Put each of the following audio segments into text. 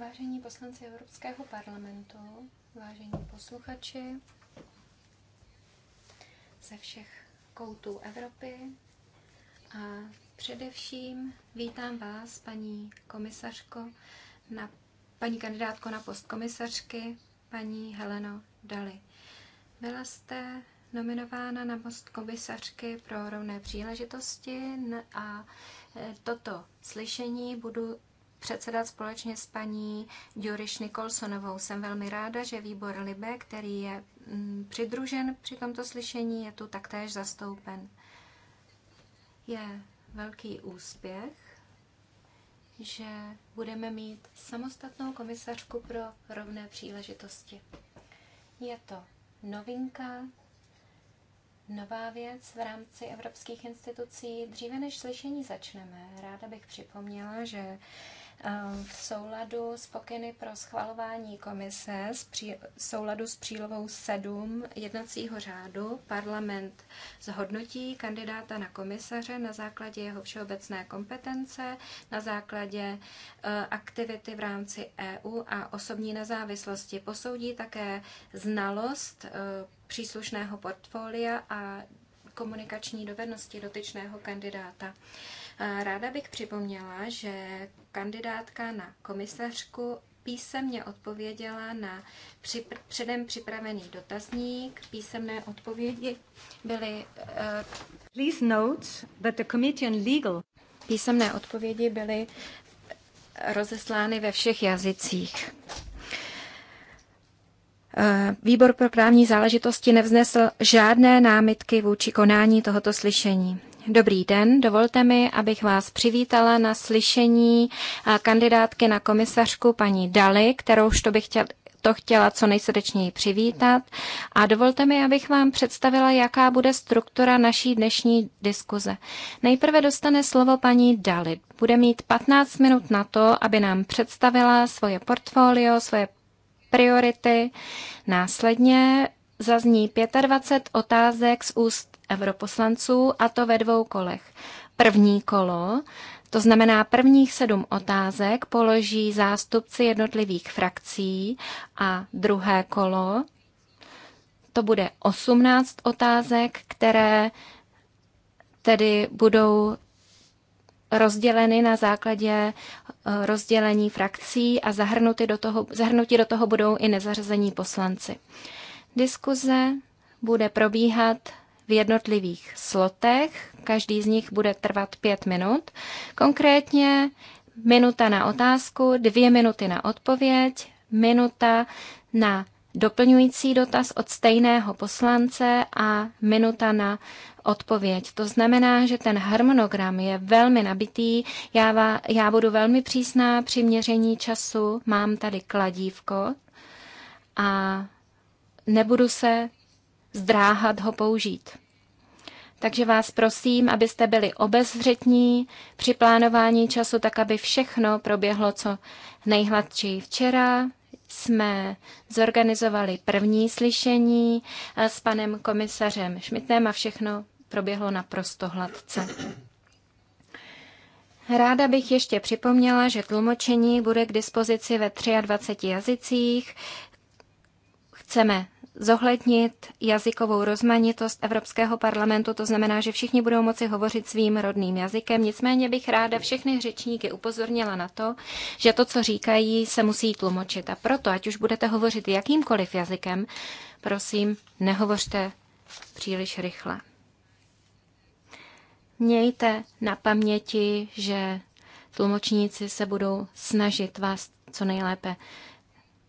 Vážení poslanci Evropského parlamentu, vážení posluchači ze všech koutů Evropy a především vítám vás, paní komisařko, na, paní kandidátko na post komisařky, paní Heleno Dali. Byla jste nominována na post komisařky pro rovné příležitosti a e, toto slyšení budu předsedat společně s paní Juriš Nikolsonovou. Jsem velmi ráda, že výbor Libe, který je mm, přidružen při tomto slyšení, je tu taktéž zastoupen. Je velký úspěch, že budeme mít samostatnou komisařku pro rovné příležitosti. Je to novinka, nová věc v rámci evropských institucí. Dříve než slyšení začneme, ráda bych připomněla, že Ehm, v souladu s pokyny pro schvalování komise s pří, v souladu s přílovou 7 jednacího řádu parlament zhodnotí kandidáta na komisaře na základě jeho všeobecné kompetence, na základě eh, aktivity v rámci EU a osobní nezávislosti. Posoudí také znalost eh, příslušného portfolia a komunikační dovednosti dotyčného kandidáta. Eh, ráda bych připomněla, že kandidátka na komisařku písemně odpověděla na předem připravený dotazník. Písemné odpovědi byly. Uh, Please note that the Committee on Legal. Písemné odpovědi byly rozeslány ve všech jazycích. Eh, výbor pro právní záležitosti nevznesl žádné námitky vůči konání tohoto slyšení. Dobrý den, dovolte mi, abych vás přivítala na slyšení eh, kandidátky na komisařku paní Daly, už to bych chtěl, to chtěla co nejsrdečněji přivítat. A dovolte mi, abych vám představila, jaká bude struktura naší dnešní diskuze. Nejprve dostane slovo paní Dalit. Bude mít 15 minut na to, aby nám představila svoje portfolio, svoje priority. Následně zazní 25 otázek z úst europoslanců, a to ve dvou kolech. První kolo, to znamená prvních sedm otázek, položí zástupci jednotlivých frakcí a druhé kolo, to bude 18 otázek, které tedy budou rozděleny na základě eh, rozdělení frakcí a zahrnuty do toho, zahrnuti do toho budou i nezařazení poslanci. Diskuze bude probíhat v jednotlivých slotech, každý z nich bude trvat pět minut. Konkrétně minuta na otázku, dvě minuty na odpověď, minuta na doplňující dotaz od stejného poslance a minuta na odpověď. To znamená, že ten harmonogram je velmi nabitý. Já, va, já budu velmi přísná při měření času. Mám tady kladívko a nebudu se zdráhat ho použít. Takže vás prosím, abyste byli obezřetní při plánování času, tak aby všechno proběhlo co nejhladčí. Včera jsme zorganizovali první slyšení eh, s panem komisařem Šmitnem a všechno proběhlo naprosto hladce. Ráda bych ještě připomněla, že tlumočení bude k dispozici ve 23 jazycích. Chceme zohlednit jazykovou rozmanitost Evropského parlamentu, to znamená, že všichni budou moci hovořit svým rodným jazykem. Nicméně bych ráda všechny řečníky upozornila na to, že to, co říkají, se musí tlumočit. A proto, ať už budete hovořit jakýmkoliv jazykem, prosím, nehovořte příliš rychle. Mějte na paměti, že tlumočníci se budou snažit vás co nejlépe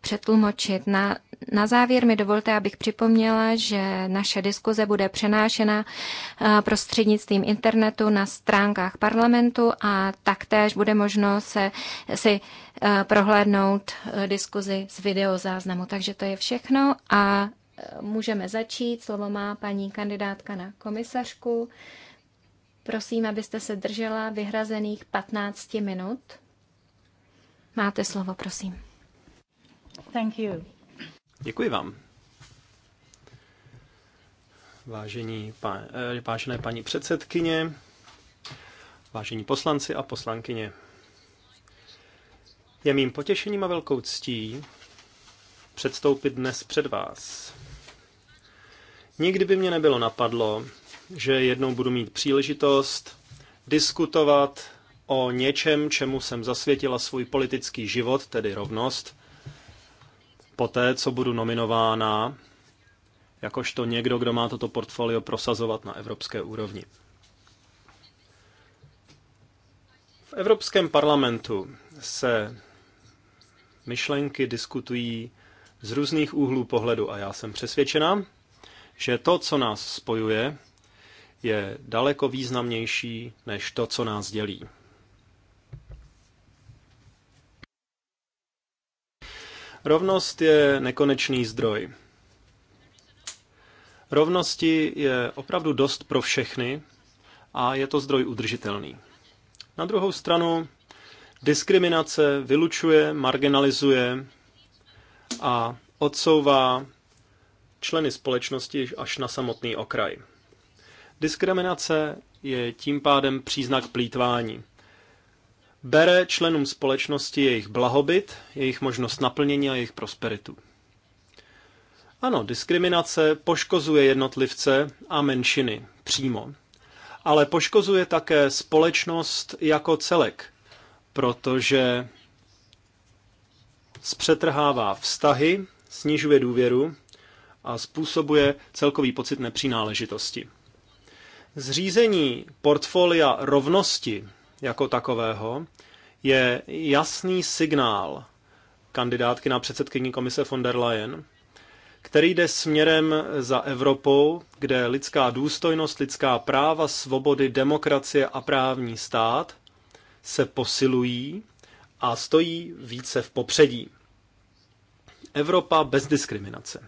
přetlumočit. Na, na závěr mi dovolte, abych připomněla, že naše diskuze bude přenášena eh, prostřednictvím internetu na stránkách parlamentu a taktéž bude možno se, si eh, prohlédnout eh, diskuzi z videozáznamu. Takže to je všechno a můžeme začít. Slovo má paní kandidátka na komisařku. Prosím, abyste se držela vyhrazených 15 minut. Máte slovo, prosím. Thank you. Děkuji vám. Vážení, pá, eh, vážené paní předsedkyně, vážení poslanci a poslankyně, je mým potěšením a velkou ctí předstoupit dnes před vás. Nikdy by mě nebylo napadlo, že jednou budu mít příležitost diskutovat o něčem, čemu jsem zasvětila svůj politický život, tedy rovnost, poté, co budu nominována, jakožto někdo, kdo má toto portfolio prosazovat na evropské úrovni. V Evropském parlamentu se myšlenky diskutují z různých úhlů pohledu a já jsem přesvědčena, že to, co nás spojuje, je daleko významnější než to, co nás dělí. Rovnost je nekonečný zdroj. Rovnosti je opravdu dost pro všechny a je to zdroj udržitelný. Na druhou stranu, diskriminace vylučuje, marginalizuje a odsouvá členy společnosti až na samotný okraj. Diskriminace je tím pádem příznak plítvání bere členům společnosti jejich blahobyt, jejich možnost naplnění a jejich prosperitu. Ano, diskriminace poškozuje jednotlivce a menšiny přímo, ale poškozuje také společnost jako celek, protože zpřetrhává vztahy, snižuje důvěru a způsobuje celkový pocit nepřináležitosti. Zřízení portfolia rovnosti jako takového je jasný signál kandidátky na předsedkyní komise von der Leyen, který jde směrem za Evropou, kde lidská důstojnost, lidská práva, svobody, demokracie a právní stát se posilují a stojí více v popředí. Evropa bez diskriminace.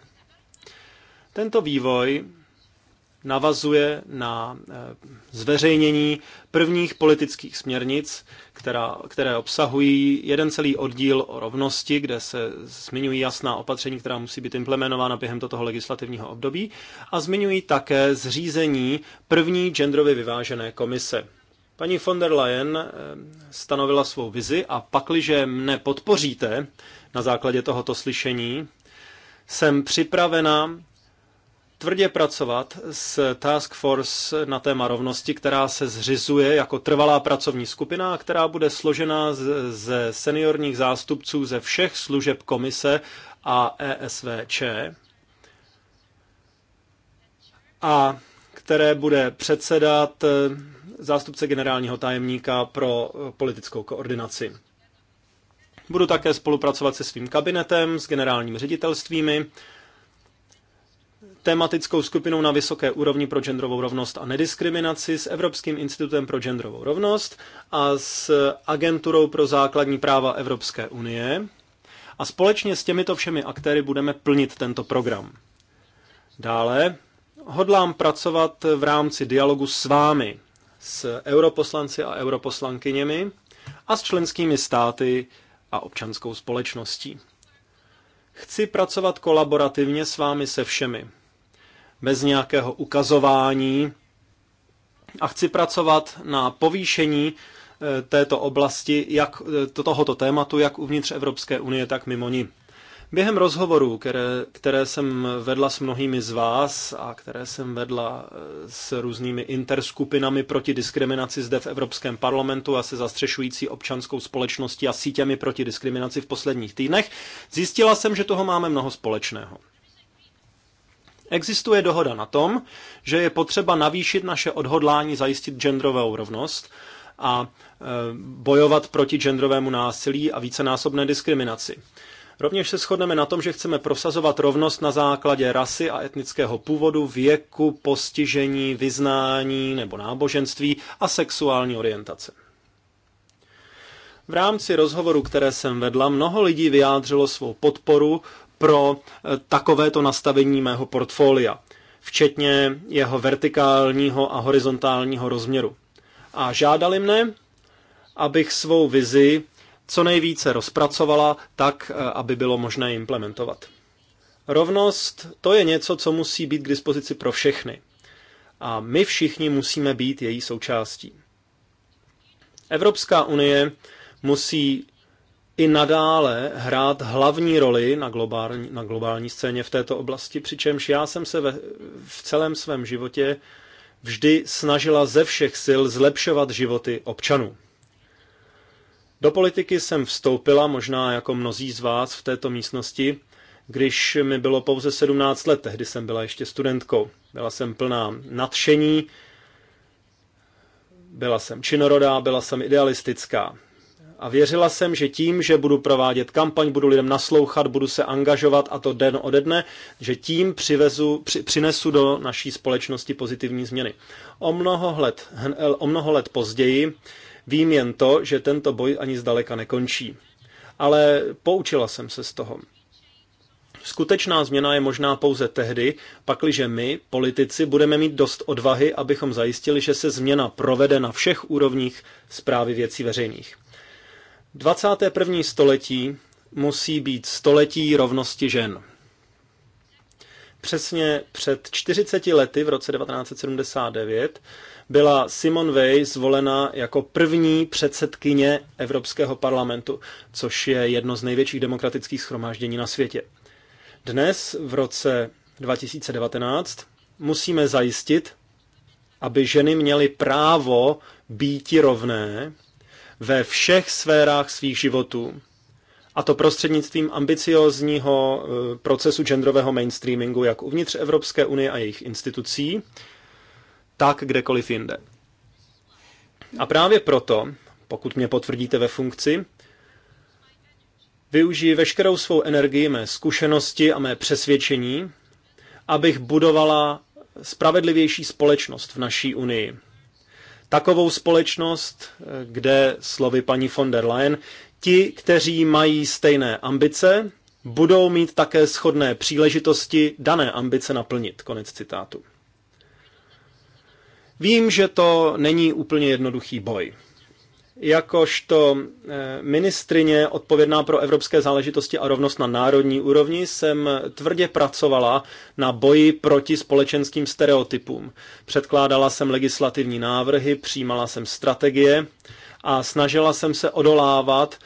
Tento vývoj navazuje na eh, zveřejnění prvních politických směrnic, která, které obsahují jeden celý oddíl o rovnosti, kde se zmiňují jasná opatření, která musí být implementována během tohoto legislativního období, a zmiňují také zřízení první genderově vyvážené komise. Paní von der Leyen eh, stanovila svou vizi a pakliže mne podpoříte na základě tohoto slyšení, jsem připravena tvrdě pracovat s Task Force na téma rovnosti, která se zřizuje jako trvalá pracovní skupina, která bude složena ze seniorních zástupců ze všech služeb komise a ESVČ a které bude předsedat eh, zástupce generálního tajemníka pro eh, politickou koordinaci. Budu také spolupracovat se svým kabinetem, s generálními ředitelstvími, tematickou skupinou na vysoké úrovni pro genderovou rovnost a nediskriminaci, s Evropským institutem pro genderovou rovnost a s Agenturou pro základní práva Evropské unie. A společně s těmito všemi aktéry budeme plnit tento program. Dále hodlám pracovat v rámci dialogu s vámi, s europoslanci a europoslankyněmi a s členskými státy a občanskou společností. Chci pracovat kolaborativně s vámi se všemi bez nějakého ukazování a chci pracovat na povýšení eh, této oblasti, jak eh, tohoto tématu, jak uvnitř Evropské unie, tak mimo ní. Během rozhovorů, které, které jsem vedla s mnohými z vás a které jsem vedla eh, s různými interskupinami proti diskriminaci zde v Evropském parlamentu a se zastřešující občanskou společností a sítěmi proti diskriminaci v posledních týdnech, zjistila jsem, že toho máme mnoho společného. Existuje dohoda na tom, že je potřeba navýšit naše odhodlání zajistit genderovou rovnost a e, bojovat proti genderovému násilí a vícenásobné diskriminaci. Rovněž se shodneme na tom, že chceme prosazovat rovnost na základě rasy a etnického původu, věku, postižení, vyznání nebo náboženství a sexuální orientace. V rámci rozhovoru, které jsem vedla, mnoho lidí vyjádřilo svou podporu pro eh, takovéto nastavení mého portfolia, včetně jeho vertikálního a horizontálního rozměru. A žádali mne, abych svou vizi co nejvíce rozpracovala tak, eh, aby bylo možné implementovat. Rovnost to je něco, co musí být k dispozici pro všechny. A my všichni musíme být její součástí. Evropská unie musí i nadále hrát hlavní roli na globální, na globální scéně v této oblasti, přičemž já jsem se ve, v celém svém životě vždy snažila ze všech sil zlepšovat životy občanů. Do politiky jsem vstoupila, možná jako mnozí z vás v této místnosti, když mi bylo pouze 17 let, tehdy jsem byla ještě studentkou. Byla jsem plná nadšení, byla jsem činorodá, byla jsem idealistická. A věřila jsem, že tím, že budu provádět kampaň, budu lidem naslouchat, budu se angažovat a to den ode dne, že tím přivezu, při, přinesu do naší společnosti pozitivní změny. O mnoho, let, o mnoho let později vím jen to, že tento boj ani zdaleka nekončí. Ale poučila jsem se z toho. Skutečná změna je možná pouze tehdy, pakliže my, politici, budeme mít dost odvahy, abychom zajistili, že se změna provede na všech úrovních zprávy věcí veřejných. 21. století musí být století rovnosti žen. Přesně před 40 lety, v roce 1979, byla Simone Weil zvolena jako první předsedkyně Evropského parlamentu, což je jedno z největších demokratických schromáždění na světě. Dnes, v roce 2019, musíme zajistit, aby ženy měly právo býti rovné ve všech sférách svých životů. A to prostřednictvím ambiciozního eh, procesu genderového mainstreamingu jak uvnitř Evropské unie a jejich institucí, tak kdekoliv jinde. A právě proto, pokud mě potvrdíte ve funkci, využiji veškerou svou energii, mé zkušenosti a mé přesvědčení, abych budovala spravedlivější společnost v naší unii takovou společnost, eh, kde slovy paní von der Leyen, ti, kteří mají stejné ambice, budou mít také schodné příležitosti dané ambice naplnit. Konec citátu. Vím, že to není úplně jednoduchý boj. Jakožto eh, ministrině odpovědná pro evropské záležitosti a rovnost na národní úrovni jsem tvrdě pracovala na boji proti společenským stereotypům. Předkládala jsem legislativní návrhy, přijímala jsem strategie a snažila jsem se odolávat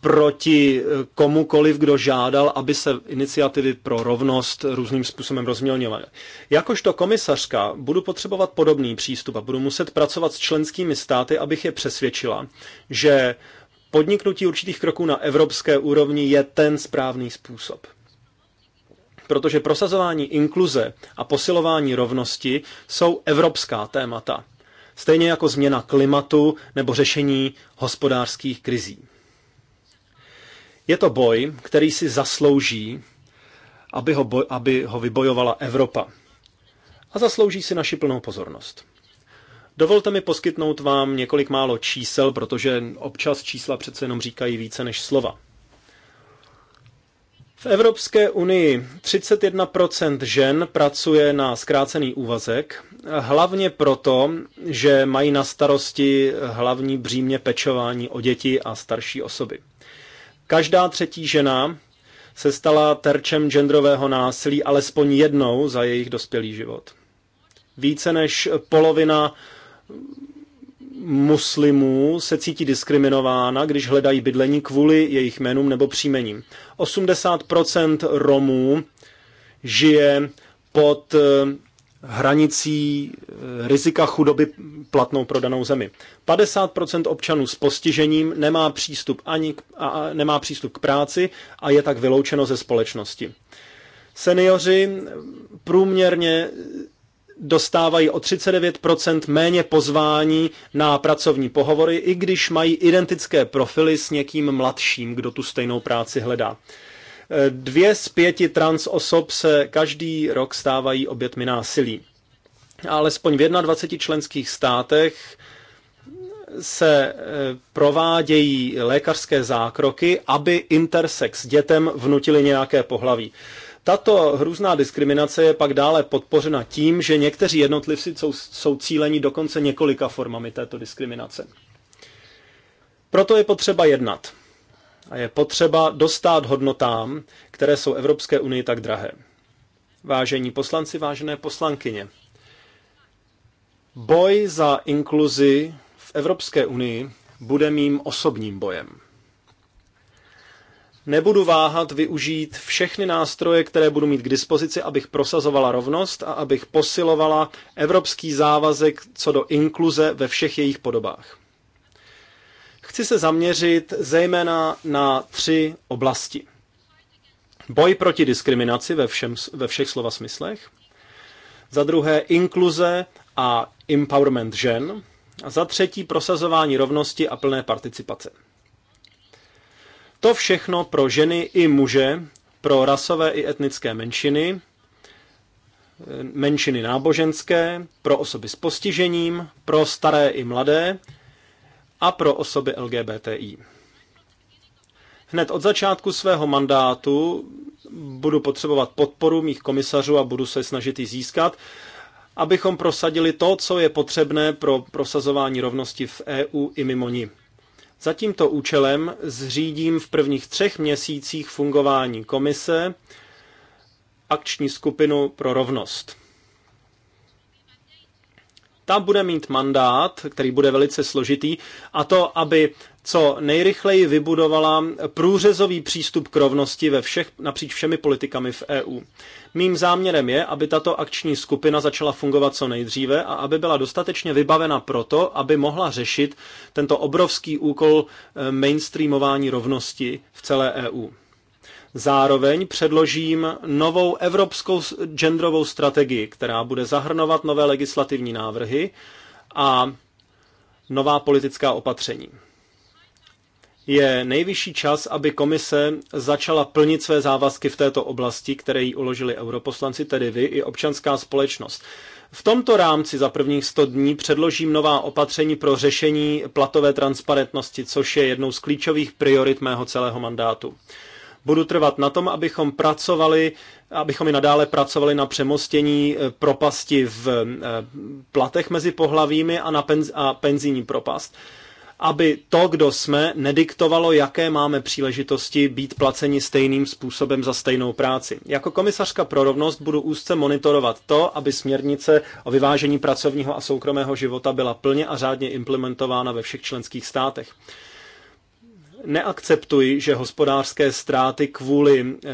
proti eh, komukoliv, kdo žádal, aby se iniciativy pro rovnost různým způsobem rozmělňovaly. Jakožto komisařka budu potřebovat podobný přístup a budu muset pracovat s členskými státy, abych je přesvědčila, že podniknutí určitých kroků na evropské úrovni je ten správný způsob. Protože prosazování inkluze a posilování rovnosti jsou evropská témata, stejně jako změna klimatu nebo řešení hospodářských krizí. Je to boj, který si zaslouží, aby ho, boj, aby ho vybojovala Evropa. A zaslouží si naši plnou pozornost. Dovolte mi poskytnout vám několik málo čísel, protože občas čísla přece jenom říkají více než slova. V Evropské unii 31% žen pracuje na zkrácený úvazek, hlavně proto, že mají na starosti hlavní břímě pečování o děti a starší osoby. Každá třetí žena se stala terčem genderového násilí alespoň jednou za jejich dospělý život. Více než polovina muslimů se cítí diskriminována, když hledají bydlení kvůli jejich jménům nebo příjmením. 80% Romů žije pod eh, hranicí eh, rizika chudoby platnou pro danou zemi. 50% občanů s postižením nemá přístup, ani k, a, nemá přístup k práci a je tak vyloučeno ze společnosti. Seniori průměrně dostávají o 39% méně pozvání na pracovní pohovory, i když mají identické profily s někým mladším, kdo tu stejnou práci hledá. Dvě z pěti trans osob se každý rok stávají obětmi násilí. Alespoň v 21 členských státech se eh, provádějí lékařské zákroky, aby intersex dětem vnutili nějaké pohlaví. Tato hrůzná diskriminace je pak dále podpořena tím, že někteří jednotlivci jsou, jsou cíleni dokonce několika formami této diskriminace. Proto je potřeba jednat a je potřeba dostat hodnotám, které jsou Evropské unii tak drahé. Vážení poslanci, vážené poslankyně, boj za inkluzi v Evropské unii bude mým osobním bojem. Nebudu váhat využít všechny nástroje, které budu mít k dispozici, abych prosazovala rovnost a abych posilovala evropský závazek co do inkluze ve všech jejich podobách chci se zaměřit zejména na tři oblasti. Boj proti diskriminaci ve, všem, ve všech slova smyslech, za druhé inkluze a empowerment žen, a za třetí prosazování rovnosti a plné participace. To všechno pro ženy i muže, pro rasové i etnické menšiny, menšiny náboženské, pro osoby s postižením, pro staré i mladé, a pro osoby LGBTI. Hned od začátku svého mandátu budu potřebovat podporu mých komisařů a budu se snažit ji získat, abychom prosadili to, co je potřebné pro prosazování rovnosti v EU i mimo ní. Za tímto účelem zřídím v prvních třech měsících fungování komise akční skupinu pro rovnost ta bude mít mandát, který bude velice složitý, a to, aby co nejrychleji vybudovala průřezový přístup k rovnosti ve všech, napříč všemi politikami v EU. Mým záměrem je, aby tato akční skupina začala fungovat co nejdříve a aby byla dostatečně vybavena proto, aby mohla řešit tento obrovský úkol eh, mainstreamování rovnosti v celé EU. Zároveň předložím novou evropskou genderovou strategii, která bude zahrnovat nové legislativní návrhy a nová politická opatření. Je nejvyšší čas, aby komise začala plnit své závazky v této oblasti, které jí uložili europoslanci, tedy vy i občanská společnost. V tomto rámci za prvních 100 dní předložím nová opatření pro řešení platové transparentnosti, což je jednou z klíčových priorit mého celého mandátu. Budu trvat na tom, abychom pracovali, abychom i nadále pracovali na přemostění eh, propasti v eh, platech mezi pohlavími a na penz, a penzijní propast aby to, kdo jsme, nediktovalo, jaké máme příležitosti být placeni stejným způsobem za stejnou práci. Jako komisařka pro rovnost budu úzce monitorovat to, aby směrnice o vyvážení pracovního a soukromého života byla plně a řádně implementována ve všech členských státech neakceptuji, že hospodářské ztráty kvůli eh,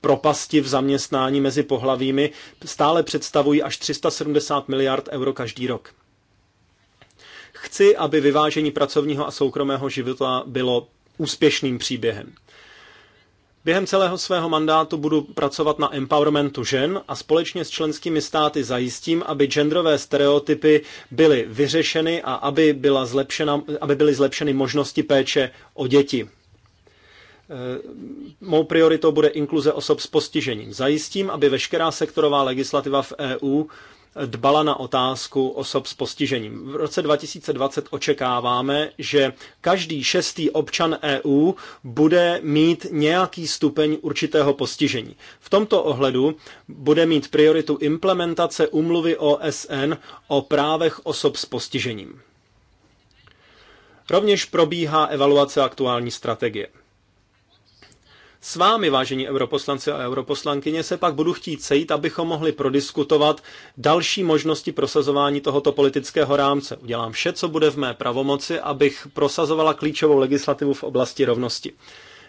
propasti v zaměstnání mezi pohlavími stále představují až 370 miliard euro každý rok. Chci, aby vyvážení pracovního a soukromého života bylo úspěšným příběhem. Během celého svého mandátu budu pracovat na empowermentu žen a společně s členskými státy zajistím, aby genderové stereotypy byly vyřešeny a aby, byla zlepšena, aby byly zlepšeny možnosti péče o děti. E, mou prioritou bude inkluze osob s postižením. Zajistím, aby veškerá sektorová legislativa v EU dbala na otázku osob s postižením. V roce 2020 očekáváme, že každý šestý občan EU bude mít nějaký stupeň určitého postižení. V tomto ohledu bude mít prioritu implementace umluvy OSN o právech osob s postižením. Rovněž probíhá evaluace aktuální strategie. S vámi, vážení europoslanci a europoslankyně, se pak budu chtít sejít, abychom mohli prodiskutovat další možnosti prosazování tohoto politického rámce. Udělám vše, co bude v mé pravomoci, abych prosazovala klíčovou legislativu v oblasti rovnosti.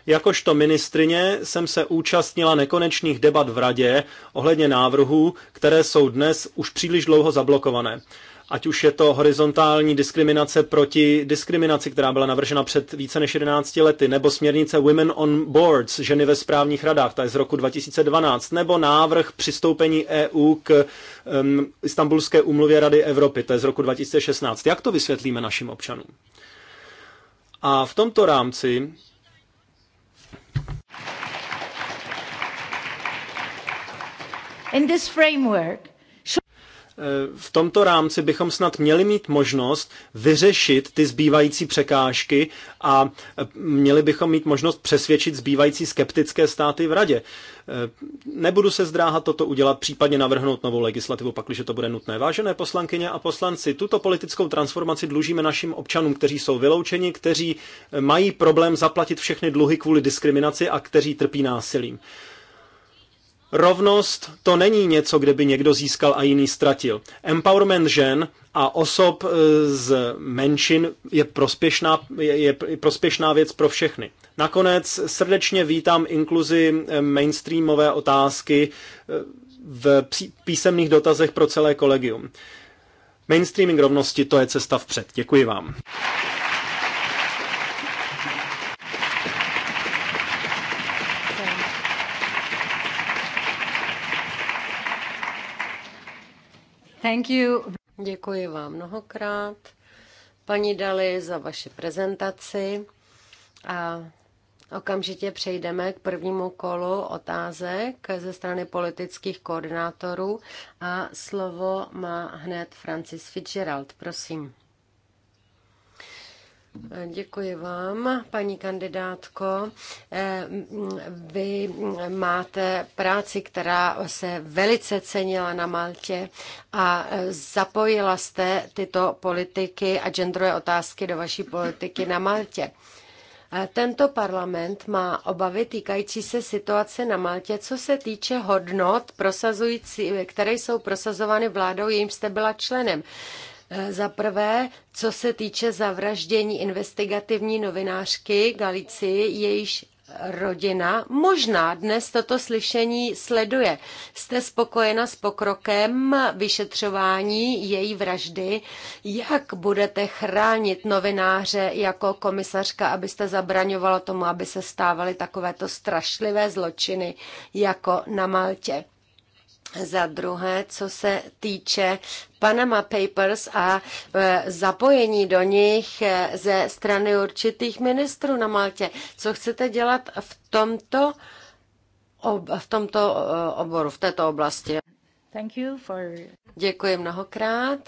Jakožto ministrině jsem se účastnila nekonečných debat v radě ohledně návrhů, které jsou dnes už příliš dlouho zablokované ať už je to horizontální diskriminace proti diskriminaci, která byla navržena před více než 11 lety, nebo směrnice Women on Boards, ženy ve správních radách, ta je z roku 2012, nebo návrh přistoupení EU k um, Istanbulské umluvě Rady Evropy, to je z roku 2016. Jak to vysvětlíme našim občanům? A v tomto rámci In this framework, v tomto rámci bychom snad měli mít možnost vyřešit ty zbývající překážky a měli bychom mít možnost přesvědčit zbývající skeptické státy v radě. Nebudu se zdráhat toto udělat, případně navrhnout novou legislativu, pakliže to bude nutné. Vážené poslankyně a poslanci, tuto politickou transformaci dlužíme našim občanům, kteří jsou vyloučeni, kteří mají problém zaplatit všechny dluhy kvůli diskriminaci a kteří trpí násilím. Rovnost to není něco, kde by někdo získal a jiný ztratil. Empowerment žen a osob e, z menšin je prospěšná, je, je prospěšná věc pro všechny. Nakonec srdečně vítám inkluzi e, mainstreamové otázky e, v písemných dotazech pro celé kolegium. Mainstreaming rovnosti to je cesta vpřed. Děkuji vám. Thank you. Děkuji vám mnohokrát, paní Dali, za vaši prezentaci a okamžitě přejdeme k prvnímu kolu otázek ze strany politických koordinátorů a slovo má hned Francis Fitzgerald. Prosím. Děkuji vám, paní kandidátko. Eh, mm, vy mm, máte práci, která se velice cenila na Maltě a eh, zapojila jste tyto politiky a genderové otázky do vaší politiky na Maltě. Eh, tento parlament má obavy týkající se situace na Maltě, co se týče hodnot, prosazující, které jsou prosazovány vládou, jejím jste byla členem. Eh, za prvé, co se týče zavraždění investigativní novinářky Galici, jejíž rodina možná dnes toto slyšení sleduje. Jste spokojena s pokrokem vyšetřování její vraždy? Jak budete chránit novináře jako komisařka, abyste zabraňovala tomu, aby se stávaly takovéto strašlivé zločiny jako na Maltě? Za druhé, co se týče Panama Papers a e, zapojení do nich e, ze strany určitých ministrů na Maltě. Co chcete dělat v tomto, ob, v tomto e, oboru, v této oblasti? Thank you for... Děkuji mnohokrát.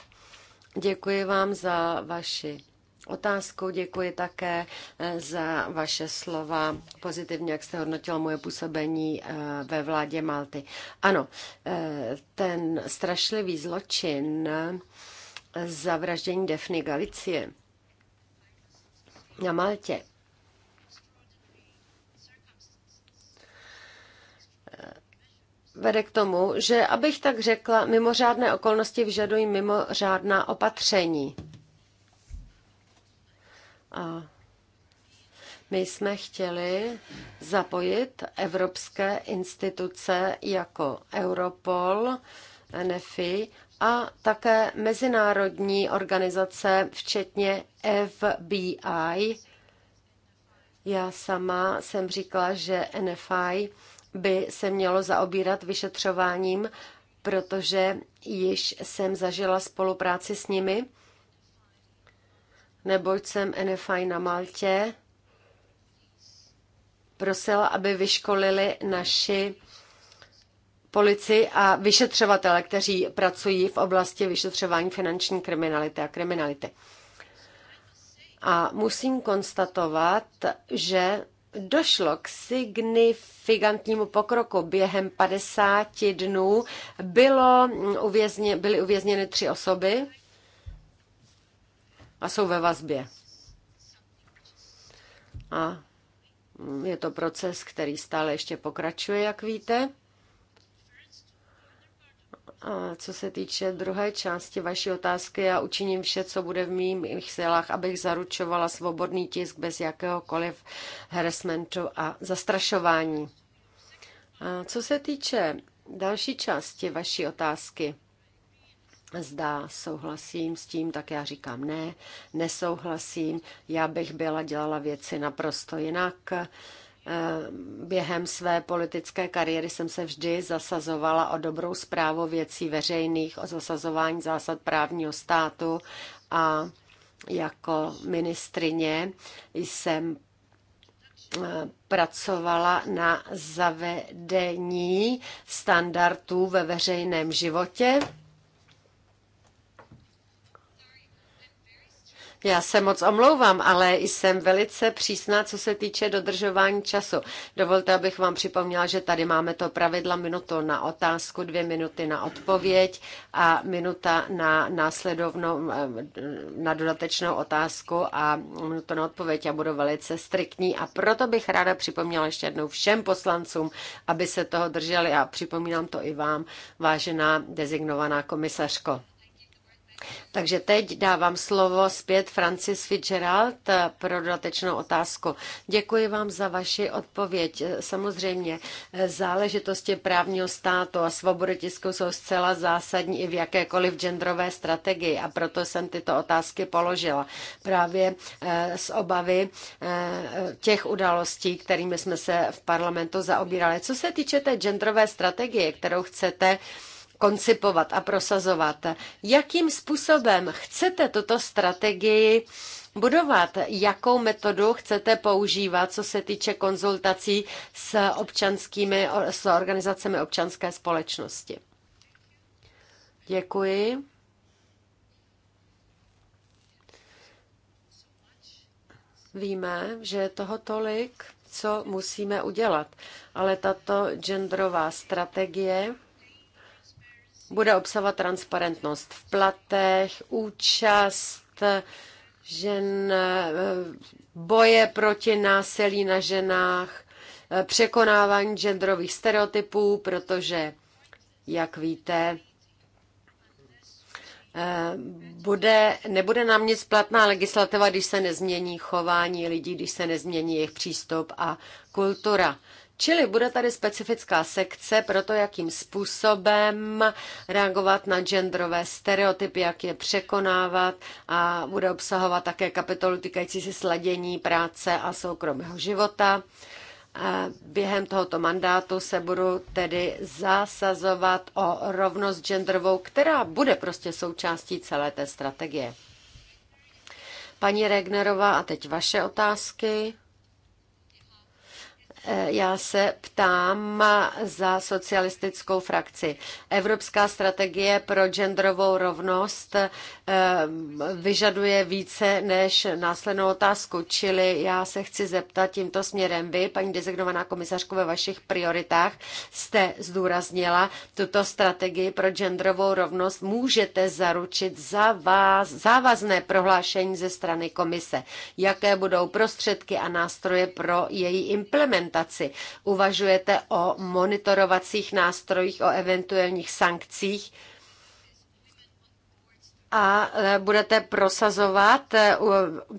Děkuji vám za vaši otázkou. Děkuji také eh, za vaše slova pozitivně, jak jste hodnotil moje působení eh, ve vládě Malty. Ano, eh, ten strašlivý zločin zavraždění Defny Galicie na Maltě vede k tomu, že, abych tak řekla, mimořádné okolnosti vyžadují mimořádná opatření. A my jsme chtěli zapojit evropské instituce jako Europol, NFI a také mezinárodní organizace, včetně FBI. Já sama jsem říkala, že NFI by se mělo zaobírat vyšetřováním, protože již jsem zažila spolupráci s nimi neboť jsem NFI na Maltě prosila, aby vyškolili naši policii a vyšetřovatele, kteří pracují v oblasti vyšetřování finanční kriminality a kriminality. A musím konstatovat, že došlo k signifikantnímu pokroku. Během 50 dnů bylo uvězně, byly uvězněny tři osoby a jsou ve vazbě. A je to proces, který stále ještě pokračuje, jak víte. A co se týče druhé části vaší otázky, já učiním vše, co bude v mých silách, abych zaručovala svobodný tisk bez jakéhokoliv harassmentu a zastrašování. A co se týče další části vaší otázky, Zda souhlasím s tím, tak já říkám ne, nesouhlasím, já bych byla dělala věci naprosto jinak. Eh, během své politické kariéry jsem se vždy zasazovala o dobrou zprávu věcí veřejných, o zasazování zásad právního státu a jako ministrině jsem eh, pracovala na zavedení standardů ve veřejném životě Já se moc omlouvám, ale jsem velice přísná, co se týče dodržování času. Dovolte, abych vám připomněla, že tady máme to pravidla minutu na otázku, dvě minuty na odpověď a minuta na následovnou, na dodatečnou otázku a minuta na odpověď. Já budu velice striktní a proto bych ráda připomněla ještě jednou všem poslancům, aby se toho drželi a připomínám to i vám, vážená dezignovaná komisařko. Takže teď dávám slovo zpět Francis Fitzgerald pro dodatečnou otázku. Děkuji vám za vaši odpověď. Samozřejmě záležitosti právního státu a svobody tisku jsou zcela zásadní i v jakékoliv genderové strategii a proto jsem tyto otázky položila. Právě eh, z obavy eh, těch událostí, kterými jsme se v parlamentu zaobírali. Co se týče té genderové strategie, kterou chcete koncipovat a prosazovat. Jakým způsobem chcete tuto strategii budovat, jakou metodu chcete používat, co se týče konzultací s občanskými, s organizacemi občanské společnosti. Děkuji. Víme, že je toho tolik, co musíme udělat, ale tato genderová strategie bude obsahovat transparentnost v platech, účast žen, eh, boje proti násilí na ženách, eh, překonávání genderových stereotypů, protože, jak víte, eh, bude, nebude nám nic platná legislativa, když se nezmění chování lidí, když se nezmění jejich přístup a kultura. Čili bude tady specifická sekce pro to, jakým způsobem reagovat na genderové stereotypy, jak je překonávat a bude obsahovat také kapitolu týkající se sladění práce a soukromého života. Během tohoto mandátu se budu tedy zasazovat o rovnost genderovou, která bude prostě součástí celé té strategie. Paní Regnerová, a teď vaše otázky. Já se ptám za socialistickou frakci. Evropská strategie pro genderovou rovnost eh, vyžaduje více než následnou otázku, čili já se chci zeptat tímto směrem. Vy, paní dezignovaná komisařko, ve vašich prioritách jste zdůraznila tuto strategii pro genderovou rovnost. Můžete zaručit za vás závazné prohlášení ze strany komise. Jaké budou prostředky a nástroje pro její implementaci? implementaci. Uvažujete o monitorovacích nástrojích, o eventuálních sankcích a e, budete prosazovat e,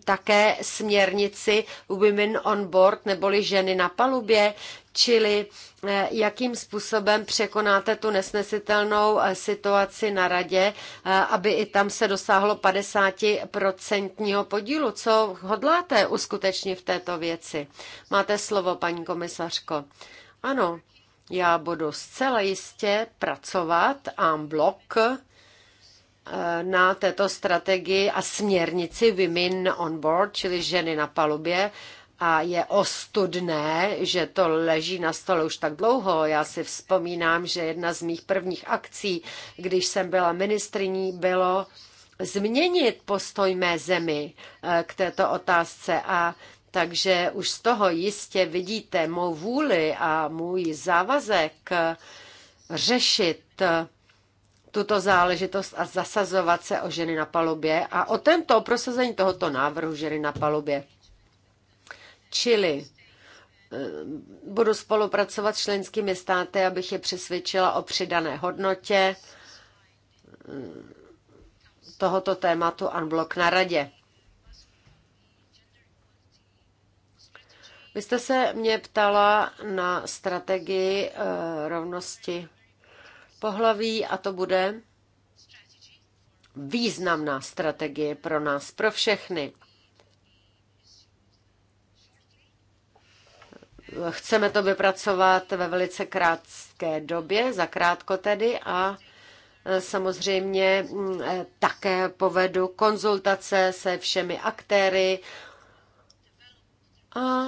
také směrnici Women on Board neboli ženy na palubě čili eh, jakým způsobem překonáte tu nesnesitelnou eh, situaci na radě, eh, aby i tam se dosáhlo 50% podílu. Co hodláte uskutečnit v této věci? Máte slovo, paní komisařko. Ano, já budu zcela jistě pracovat en blok na této strategii a směrnici Women on Board, čili ženy na palubě, a je ostudné, že to leží na stole už tak dlouho. Já si vzpomínám, že jedna z mých prvních akcí, když jsem byla ministriní, bylo změnit postoj mé zemi eh, k této otázce a takže už z toho jistě vidíte mou vůli a můj závazek eh, řešit eh, tuto záležitost a zasazovat se o ženy na palubě a o tento o prosazení tohoto návrhu ženy na palubě. Čili eh, budu spolupracovat s členskými státy, abych je přesvědčila o přidané hodnotě eh, tohoto tématu Unblock na radě. Vy jste se mě ptala na strategii eh, rovnosti pohlaví a to bude významná strategie pro nás, pro všechny. Chceme to vypracovat ve velice krátké době, za krátko tedy a e, samozřejmě e, také povedu konzultace se všemi aktéry a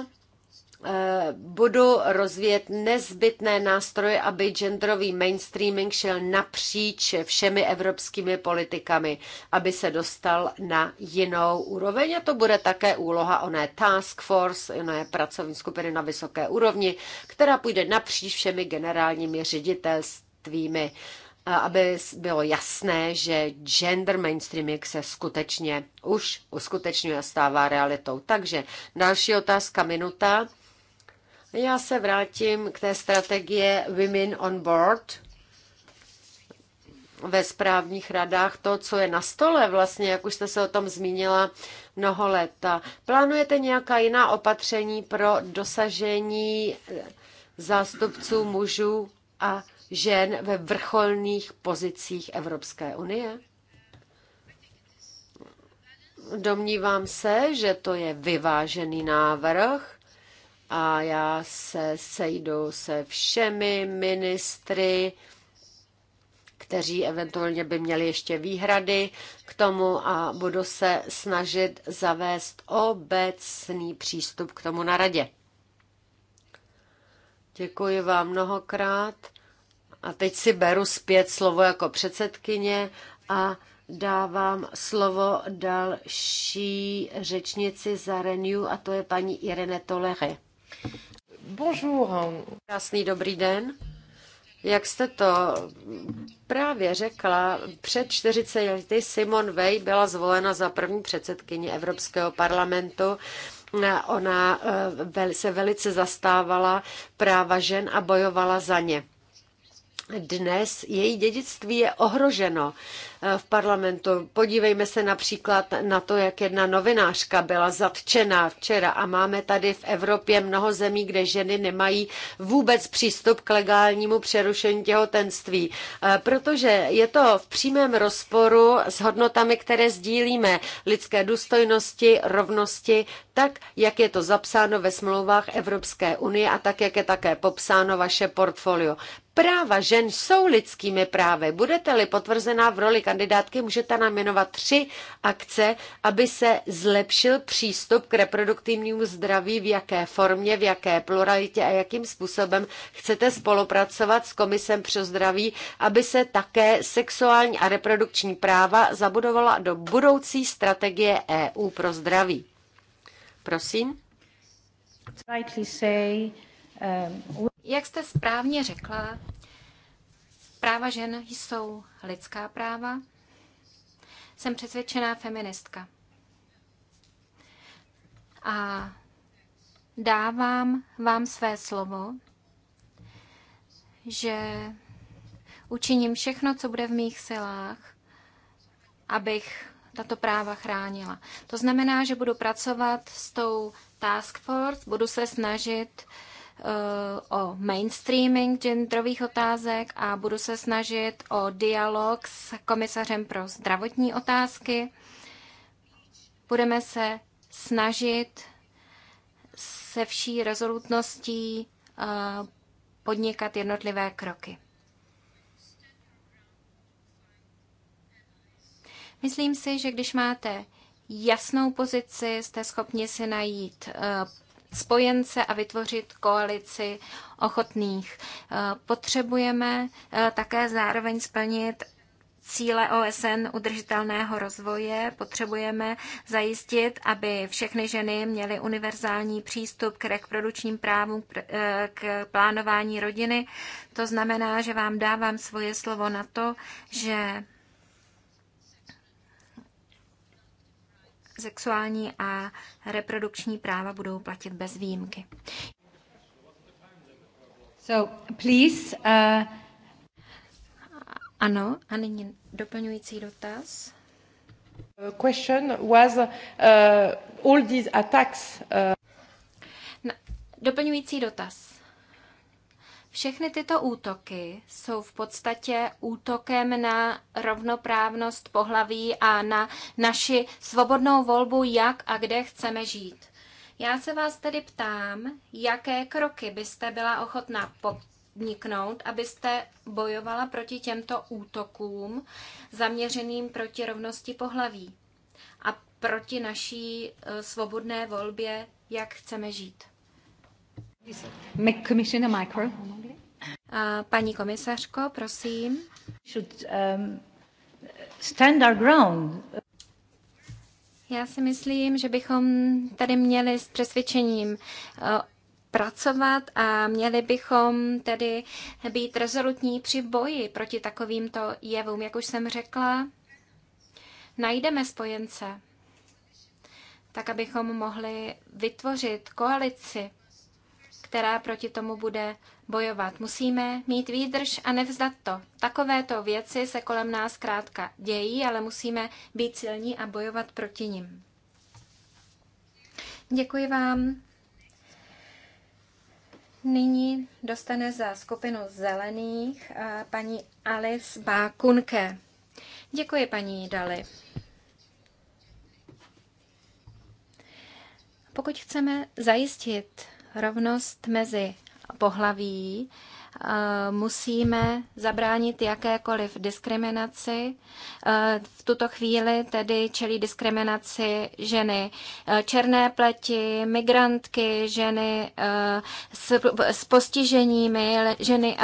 Eh, budu rozvíjet nezbytné nástroje, aby genderový mainstreaming šel napříč všemi evropskými politikami, aby se dostal na jinou úroveň. A to bude také úloha oné task force, oné pracovní skupiny na vysoké úrovni, která půjde napříč všemi generálními ředitelstvími, aby bylo jasné, že gender mainstreaming se skutečně už uskutečňuje a stává realitou. Takže další otázka minuta. Já se vrátím k té strategie Women on Board ve správních radách to, co je na stole, vlastně, jak už jste se o tom zmínila mnoho let. Plánujete nějaká jiná opatření pro dosažení zástupců mužů a žen ve vrcholných pozicích Evropské unie? Domnívám se, že to je vyvážený návrh a já se sejdu se všemi ministry, kteří eventuálně by měli ještě výhrady k tomu a budu se snažit zavést obecný přístup k tomu na radě. Děkuji vám mnohokrát a teď si beru zpět slovo jako předsedkyně a dávám slovo další řečnici za Renew a to je paní Irene Tolere. Bonjour. Krásný dobrý den. Jak jste to právě řekla, před 40 lety Simon Vej byla zvolena za první předsedkyni Evropského parlamentu. Ona eh, se velice zastávala práva žen a bojovala za ně. Dnes její dědictví je ohroženo Eh, v parlamentu. Podívejme se například na to, jak jedna novinářka byla zatčena včera a máme tady v Evropě mnoho zemí, kde ženy nemají vůbec přístup k legálnímu přerušení těhotenství, eh, protože je to v přímém rozporu s hodnotami, které sdílíme, lidské důstojnosti, rovnosti, tak, jak je to zapsáno ve smlouvách Evropské unie a tak, jak je také popsáno vaše portfolio. Práva žen jsou lidskými právy. Budete-li potvrzená v roli kandidátky, můžete nám jmenovat tři akce, aby se zlepšil přístup k reproduktivnímu zdraví, v jaké formě, v jaké pluralitě a jakým způsobem chcete spolupracovat s Komisem pro zdraví, aby se také sexuální a reprodukční práva zabudovala do budoucí strategie EU pro zdraví. Prosím. Um, Jak jste správně řekla, Práva žen jsou lidská práva. Jsem přesvědčená feministka. A dávám vám své slovo, že učiním všechno, co bude v mých silách, abych tato práva chránila. To znamená, že budu pracovat s tou task force, budu se snažit uh, Eh, o mainstreaming genderových otázek a budu se snažit o dialog s komisařem pro zdravotní otázky. Budeme se snažit se vší rezolutností eh, podnikat jednotlivé kroky. Myslím si, že když máte jasnou pozici, jste schopni si najít eh, spojence a vytvořit koalici ochotných. Eh, potřebujeme eh, také zároveň splnit cíle OSN udržitelného rozvoje potřebujeme zajistit, aby všechny ženy měly univerzální přístup k reprodukčním právům, k eh, plánování rodiny. To znamená, že vám dávám svoje slovo na to, že sexuální a reprodukční práva budou platit bez výjimky. So, please, uh... Ano, a nyní doplňující dotaz. Question was uh, all these attacks. Uh... Na, doplňující dotaz. Všechny tyto útoky jsou v podstatě útokem na rovnoprávnost pohlaví a na naši svobodnou volbu, jak a kde chceme žít. Já se vás tedy ptám, jaké kroky byste byla ochotná podniknout, abyste bojovala proti těmto útokům zaměřeným proti rovnosti pohlaví a proti naší eh, svobodné volbě, jak chceme žít. Commissioner Micro paní komisařko, prosím. Should, um, stand our ground. Já si myslím, že bychom tady měli s přesvědčením uh, pracovat a měli bychom tedy být rezolutní při boji proti takovýmto jevům. Jak už jsem řekla, najdeme spojence, tak abychom mohli vytvořit koalici která proti tomu bude bojovat. Musíme mít výdrž a nevzdat to. Takovéto věci se kolem nás krátka dějí, ale musíme být silní a bojovat proti nim. Děkuji vám. Nyní dostane za skupinu zelených eh, paní Alice Bákunke. Děkuji, paní Dali. Pokud chceme zajistit rovnost mezi pohlaví Eh, musíme zabránit jakékoliv diskriminaci. Eh, v tuto chvíli tedy čelí diskriminaci ženy eh, černé pleti, migrantky, ženy s postiženími, ženy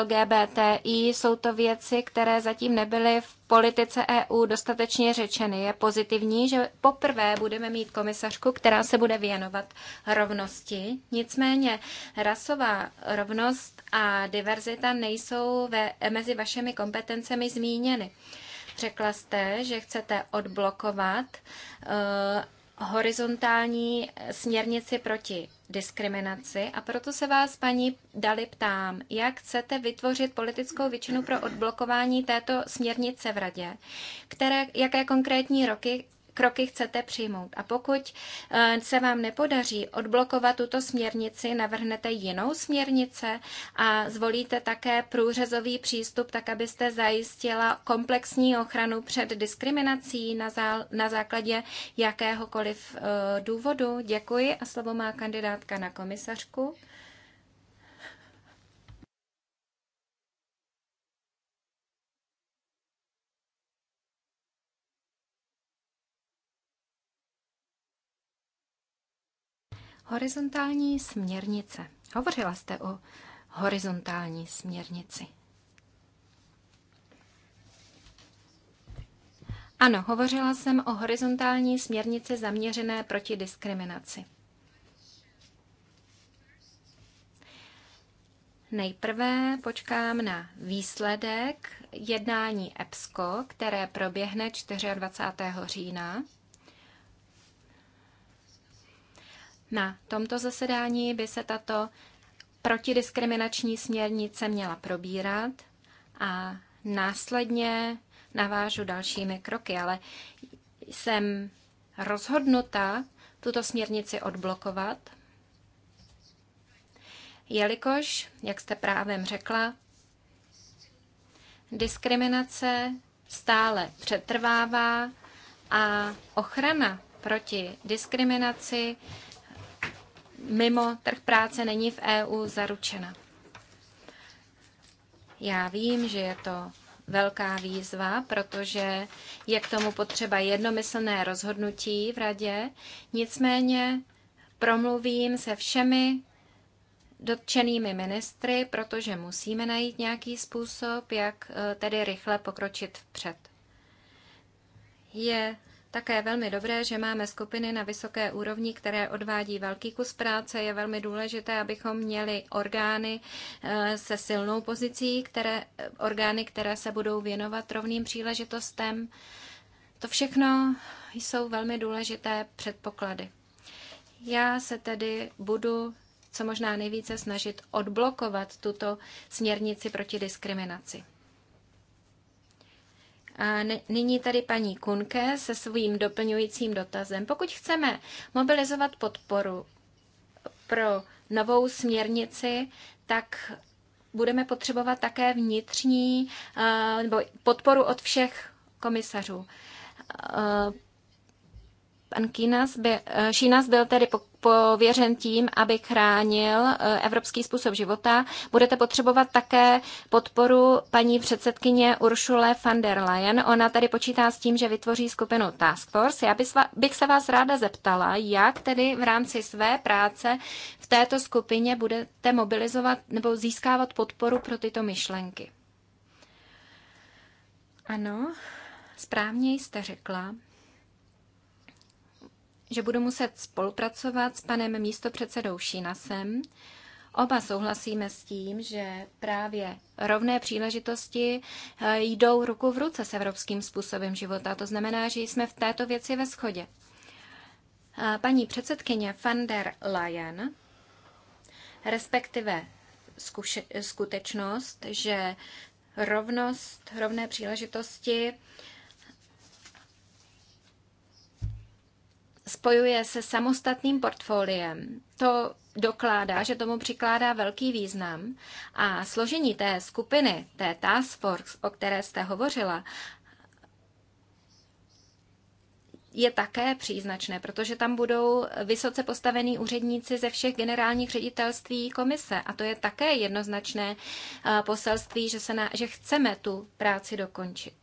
LGBTI. Jsou to věci, které zatím nebyly v politice EU dostatečně řečeny. Je pozitivní, že poprvé budeme mít komisařku, která se bude věnovat rovnosti. Nicméně rasová rovnost a diverzita nejsou ve, mezi vašimi kompetencemi zmíněny. Řekla jste, že chcete odblokovat uh, horizontální směrnici proti diskriminaci a proto se vás, paní Dali, ptám, jak chcete vytvořit politickou většinu pro odblokování této směrnice v radě, které, jaké konkrétní roky kroky chcete přijmout. A pokud eh, se vám nepodaří odblokovat tuto směrnici, navrhnete jinou směrnice a zvolíte také průřezový přístup, tak abyste zajistila komplexní ochranu před diskriminací na, zá, na základě jakéhokoliv eh, důvodu. Děkuji a slovo má kandidátka na komisařku. Horizontální směrnice. Hovořila jste o horizontální směrnici. Ano, hovořila jsem o horizontální směrnici zaměřené proti diskriminaci. Nejprve počkám na výsledek jednání EPSCO, které proběhne 24. října. Na tomto zasedání by se tato protidiskriminační směrnice měla probírat a následně navážu dalšími kroky, ale jsem rozhodnuta tuto směrnici odblokovat, jelikož, jak jste právem řekla, diskriminace stále přetrvává a ochrana proti diskriminaci mimo trh práce není v EU zaručena. Já vím, že je to velká výzva, protože je k tomu potřeba jednomyslné rozhodnutí v radě. Nicméně promluvím se všemi dotčenými ministry, protože musíme najít nějaký způsob, jak eh, tedy rychle pokročit vpřed. Je také velmi dobré, že máme skupiny na vysoké úrovni, které odvádí velký kus práce. Je velmi důležité, abychom měli orgány eh, se silnou pozicí, které, eh, orgány, které se budou věnovat rovným příležitostem. To všechno jsou velmi důležité předpoklady. Já se tedy budu co možná nejvíce snažit odblokovat tuto směrnici proti diskriminaci. Nyní tady paní Kunke se svým doplňujícím dotazem. Pokud chceme mobilizovat podporu pro novou směrnici, tak budeme potřebovat také vnitřní nebo podporu od všech komisařů. Pan Kínas by, e, Šínas byl tedy pověřen tím, aby chránil eh, evropský způsob života. Budete potřebovat také podporu paní předsedkyně Uršule van der Leyen. Ona tady počítá s tím, že vytvoří skupinu Task Force. Já bych se vás ráda zeptala, jak tedy v rámci své práce v této skupině budete mobilizovat nebo získávat podporu pro tyto myšlenky. Ano, správně jste řekla, že budu muset spolupracovat s panem místopředsedou Šinasem. Oba souhlasíme s tím, že právě rovné příležitosti eh, jdou ruku v ruce s evropským způsobem života. To znamená, že jsme v této věci ve shodě. Paní předsedkyně van der Leyen, respektive skutečnost, že rovnost, rovné příležitosti spojuje se samostatným portfoliem. To dokládá, že tomu přikládá velký význam a složení té skupiny, té task force, o které jste hovořila, je také příznačné, protože tam budou vysoce postavení úředníci ze všech generálních ředitelství komise. A to je také jednoznačné eh, poselství, že, se na, že chceme tu práci dokončit.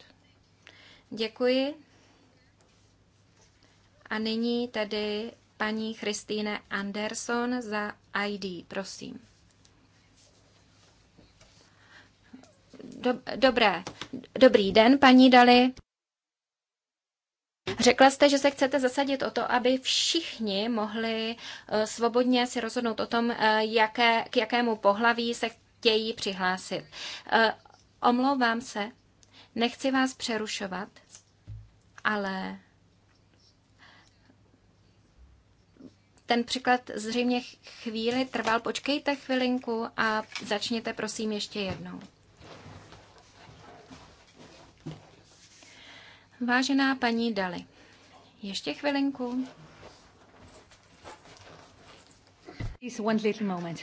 Děkuji. A nyní tedy paní Christine Anderson za ID, prosím. Dobré, dobrý den, paní Dali. Řekla jste, že se chcete zasadit o to, aby všichni mohli eh, svobodně si rozhodnout o tom, eh, jaké, k jakému pohlaví se chtějí přihlásit. Eh, omlouvám se, nechci vás přerušovat, ale ten příklad zřejmě chvíli trval. Počkejte chvilinku a začněte prosím ještě jednou. Vážená paní Dali, ještě chvilinku. Please one little moment.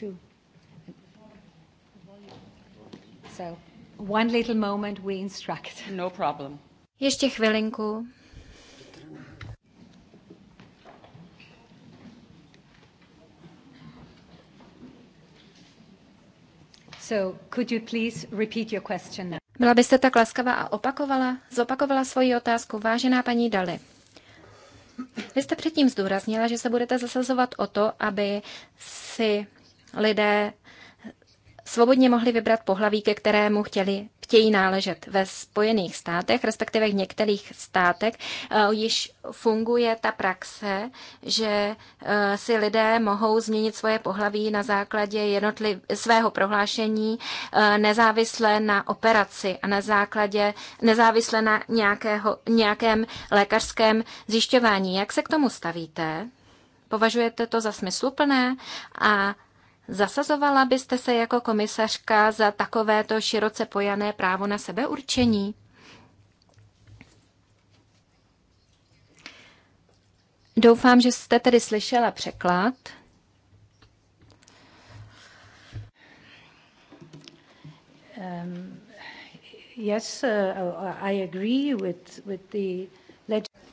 Two. So, one little moment we instruct. No problem. Ještě chvilinku. So could you please repeat your question now? Byla byste tak laskavá a opakovala, zopakovala svoji otázku, vážená paní Dali. Vy jste předtím zdůraznila, že se budete zasazovat o to, aby si lidé svobodně mohli vybrat pohlaví, ke kterému chtěli chtějí náležet. Ve Spojených státech, respektive v některých státech, eh, již funguje ta praxe, že eh, si lidé mohou změnit svoje pohlaví na základě jednotliv- svého prohlášení eh, nezávisle na operaci a na základě nezávisle na nějakého, nějakém lékařském zjišťování. Jak se k tomu stavíte? Považujete to za smysluplné a Zasazovala byste se jako komisařka za takovéto široce pojané právo na sebeurčení? Doufám, že jste tedy slyšela překlad. Um, yes, uh, I agree with, with the...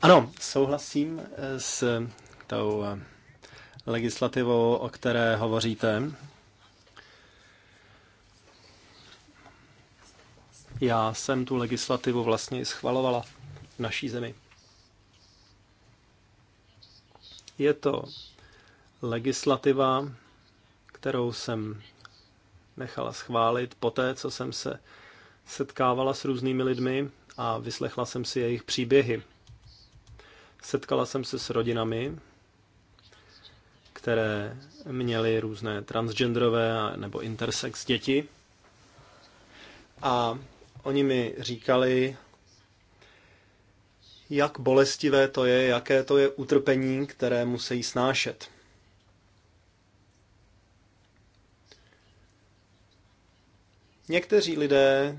Ano, souhlasím eh, s tou eh, legislativou, o které hovoříte. Já jsem tu legislativu vlastně i schvalovala v naší zemi. Je to legislativa, kterou jsem nechala schválit poté, co jsem se setkávala s různými lidmi a vyslechla jsem si jejich příběhy. Setkala jsem se s rodinami, které měly různé transgenderové nebo intersex děti. A oni mi říkali, jak bolestivé to je, jaké to je utrpení, které musí snášet. Někteří lidé,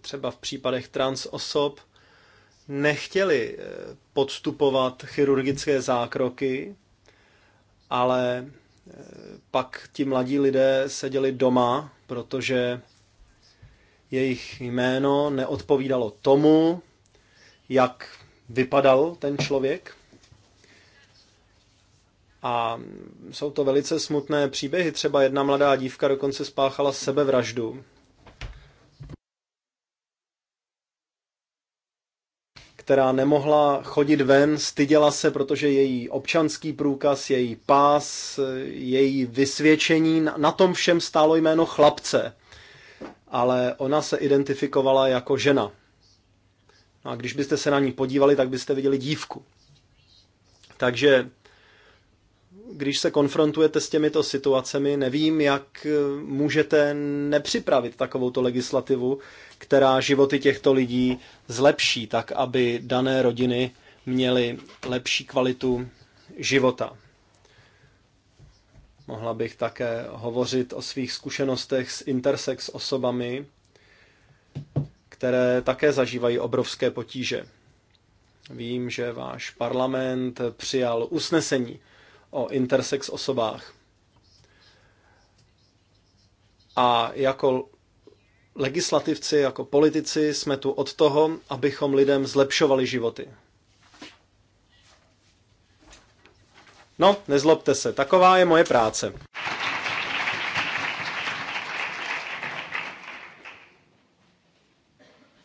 třeba v případech trans osob, nechtěli eh, podstupovat chirurgické zákroky, ale eh, pak ti mladí lidé seděli doma, protože jejich jméno neodpovídalo tomu, jak vypadal ten člověk. A jsou to velice smutné příběhy. Třeba jedna mladá dívka dokonce spáchala sebevraždu, která nemohla chodit ven, styděla se, protože její občanský průkaz, její pás, její vysvědčení, na tom všem stálo jméno chlapce. Ale ona se identifikovala jako žena. No a když byste se na ní podívali, tak byste viděli dívku. Takže když se konfrontujete s těmito situacemi, nevím, jak eh, můžete nepřipravit takovouto legislativu, která životy těchto lidí zlepší, tak aby dané rodiny měly lepší kvalitu života. Mohla bych také hovořit o svých zkušenostech s intersex osobami, které také zažívají obrovské potíže. Vím, že váš parlament přijal usnesení o intersex osobách. A jako legislativci, jako politici jsme tu od toho, abychom lidem zlepšovali životy. No, nezlobte se, taková je moje práce.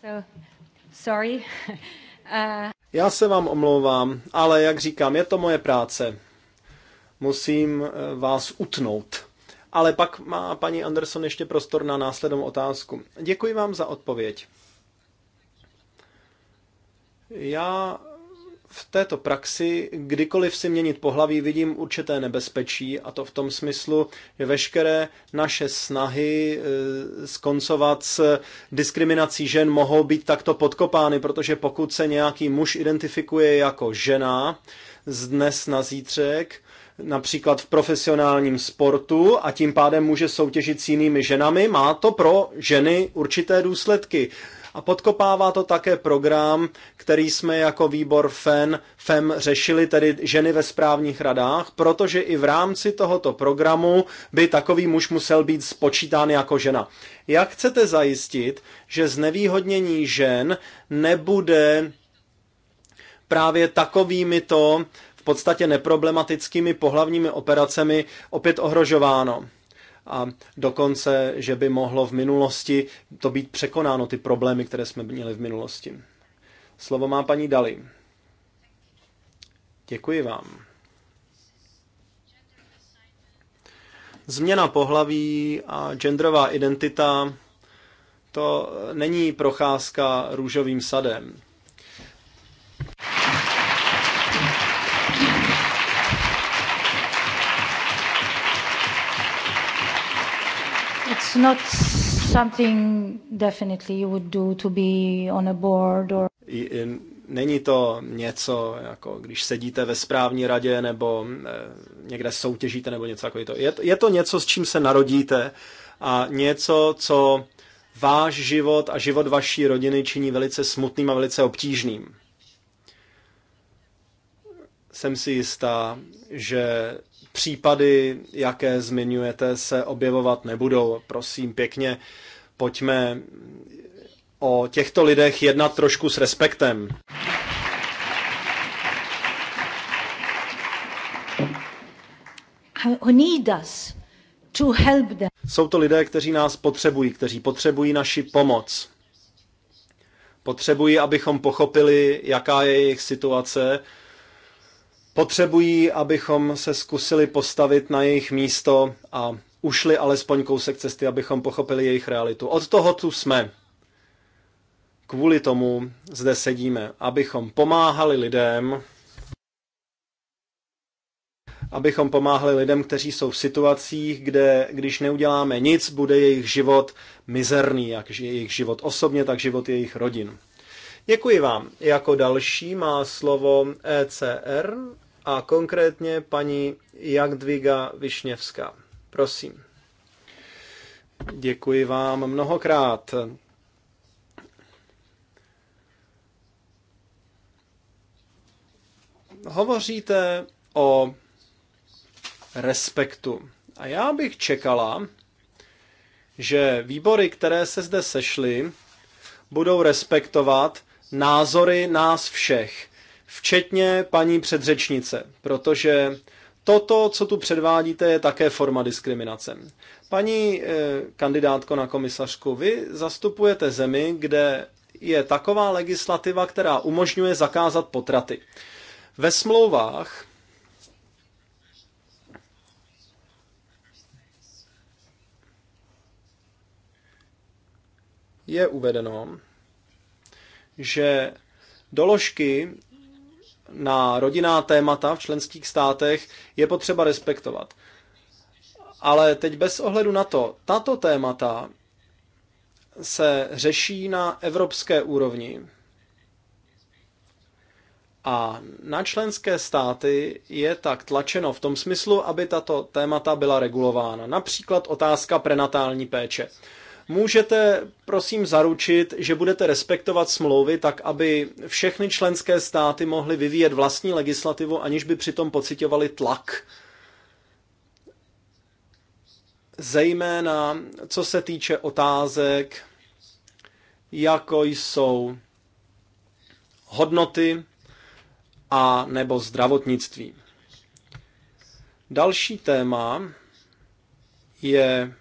So, sorry. Uh... Já se vám omlouvám, ale jak říkám, je to moje práce musím eh, vás utnout. Ale pak má paní Anderson ještě prostor na následnou otázku. Děkuji vám za odpověď. Já v této praxi, kdykoliv si měnit pohlaví, vidím určité nebezpečí, a to v tom smyslu, že veškeré naše snahy eh, skoncovat s diskriminací žen mohou být takto podkopány, protože pokud se nějaký muž identifikuje jako žena z dnes na zítřek, například v profesionálním sportu a tím pádem může soutěžit s jinými ženami, má to pro ženy určité důsledky. A podkopává to také program, který jsme jako výbor FEN, FEM řešili, tedy ženy ve správních radách, protože i v rámci tohoto programu by takový muž musel být spočítán jako žena. Jak chcete zajistit, že znevýhodnění žen nebude právě takovými to podstatě neproblematickými pohlavními operacemi opět ohrožováno. A dokonce, že by mohlo v minulosti to být překonáno, ty problémy, které jsme měli v minulosti. Slovo má paní Dali. Děkuji vám. Změna pohlaví a genderová identita to není procházka růžovým sadem. not something definitely you would do to be on a board or... Není to něco, jako když sedíte ve správní radě nebo eh, někde soutěžíte nebo něco takového. Je, to, je to něco, s čím se narodíte a něco, co váš život a život vaší rodiny činí velice smutným a velice obtížným. Jsem si jistá, že případy, jaké zmiňujete, se objevovat nebudou. Prosím pěkně, pojďme o těchto lidech jednat trošku s respektem. Jsou to lidé, kteří nás potřebují, kteří potřebují naši pomoc. Potřebují, abychom pochopili, jaká je jejich situace potřebují, abychom se zkusili postavit na jejich místo a ušli alespoň kousek cesty, abychom pochopili jejich realitu. Od toho tu jsme. Kvůli tomu zde sedíme, abychom pomáhali lidem, abychom pomáhali lidem, kteří jsou v situacích, kde když neuděláme nic, bude jejich život mizerný, jak jejich život osobně, tak život jejich rodin. Děkuji vám. Jako další má slovo ECR a konkrétně paní Jagdviga Višněvská. Prosím. Děkuji vám mnohokrát. Hovoříte o respektu. A já bych čekala, že výbory, které se zde sešly, budou respektovat názory nás všech, včetně paní předřečnice, protože toto, co tu předvádíte, je také forma diskriminace. Paní eh, kandidátko na komisařku, vy zastupujete zemi, kde je taková legislativa, která umožňuje zakázat potraty. Ve smlouvách je uvedeno, že doložky na rodinná témata v členských státech je potřeba respektovat. Ale teď bez ohledu na to, tato témata se řeší na evropské úrovni. A na členské státy je tak tlačeno v tom smyslu, aby tato témata byla regulována. Například otázka prenatální péče. Můžete prosím zaručit, že budete respektovat smlouvy tak, aby všechny členské státy mohly vyvíjet vlastní legislativu, aniž by přitom pocitovali tlak zejména co se týče otázek, jako jsou hodnoty a nebo zdravotnictví. Další téma je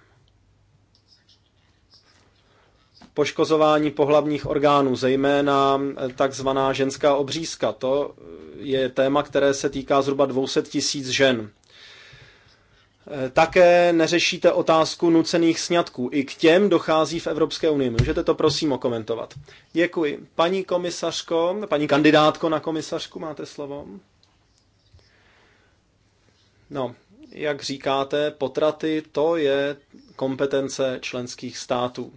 poškozování pohlavních orgánů, zejména eh, takzvaná ženská obřízka. To eh, je téma, které se týká zhruba 200 tisíc žen. Eh, také neřešíte otázku nucených sňatků. I k těm dochází v Evropské unii. Můžete to prosím okomentovat. Děkuji. Paní komisařko, paní kandidátko na komisařku, máte slovo. No, jak říkáte, potraty to je kompetence členských států.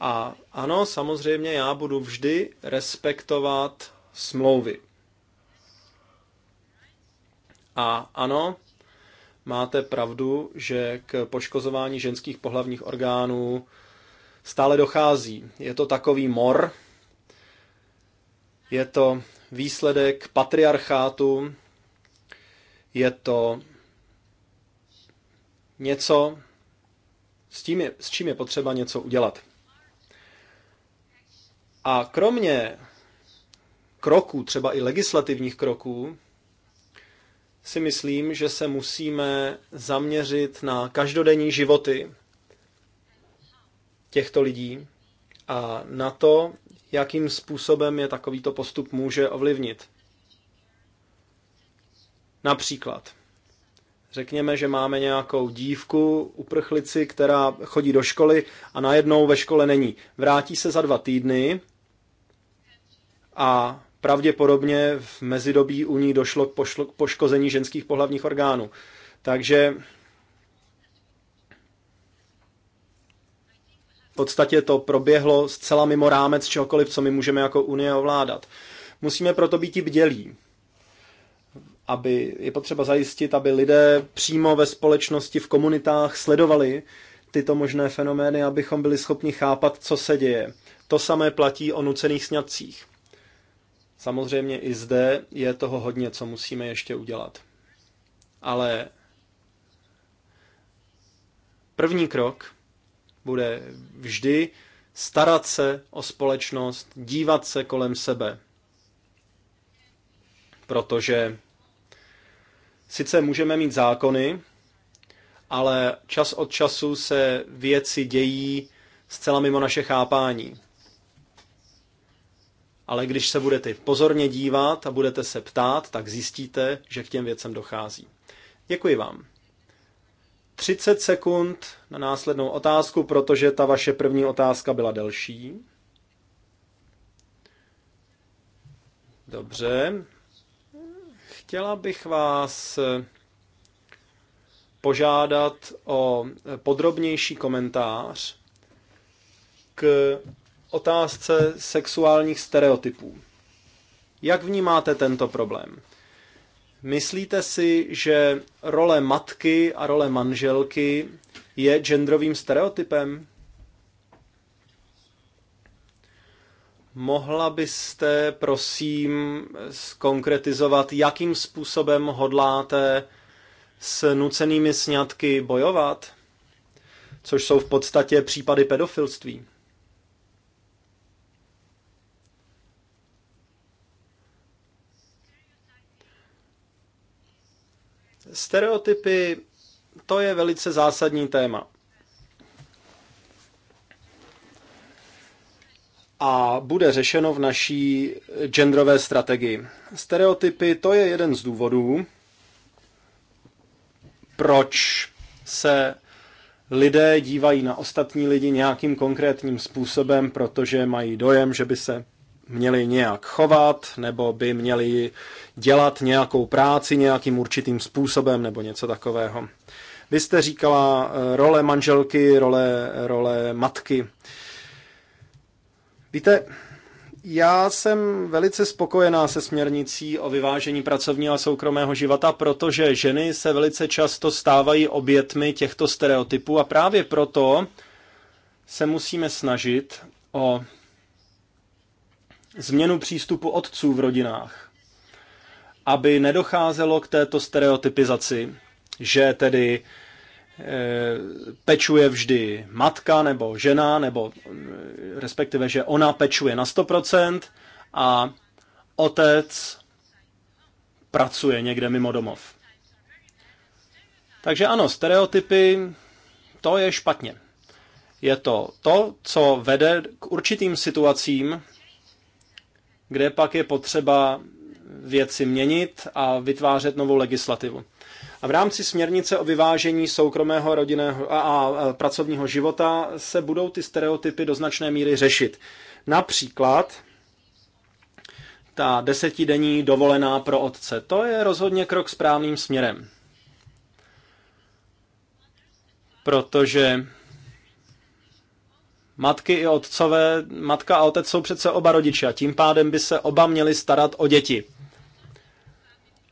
A ano, samozřejmě já budu vždy respektovat smlouvy. A ano, máte pravdu, že k poškozování ženských pohlavních orgánů stále dochází. Je to takový mor, je to výsledek patriarchátu, je to něco, s, tím je, s čím je potřeba něco udělat. A kromě kroků, třeba i legislativních kroků, si myslím, že se musíme zaměřit na každodenní životy těchto lidí a na to, jakým způsobem je takovýto postup může ovlivnit. Například, řekněme, že máme nějakou dívku, uprchlici, která chodí do školy a najednou ve škole není. Vrátí se za dva týdny a pravděpodobně v mezidobí u ní došlo k poškození ženských pohlavních orgánů. Takže v podstatě to proběhlo zcela mimo rámec čehokoliv, co my můžeme jako Unie ovládat. Musíme proto být i bdělí, aby je potřeba zajistit, aby lidé přímo ve společnosti, v komunitách sledovali tyto možné fenomény, abychom byli schopni chápat, co se děje. To samé platí o nucených sňatcích. Samozřejmě i zde je toho hodně, co musíme ještě udělat. Ale první krok bude vždy starat se o společnost, dívat se kolem sebe. Protože sice můžeme mít zákony, ale čas od času se věci dějí zcela mimo naše chápání ale když se budete pozorně dívat a budete se ptát, tak zjistíte, že k těm věcem dochází. Děkuji vám. 30 sekund na následnou otázku, protože ta vaše první otázka byla delší. Dobře. Chtěla bych vás požádat o podrobnější komentář k otázce sexuálních stereotypů. Jak vnímáte tento problém? Myslíte si, že role matky a role manželky je genderovým stereotypem? Mohla byste, prosím, skonkretizovat, jakým způsobem hodláte s nucenými sňatky bojovat, což jsou v podstatě případy pedofilství? Stereotypy, to je velice zásadní téma. a bude řešeno v naší genderové strategii. Stereotypy to je jeden z důvodů, proč se lidé dívají na ostatní lidi nějakým konkrétním způsobem, protože mají dojem, že by se měli nějak chovat, nebo by měli dělat nějakou práci nějakým určitým způsobem, nebo něco takového. Vy jste říkala eh, role manželky, role, role matky. Víte, já jsem velice spokojená se směrnicí o vyvážení pracovního a soukromého života, protože ženy se velice často stávají obětmi těchto stereotypů a právě proto se musíme snažit o změnu přístupu otců v rodinách, aby nedocházelo k této stereotypizaci, že tedy e, pečuje vždy matka nebo žena, nebo e, respektive, že ona pečuje na 100% a otec pracuje někde mimo domov. Takže ano, stereotypy, to je špatně. Je to to, co vede k určitým situacím, kde pak je potřeba věci měnit a vytvářet novou legislativu. A v rámci směrnice o vyvážení soukromého rodinného a, a pracovního života se budou ty stereotypy do značné míry řešit. Například ta desetidenní dovolená pro otce. To je rozhodně krok správným směrem. Protože Matky i otcové, matka a otec jsou přece oba rodiče a tím pádem by se oba měli starat o děti.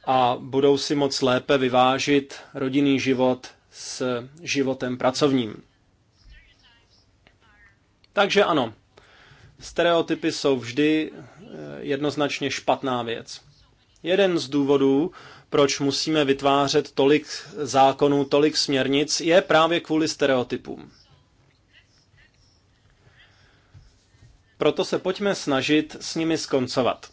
A budou si moc lépe vyvážit rodinný život s životem pracovním. Takže ano, stereotypy jsou vždy eh, jednoznačně špatná věc. Jeden z důvodů, proč musíme vytvářet tolik zákonů, tolik směrnic, je právě kvůli stereotypům. Proto se pojďme snažit s nimi skoncovat.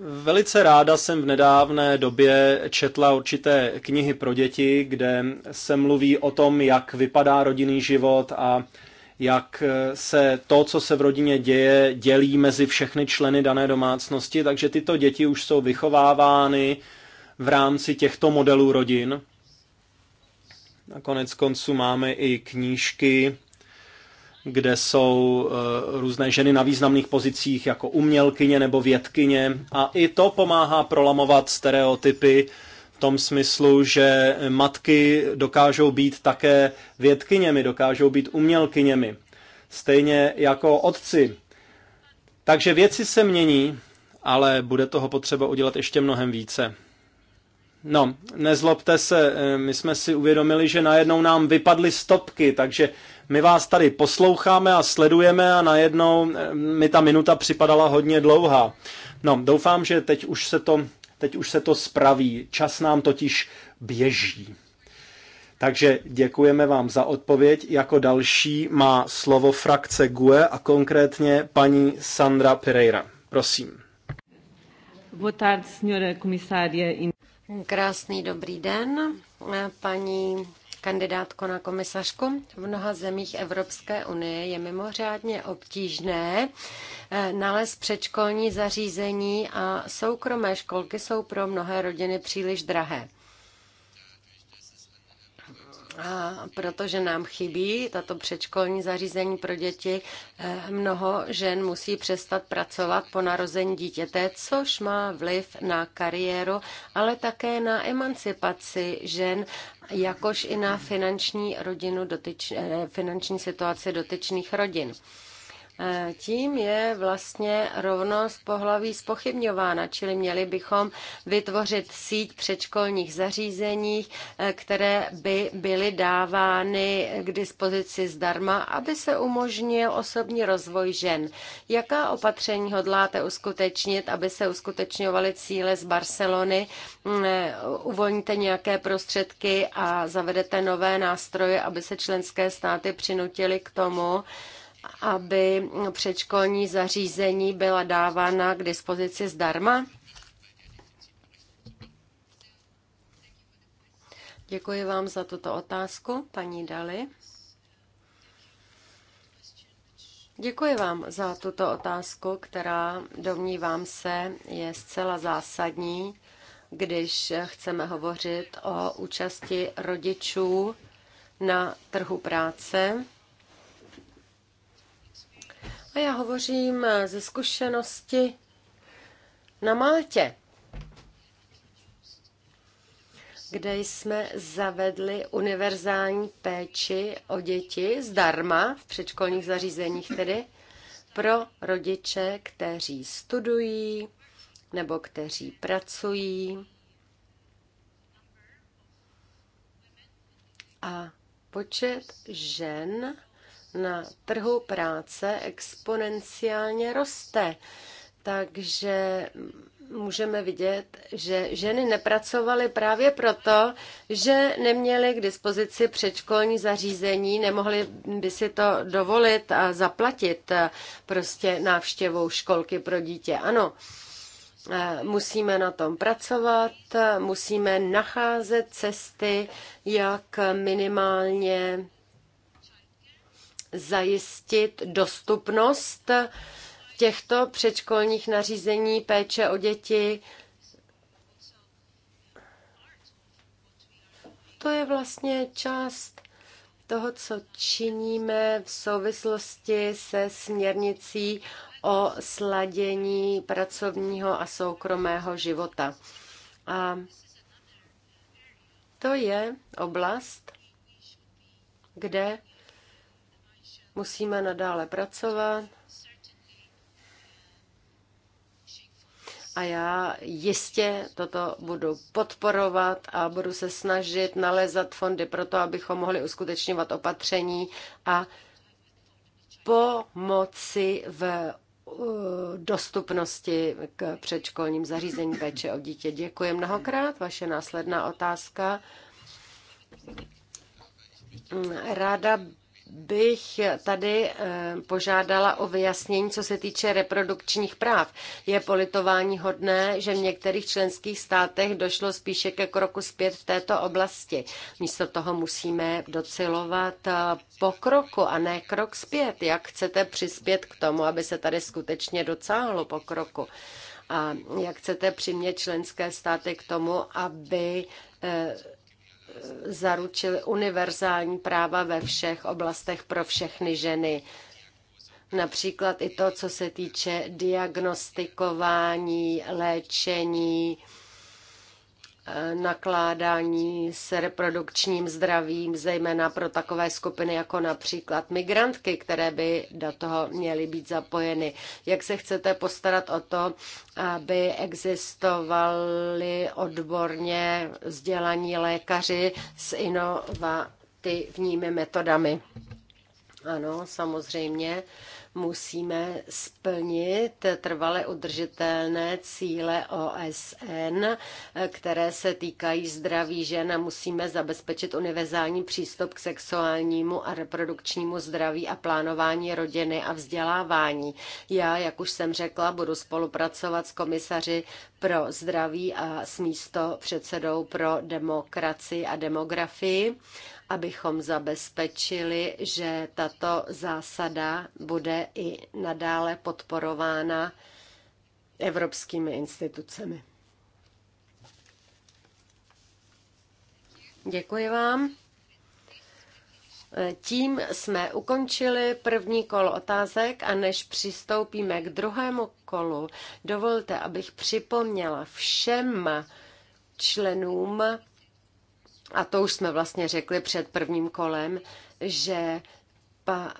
Velice ráda jsem v nedávné době četla určité knihy pro děti, kde se mluví o tom, jak vypadá rodinný život a jak se to, co se v rodině děje, dělí mezi všechny členy dané domácnosti, takže tyto děti už jsou vychovávány v rámci těchto modelů rodin. Na konec konců máme i knížky kde jsou eh, různé ženy na významných pozicích jako umělkyně nebo vědkyně a i to pomáhá prolamovat stereotypy v tom smyslu, že matky dokážou být také vědkyněmi, dokážou být umělkyněmi, stejně jako otci. Takže věci se mění, ale bude toho potřeba udělat ještě mnohem více. No, nezlobte se, eh, my jsme si uvědomili, že najednou nám vypadly stopky, takže my vás tady posloucháme a sledujeme a najednou eh, mi ta minuta připadala hodně dlouhá. No, doufám, že teď už se to, teď už se to spraví. Čas nám totiž běží. Takže děkujeme vám za odpověď. Jako další má slovo frakce GUE a konkrétně paní Sandra Pereira. Prosím. Krásný dobrý den, paní Kandidátko na komisařku, v mnoha zemích Evropské unie je mimořádně obtížné eh, nalézt předškolní zařízení a soukromé školky jsou pro mnohé rodiny příliš drahé. A protože nám chybí tato předškolní zařízení pro děti, eh, mnoho žen musí přestat pracovat po narození dítěte, což má vliv na kariéru, ale také na emancipaci žen, jakož i na finanční, rodinu dotyč, eh, finanční situaci dotyčných rodin tím je vlastně rovnost pohlaví spochybňována, čili měli bychom vytvořit síť předškolních zařízení, eh, které by byly dávány k dispozici zdarma, aby se umožnil osobní rozvoj žen. Jaká opatření hodláte uskutečnit, aby se uskutečňovaly cíle z Barcelony? Mm, eh, uvolníte nějaké prostředky a zavedete nové nástroje, aby se členské státy přinutily k tomu, aby předškolní zařízení byla dávána k dispozici zdarma? Děkuji vám za tuto otázku, paní Dali. Děkuji vám za tuto otázku, která domnívám se je zcela zásadní, když chceme hovořit o účasti rodičů na trhu práce a já hovořím eh, ze zkušenosti na Maltě, kde jsme zavedli univerzální péči o děti zdarma, v předškolních zařízeních tedy, pro rodiče, kteří studují nebo kteří pracují. A počet žen na trhu práce exponenciálně roste. Takže můžeme vidět, že ženy nepracovaly právě proto, že neměly k dispozici předškolní zařízení, nemohly by si to dovolit a zaplatit prostě návštěvou školky pro dítě. Ano, musíme na tom pracovat, musíme nacházet cesty, jak minimálně zajistit dostupnost těchto předškolních nařízení péče o děti. To je vlastně část toho, co činíme v souvislosti se směrnicí o sladění pracovního a soukromého života. A to je oblast, kde Musíme nadále pracovat. A já jistě toto budu podporovat a budu se snažit nalézat fondy pro to, abychom mohli uskutečňovat opatření a pomoci v eh, dostupnosti k předškolním zařízení péče o dítě. Děkuji mnohokrát. Vaše následná otázka. Ráda bych tady eh, požádala o vyjasnění, co se týče reprodukčních práv. Je politování hodné, že v některých členských státech došlo spíše ke kroku zpět v této oblasti. Místo toho musíme docilovat eh, pokroku a ne krok zpět. Jak chcete přispět k tomu, aby se tady skutečně docáhlo pokroku? A jak chcete přimět členské státy k tomu, aby eh, zaručili univerzální práva ve všech oblastech pro všechny ženy. Například i to, co se týče diagnostikování, léčení, nakládání s reprodukčním zdravím, zejména pro takové skupiny jako například migrantky, které by do toho měly být zapojeny. Jak se chcete postarat o to, aby existovali odborně vzdělaní lékaři s inovativními metodami? Ano, samozřejmě musíme splnit trvale udržitelné cíle OSN, které se týkají zdraví žen a musíme zabezpečit univerzální přístup k sexuálnímu a reprodukčnímu zdraví a plánování rodiny a vzdělávání. Já, jak už jsem řekla, budu spolupracovat s komisaři pro zdraví a s místo předsedou pro demokracii a demografii abychom zabezpečili, že tato zásada bude i nadále podporována evropskými institucemi. Děkuji vám. Tím jsme ukončili první kolo otázek a než přistoupíme k druhému kolu, dovolte, abych připomněla všem členům a to už jsme vlastně řekli před prvním kolem, že pa,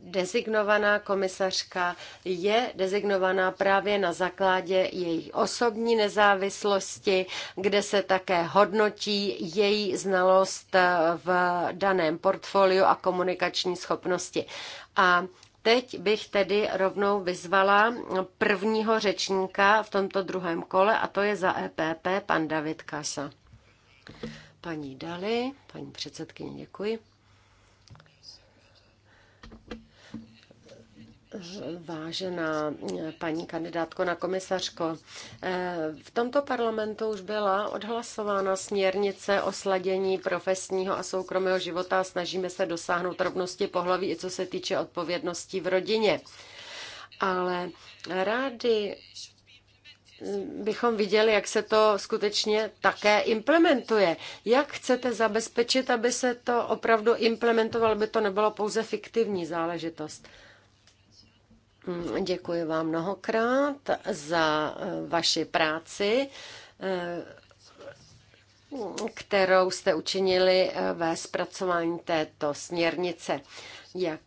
dezignovaná komisařka je dezignovaná právě na základě její osobní nezávislosti, kde se také hodnotí její znalost v daném portfoliu a komunikační schopnosti. A Teď bych tedy rovnou vyzvala prvního řečníka v tomto druhém kole, a to je za EPP pan David Kasa. Paní Dali, paní předsedkyně, děkuji. Vážená eh, paní kandidátko na komisařko, eh, v tomto parlamentu už byla odhlasována směrnice o sladění profesního a soukromého života a snažíme se dosáhnout rovnosti pohlaví i co se týče odpovědnosti v rodině. Ale rádi bychom viděli, jak se to skutečně také implementuje. Jak chcete zabezpečit, aby se to opravdu implementovalo, aby to nebylo pouze fiktivní záležitost? Mm, děkuji vám mnohokrát za eh, vaši práci, eh, kterou jste učinili eh, ve zpracování této směrnice. Jak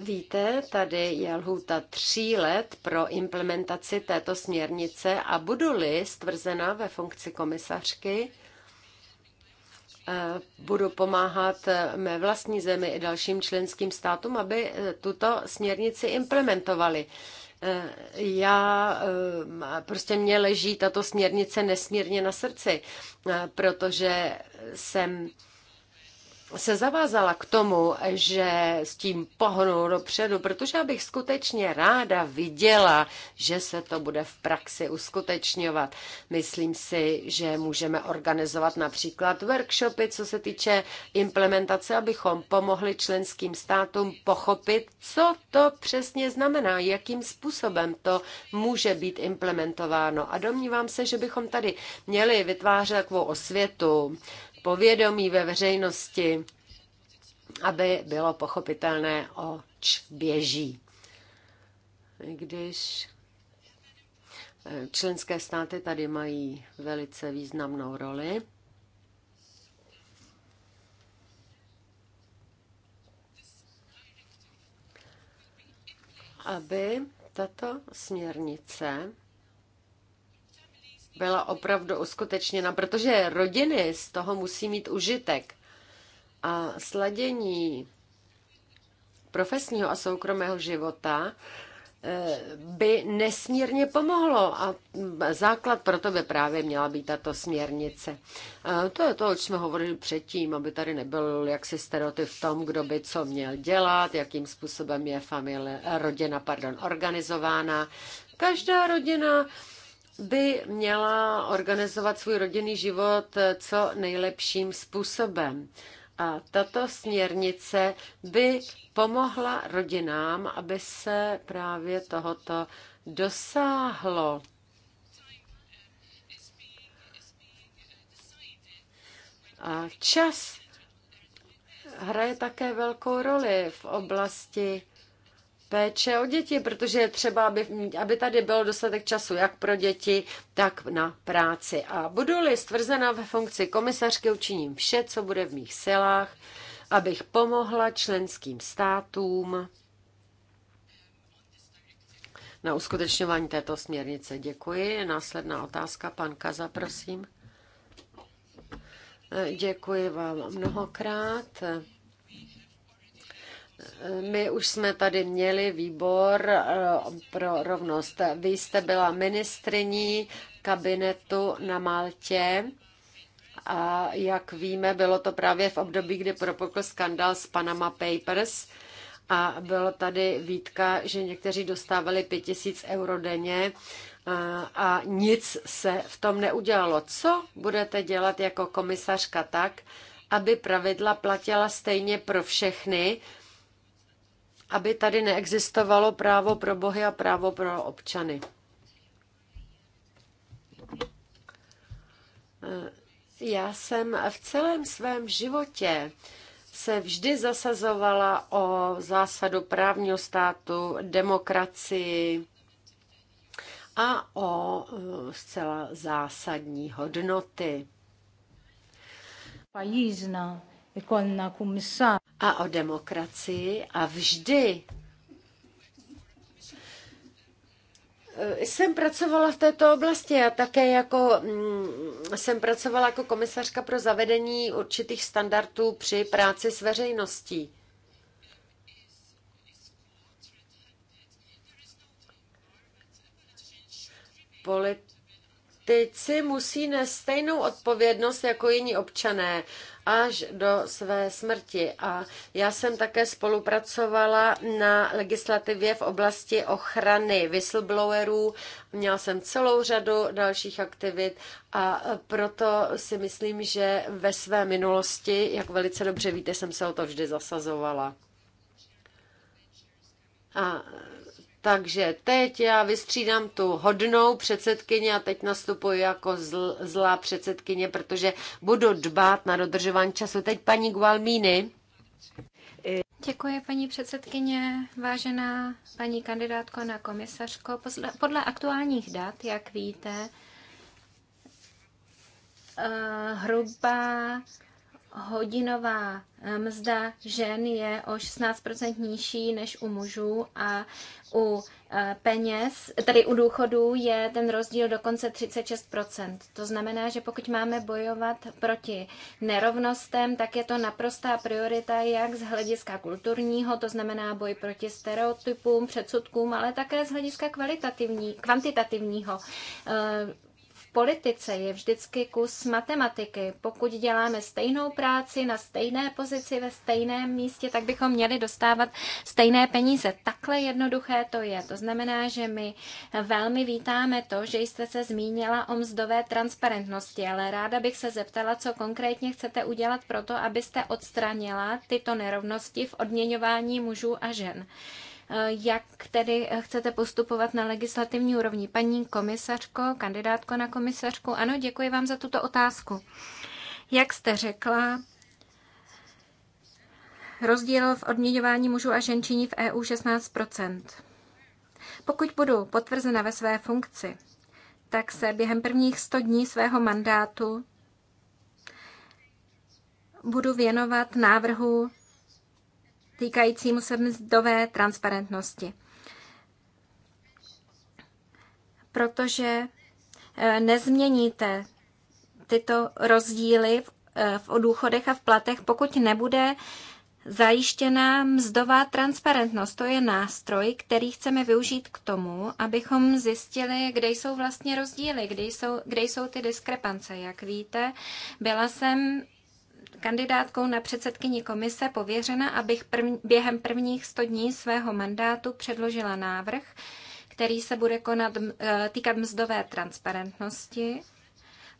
Víte, tady je lhůta tří let pro implementaci této směrnice a budu-li stvrzena ve funkci komisařky, budu pomáhat e, mé vlastní zemi i dalším členským státům, aby e, tuto směrnici implementovali. E, já prostě mě leží tato směrnice nesmírně na srdci, protože jsem se zavázala k tomu, že s tím pohnou dopředu, protože abych skutečně ráda viděla, že se to bude v praxi uskutečňovat. Myslím si, že můžeme organizovat například workshopy, co se týče implementace, abychom pomohli členským státům pochopit, co to přesně znamená, jakým způsobem to může být implementováno. A domnívám se, že bychom tady měli vytvářet takovou osvětu, povědomí ve veřejnosti, aby bylo pochopitelné, oč běží. Když eh, členské státy tady mají velice významnou roli, aby tato směrnice byla opravdu uskutečněna, protože rodiny z toho musí mít užitek. A sladění profesního a soukromého života eh, by nesmírně pomohlo a základ pro to by právě měla být tato směrnice. A to je to, o čem jsme hovorili předtím, aby tady nebyl jaksi stereotyp v tom, kdo by co měl dělat, jakým způsobem je familie, rodina pardon, organizována. Každá rodina by měla organizovat svůj rodinný život eh, co nejlepším způsobem. A tato směrnice by pomohla rodinám, aby se právě tohoto dosáhlo. A čas hraje také velkou roli v oblasti péče o děti, protože je třeba, aby, aby tady byl dostatek času jak pro děti, tak na práci. A budu-li stvrzena ve funkci komisařky, učiním vše, co bude v mých silách, abych pomohla členským státům na uskutečňování této směrnice. Děkuji. Následná otázka, pan Kaza, prosím. Děkuji vám mnohokrát. My už jsme tady měli výbor eh, pro rovnost. Vy jste byla ministriní kabinetu na Maltě a jak víme, bylo to právě v období, kdy propukl skandal s Panama Papers a bylo tady výtka, že někteří dostávali 5000 euro denně eh, a nic se v tom neudělalo. Co budete dělat jako komisařka tak, aby pravidla platila stejně pro všechny aby tady neexistovalo právo pro bohy a právo pro občany. Eh, já jsem v celém svém životě se vždy zasazovala o zásadu právního státu, demokracii a o eh, zcela zásadní hodnoty. Pajízna jako a o demokracii a vždy eh, jsem pracovala v této oblasti a také jako mm, jsem pracovala jako komisařka pro zavedení určitých standardů při práci s veřejností. Polit politici musí nést stejnou odpovědnost jako jiní občané až do své smrti. A já jsem také spolupracovala na legislativě v oblasti ochrany whistleblowerů. Měla jsem celou řadu dalších aktivit a proto si myslím, že ve své minulosti, jak velice dobře víte, jsem se o to vždy zasazovala. A takže teď já vystřídám tu hodnou předsedkyně a teď nastupuji jako zl, zlá předsedkyně, protože budu dbát na dodržování času. Teď paní Gualmíny. Děkuji, paní předsedkyně, vážená paní kandidátko na komisařko. Podle, podle aktuálních dat, jak víte, eh, hrubá hodinová eh, mzda žen je o 16% nižší než u mužů a u eh, peněz, tedy u důchodů je ten rozdíl dokonce 36%. To znamená, že pokud máme bojovat proti nerovnostem, tak je to naprostá priorita jak z hlediska kulturního, to znamená boj proti stereotypům, předsudkům, ale také z hlediska kvalitativní, kvantitativního. Eh, v politice je vždycky kus matematiky. Pokud děláme stejnou práci na stejné pozici ve stejném místě, tak bychom měli dostávat stejné peníze. Takhle jednoduché to je. To znamená, že my velmi vítáme to, že jste se zmínila o mzdové transparentnosti, ale ráda bych se zeptala, co konkrétně chcete udělat pro to, abyste odstranila tyto nerovnosti v odměňování mužů a žen. Eh, jak tedy eh, chcete postupovat na legislativní úrovni. Paní komisařko, kandidátko na komisařku, ano, děkuji vám za tuto otázku. Jak jste řekla, rozdíl v odměňování mužů a žen činí v EU 16 Pokud budu potvrzena ve své funkci, tak se během prvních 100 dní svého mandátu budu věnovat návrhu týkajícímu se mzdové transparentnosti. Protože eh, nezměníte tyto rozdíly eh, v odůchodech a v platech, pokud nebude zajištěná mzdová transparentnost. To je nástroj, který chceme využít k tomu, abychom zjistili, kde jsou vlastně rozdíly, kde jsou, kde jsou ty diskrepance. Jak víte, byla jsem kandidátkou na předsedkyni komise pověřena, abych prv, během prvních 100 dní svého mandátu předložila návrh, který se bude konat, e, týkat mzdové transparentnosti.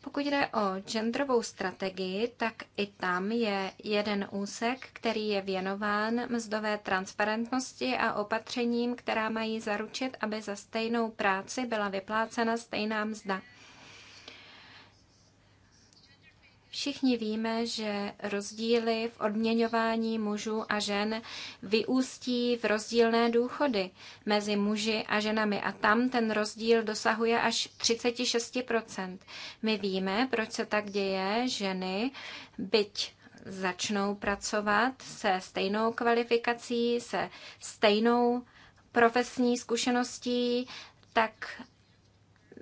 Pokud jde o genderovou strategii, tak i tam je jeden úsek, který je věnován mzdové transparentnosti a opatřením, která mají zaručit, aby za stejnou práci byla vyplácena stejná mzda. Všichni víme, že rozdíly v odměňování mužů a žen vyústí v rozdílné důchody mezi muži a ženami a tam ten rozdíl dosahuje až 36 My víme, proč se tak děje. Ženy, byť začnou pracovat se stejnou kvalifikací, se stejnou profesní zkušeností, tak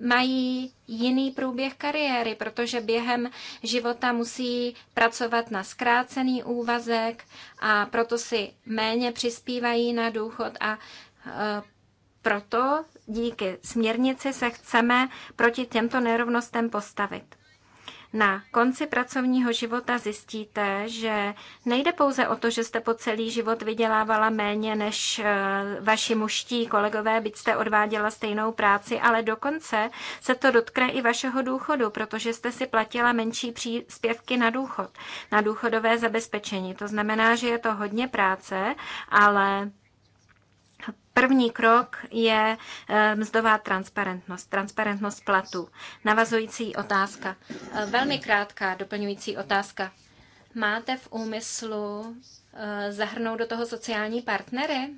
mají jiný průběh kariéry, protože během života musí pracovat na zkrácený úvazek a proto si méně přispívají na důchod a e, proto díky směrnici se chceme proti těmto nerovnostem postavit na konci pracovního života zjistíte, že nejde pouze o to, že jste po celý život vydělávala méně než eh, vaši muští kolegové, byť jste odváděla stejnou práci, ale dokonce se to dotkne i vašeho důchodu, protože jste si platila menší příspěvky na důchod, na důchodové zabezpečení. To znamená, že je to hodně práce, ale První krok je eh, mzdová transparentnost, transparentnost platu. Navazující otázka. Eh, velmi krátká doplňující otázka. Máte v úmyslu eh, zahrnout do toho sociální partnery?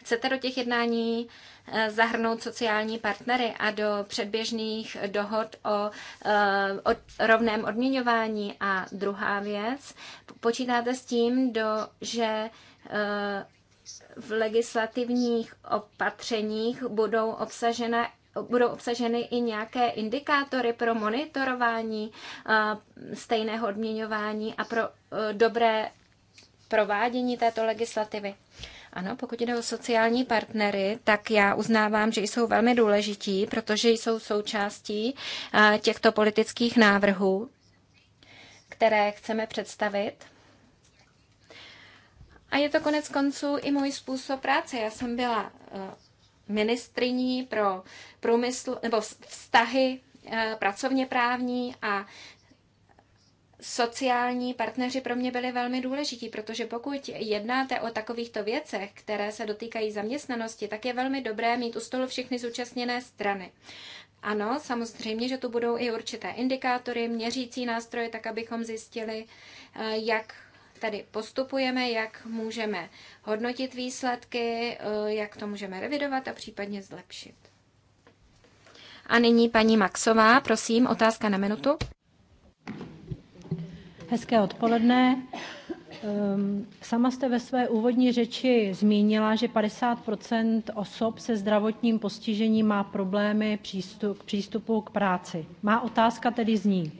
Chcete do těch jednání zahrnout sociální partnery a do předběžných dohod o, o rovném odměňování? A druhá věc, počítáte s tím, do, že v legislativních opatřeních budou obsažena budou obsaženy i nějaké indikátory pro monitorování eh, stejného odměňování a pro eh, dobré provádění této legislativy. Ano, pokud jde o sociální partnery, tak já uznávám, že jsou velmi důležití, protože jsou součástí eh, těchto politických návrhů, které chceme představit. A je to konec konců i můj způsob práce. Já jsem byla eh, ministriní pro průmysl nebo vztahy eh, pracovně právní a sociální partneři pro mě byli velmi důležití, protože pokud jednáte o takovýchto věcech, které se dotýkají zaměstnanosti, tak je velmi dobré mít u stolu všechny zúčastněné strany. Ano, samozřejmě, že tu budou i určité indikátory, měřící nástroje, tak abychom zjistili, eh, jak tady postupujeme, jak můžeme hodnotit výsledky, eh, jak to můžeme revidovat a případně zlepšit. A nyní paní Maxová, prosím, otázka na minutu. Hezké odpoledne. Ehm, sama jste ve své úvodní řeči zmínila, že 50 osob se zdravotním postižením má problémy přístup, k přístupu k práci. Má otázka tedy zní,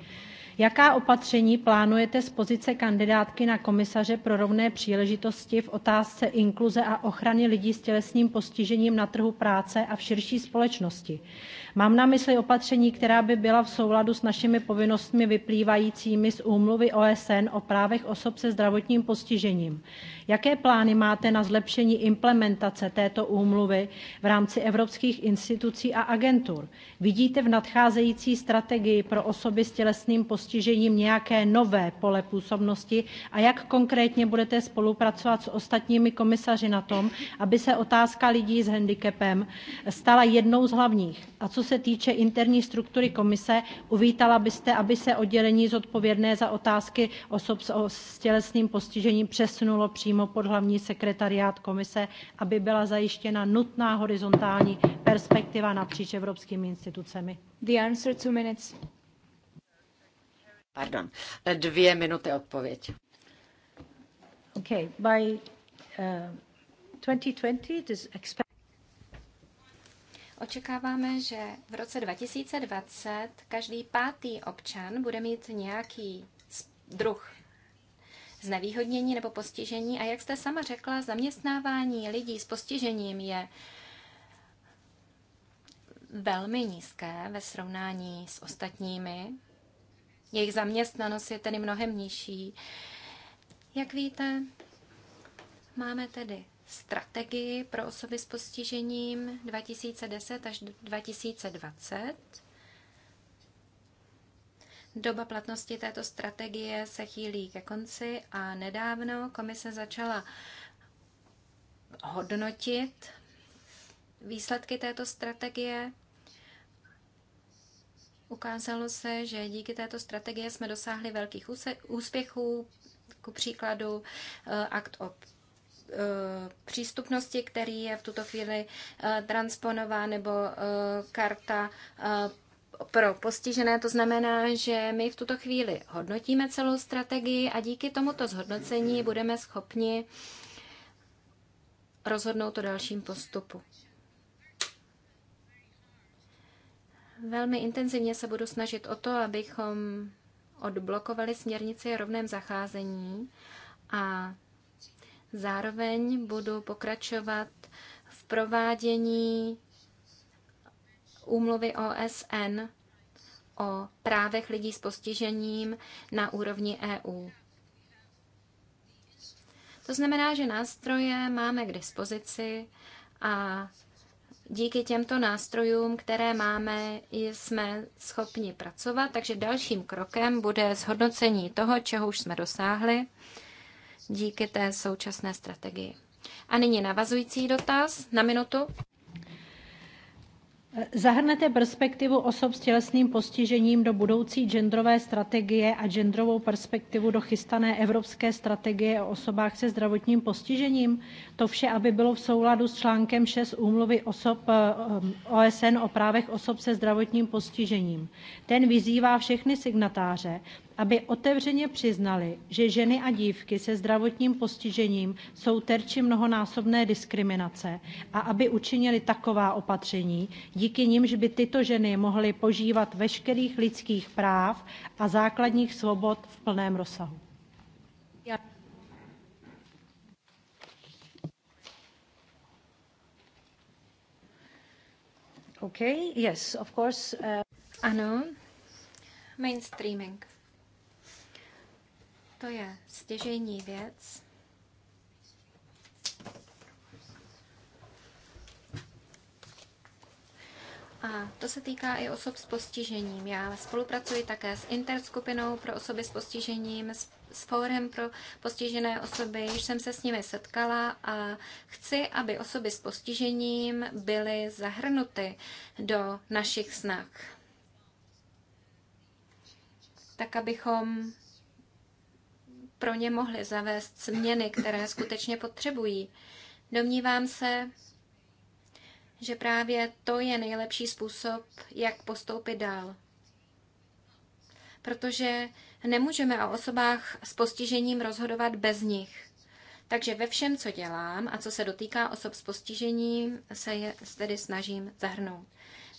Jaká opatření plánujete z pozice kandidátky na komisaře pro rovné příležitosti v otázce inkluze a ochrany lidí s tělesným postižením na trhu práce a v širší společnosti? Mám na mysli opatření, která by byla v souladu s našimi povinnostmi vyplývajícími z úmluvy OSN o právech osob se zdravotním postižením. Jaké plány máte na zlepšení implementace této úmluvy v rámci evropských institucí a agentur? Vidíte v nadcházející strategii pro osoby s tělesným postižením nějaké nové pole působnosti a jak konkrétně budete spolupracovat s ostatními komisaři na tom, aby se otázka lidí s handicapem stala jednou z hlavních? A co se týče interní struktury komise, uvítala byste, aby se oddělení zodpovědné za otázky osob s, s tělesným postižením přesunulo přímo pod hlavní sekretariát komise, aby byla zajištěna nutná horizontální perspektiva napříč evropskými institucemi? The answer two minutes. Pardon, dvě minuty odpověď. Okay, by uh, 2020 it Očekáváme, že v roce 2020 každý pátý občan bude mít nějaký druh znevýhodnění nebo postižení. A jak jste sama řekla, zaměstnávání lidí s postižením je velmi nízké ve srovnání s ostatními. Jejich zaměstnanost je tedy mnohem nižší. Jak víte, máme tedy strategii pro osoby s postižením 2010 až 2020. Doba platnosti této strategie se chýlí ke konci a nedávno komise začala hodnotit výsledky této strategie. Ukázalo se, že díky této strategie jsme dosáhli velkých úspěchů, ku příkladu eh, akt o Eh, přístupnosti, který je v tuto chvíli eh, transponová nebo eh, karta pro postižené. To znamená, že my v tuto chvíli hodnotíme celou strategii a díky tomuto zhodnocení budeme schopni rozhodnout o dalším postupu. Velmi intenzivně se budu snažit o to, abychom odblokovali směrnici o rovném zacházení a Zároveň budu pokračovat v provádění úmluvy OSN o právech lidí s postižením na úrovni EU. To znamená, že nástroje máme k dispozici a díky těmto nástrojům, které máme, jsme schopni pracovat. Takže dalším krokem bude zhodnocení toho, čeho už jsme dosáhli díky té současné strategii. A nyní navazující dotaz na minutu. Zahrnete perspektivu osob s tělesným postižením do budoucí genderové strategie a genderovou perspektivu do chystané evropské strategie o osobách se zdravotním postižením? To vše, aby bylo v souladu s článkem 6 úmluvy osob eh, OSN o právech osob se zdravotním postižením. Ten vyzývá všechny signatáře, aby otevřeně přiznali, že ženy a dívky se zdravotním postižením jsou terči mnohonásobné diskriminace a aby učinili taková opatření, díky nimž by tyto ženy mohly požívat veškerých lidských práv a základních svobod v plném rozsahu. Okay, yes, of course. Uh... Ano, mainstreaming. To je stěžejní věc. A to se týká i osob s postižením. Já spolupracuji také s interskupinou pro osoby s postižením, s, s fórem pro postižené osoby, již jsem se s nimi setkala a chci, aby osoby s postižením byly zahrnuty do našich snah. Tak abychom pro ně mohli zavést změny, které skutečně potřebují. Domnívám se, že právě to je nejlepší způsob, jak postoupit dál. Protože nemůžeme o osobách s postižením rozhodovat bez nich. Takže ve všem, co dělám a co se dotýká osob s postižením, se je tedy snažím zahrnout.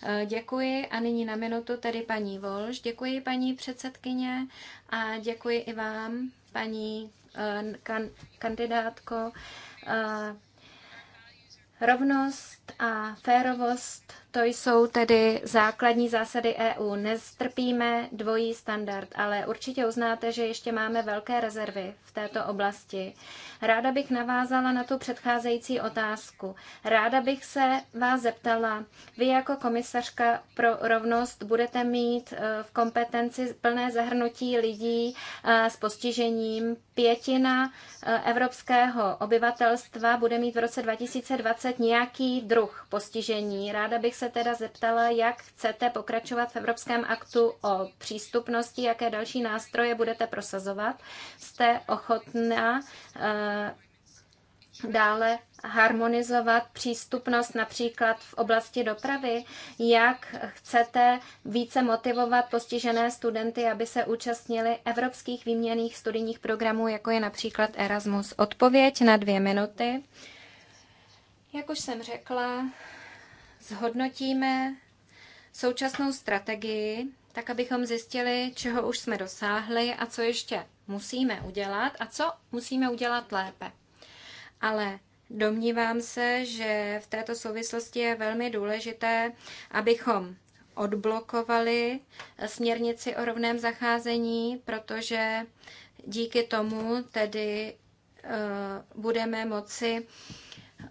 Eh, děkuji a nyní na minutu tady paní Volž. Děkuji paní předsedkyně a děkuji i vám, paní eh, kan- kandidátko. Eh, rovnost a férovost, to jsou tedy základní zásady EU. Nestrpíme dvojí standard, ale určitě uznáte, že ještě máme velké rezervy v této oblasti. Ráda bych navázala na tu předcházející otázku. Ráda bych se vás zeptala, vy jako komisařka pro rovnost budete mít eh, v kompetenci plné zahrnutí lidí eh, s postižením. Pětina eh, evropského obyvatelstva bude mít v roce 2020 nějaký druh druh postižení. Ráda bych se teda zeptala, jak chcete pokračovat v Evropském aktu o přístupnosti, jaké další nástroje budete prosazovat. Jste ochotná eh, dále harmonizovat přístupnost například v oblasti dopravy, jak chcete více motivovat postižené studenty, aby se účastnili evropských výměných studijních programů, jako je například Erasmus. Odpověď na dvě minuty. Jak už jsem řekla, zhodnotíme současnou strategii, tak abychom zjistili, čeho už jsme dosáhli a co ještě musíme udělat a co musíme udělat lépe. Ale domnívám se, že v této souvislosti je velmi důležité, abychom odblokovali směrnici o rovném zacházení, protože díky tomu tedy eh, budeme moci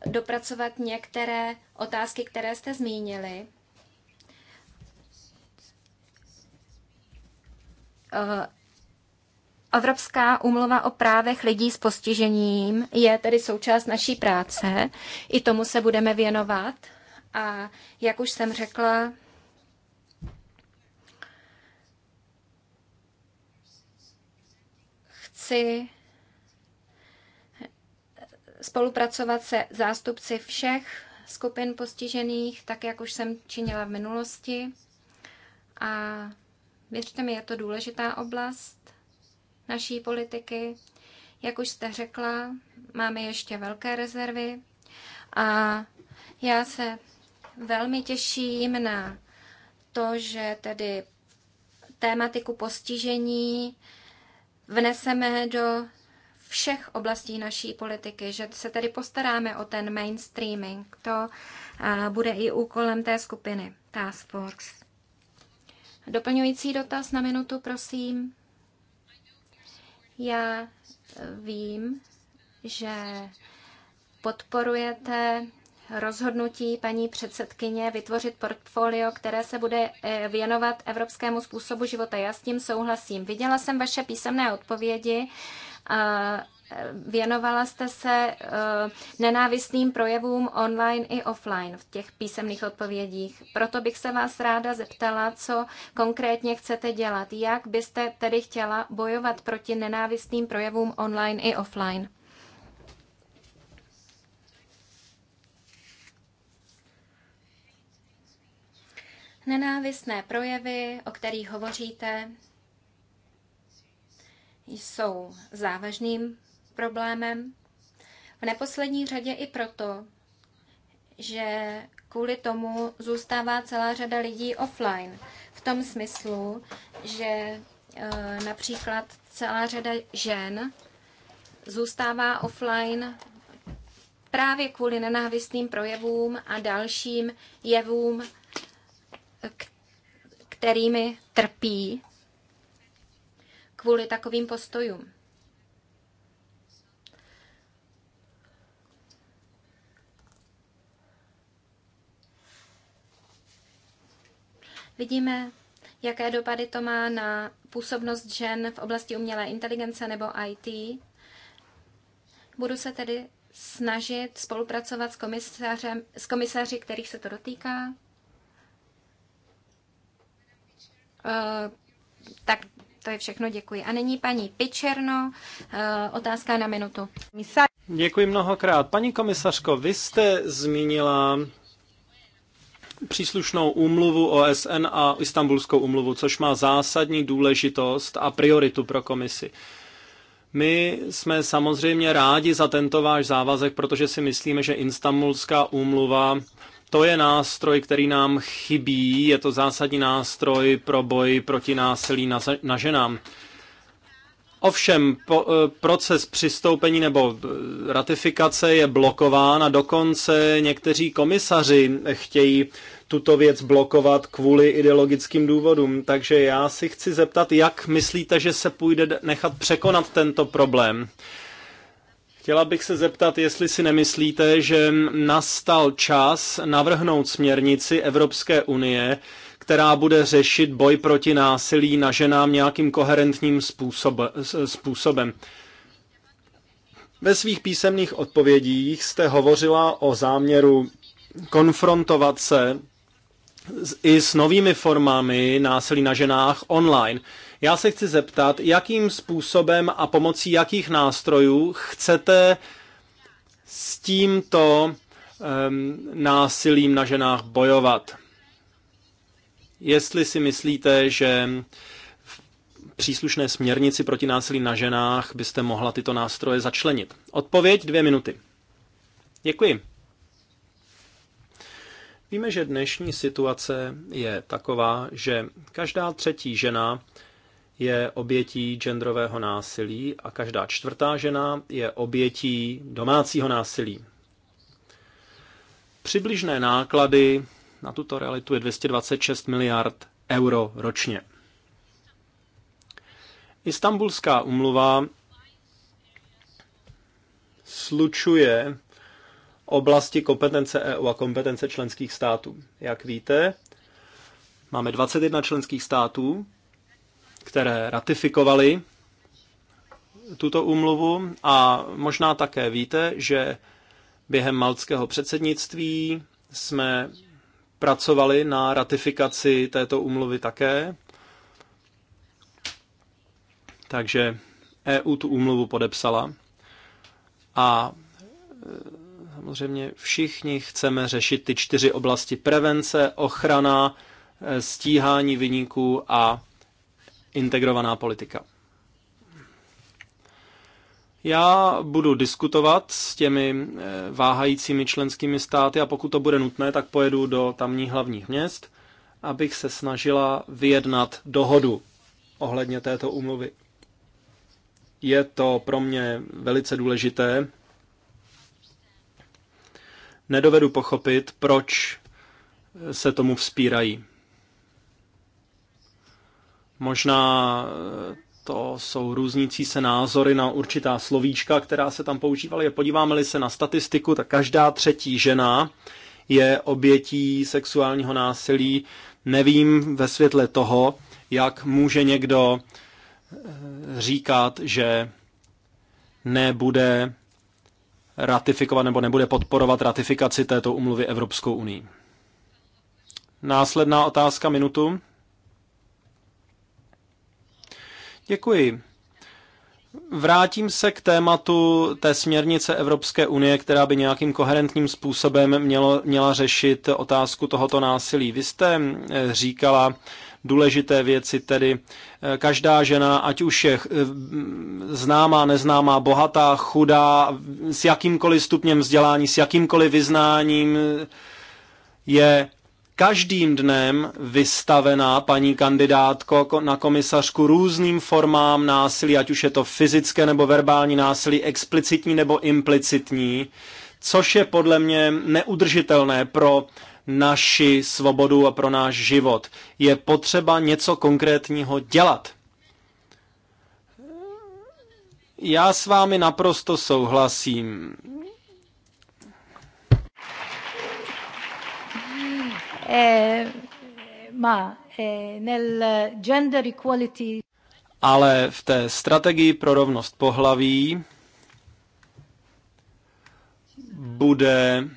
dopracovat některé otázky, které jste zmínili. Eh, Evropská úmluva o právech lidí s postižením je tedy součást naší práce. I tomu se budeme věnovat. A jak už jsem řekla, chci spolupracovat se zástupci všech skupin postižených, tak jak už jsem činila v minulosti. A věřte mi, je to důležitá oblast naší politiky. Jak už jste řekla, máme ještě velké rezervy a já se velmi těším na to, že tedy tématiku postižení vneseme do všech oblastí naší politiky, že se tedy postaráme o ten mainstreaming. To bude i úkolem té skupiny Task Force. Doplňující dotaz na minutu, prosím. Já vím, že podporujete rozhodnutí paní předsedkyně vytvořit portfolio, které se bude e, věnovat evropskému způsobu života. Já s tím souhlasím. Viděla jsem vaše písemné odpovědi Eh, věnovala jste se eh, nenávistným projevům online i offline v těch písemných odpovědích. Proto bych se vás ráda zeptala, co konkrétně chcete dělat. Jak byste tedy chtěla bojovat proti nenávistným projevům online i offline? Nenávistné projevy, o kterých hovoříte, jsou závažným problémem. V neposlední řadě i proto, že kvůli tomu zůstává celá řada lidí offline. V tom smyslu, že eh, například celá řada žen zůstává offline právě kvůli nenávistným projevům a dalším jevům, kterými trpí kvůli takovým postojům. Vidíme, jaké dopady to má na působnost žen v oblasti umělé inteligence nebo IT. Budu se tedy snažit spolupracovat s, komisařem, s komisaři, kterých se to dotýká. Eh, tak to je všechno, děkuji. A nyní paní Pičerno, eh, otázka na minutu. Děkuji mnohokrát. Paní komisařko, vy jste zmínila příslušnou úmluvu OSN a istambulskou úmluvu, což má zásadní důležitost a prioritu pro komisi. My jsme samozřejmě rádi za tento váš závazek, protože si myslíme, že Istanbulská úmluva to je nástroj, který nám chybí, je to zásadní nástroj pro boj proti násilí na, na ženám. Ovšem, po, e, proces přistoupení nebo e, ratifikace je blokován a dokonce někteří komisaři chtějí tuto věc blokovat kvůli ideologickým důvodům. Takže já si chci zeptat, jak myslíte, že se půjde nechat překonat tento problém? Chtěla bych se zeptat, jestli si nemyslíte, že nastal čas navrhnout směrnici Evropské unie, která bude řešit boj proti násilí na ženám nějakým koherentním způsob, způsobem. Ve svých písemných odpovědích jste hovořila o záměru konfrontovat se i s novými formami násilí na ženách online. Já se chci zeptat, jakým způsobem a pomocí jakých nástrojů chcete s tímto um, násilím na ženách bojovat. Jestli si myslíte, že v příslušné směrnici proti násilí na ženách byste mohla tyto nástroje začlenit. Odpověď dvě minuty. Děkuji. Víme, že dnešní situace je taková, že každá třetí žena je obětí genderového násilí a každá čtvrtá žena je obětí domácího násilí. Přibližné náklady na tuto realitu je 226 miliard euro ročně. Istanbulská umluva slučuje oblasti kompetence EU a kompetence členských států. Jak víte, máme 21 členských států, které ratifikovaly tuto úmluvu a možná také víte, že během maltského předsednictví jsme pracovali na ratifikaci této úmluvy také. Takže EU tu úmluvu podepsala a e, samozřejmě všichni chceme řešit ty čtyři oblasti prevence, ochrana, e, stíhání vyníků a integrovaná politika. Já budu diskutovat s těmi eh, váhajícími členskými státy a pokud to bude nutné, tak pojedu do tamních hlavních měst, abych se snažila vyjednat dohodu ohledně této úmluvy. Je to pro mě velice důležité. Nedovedu pochopit, proč se tomu vzpírají. Možná eh, to jsou různící se názory na určitá slovíčka, která se tam používala. Je podíváme-li se na statistiku, tak každá třetí žena je obětí sexuálního násilí. Nevím ve světle toho, jak může někdo eh, říkat, že nebude ratifikovat nebo nebude podporovat ratifikaci této umluvy Evropskou unii. Následná otázka minutu. Děkuji. Vrátím se k tématu té směrnice Evropské unie, která by nějakým koherentním způsobem mělo, měla řešit otázku tohoto násilí. Vy jste eh, říkala důležité věci, tedy eh, každá žena, ať už je eh, známá, neznámá, bohatá, chudá, s jakýmkoliv stupněm vzdělání, s jakýmkoliv vyznáním, je každým dnem vystavená paní kandidátko na komisařku různým formám násilí, ať už je to fyzické nebo verbální násilí, explicitní nebo implicitní, což je podle mě neudržitelné pro naši svobodu a pro náš život. Je potřeba něco konkrétního dělat. Já s vámi naprosto souhlasím. Eh, Má eh, nel gender equality ale v té strategii pro rovnost pohlaví bude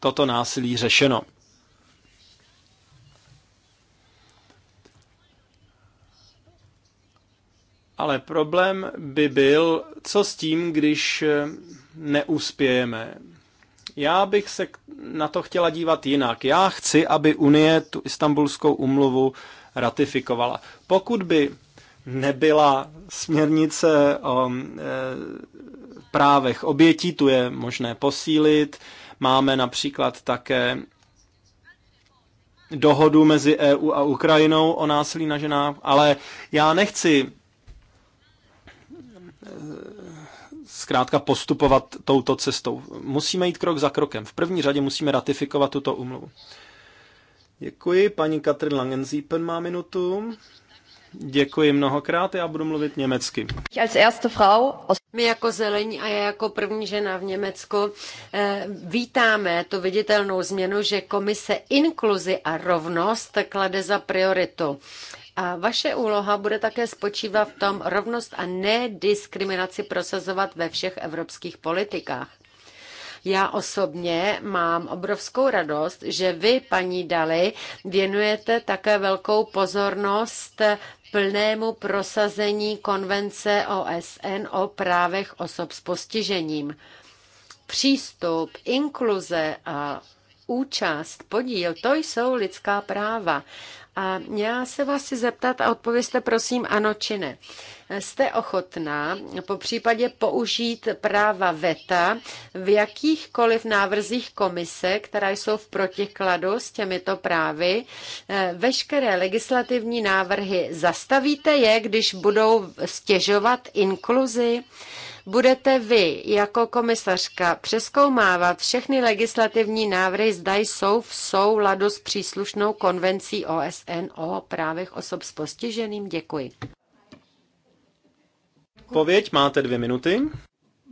toto násilí řešeno. Ale problém by byl, co s tím, když neuspějeme. Já bych se na to chtěla dívat jinak. Já chci, aby Unie tu istambulskou umluvu ratifikovala. Pokud by nebyla směrnice o e, právech obětí, tu je možné posílit. Máme například také dohodu mezi EU a Ukrajinou o násilí na ženách, ale já nechci zkrátka postupovat touto cestou. Musíme jít krok za krokem. V první řadě musíme ratifikovat tuto umluvu. Děkuji. Paní Katrin Langenziepen má minutu. Děkuji mnohokrát, já budu mluvit německy. My jako zelení a já jako první žena v Německu eh, vítáme tu viditelnou změnu, že komise inkluzi a rovnost klade za prioritu. A vaše úloha bude také spočívat v tom rovnost a nediskriminaci prosazovat ve všech evropských politikách. Já osobně mám obrovskou radost, že vy, paní Dali, věnujete také velkou pozornost plnému prosazení konvence OSN o právech osob s postižením. Přístup, inkluze a účast, podíl, to jsou lidská práva. A já se vás chci zeptat a odpověste prosím ano či ne. Jste ochotná po případě použít práva VETA v jakýchkoliv návrzích komise, která jsou v protikladu s těmito právy. Eh, veškeré legislativní návrhy zastavíte je, když budou stěžovat inkluzi. Budete vy jako komisařka přeskoumávat všechny legislativní návrhy, zda jsou v souladu s příslušnou konvencí OSN o právech osob s postiženým? Děkuji. Pověď máte dvě minuty.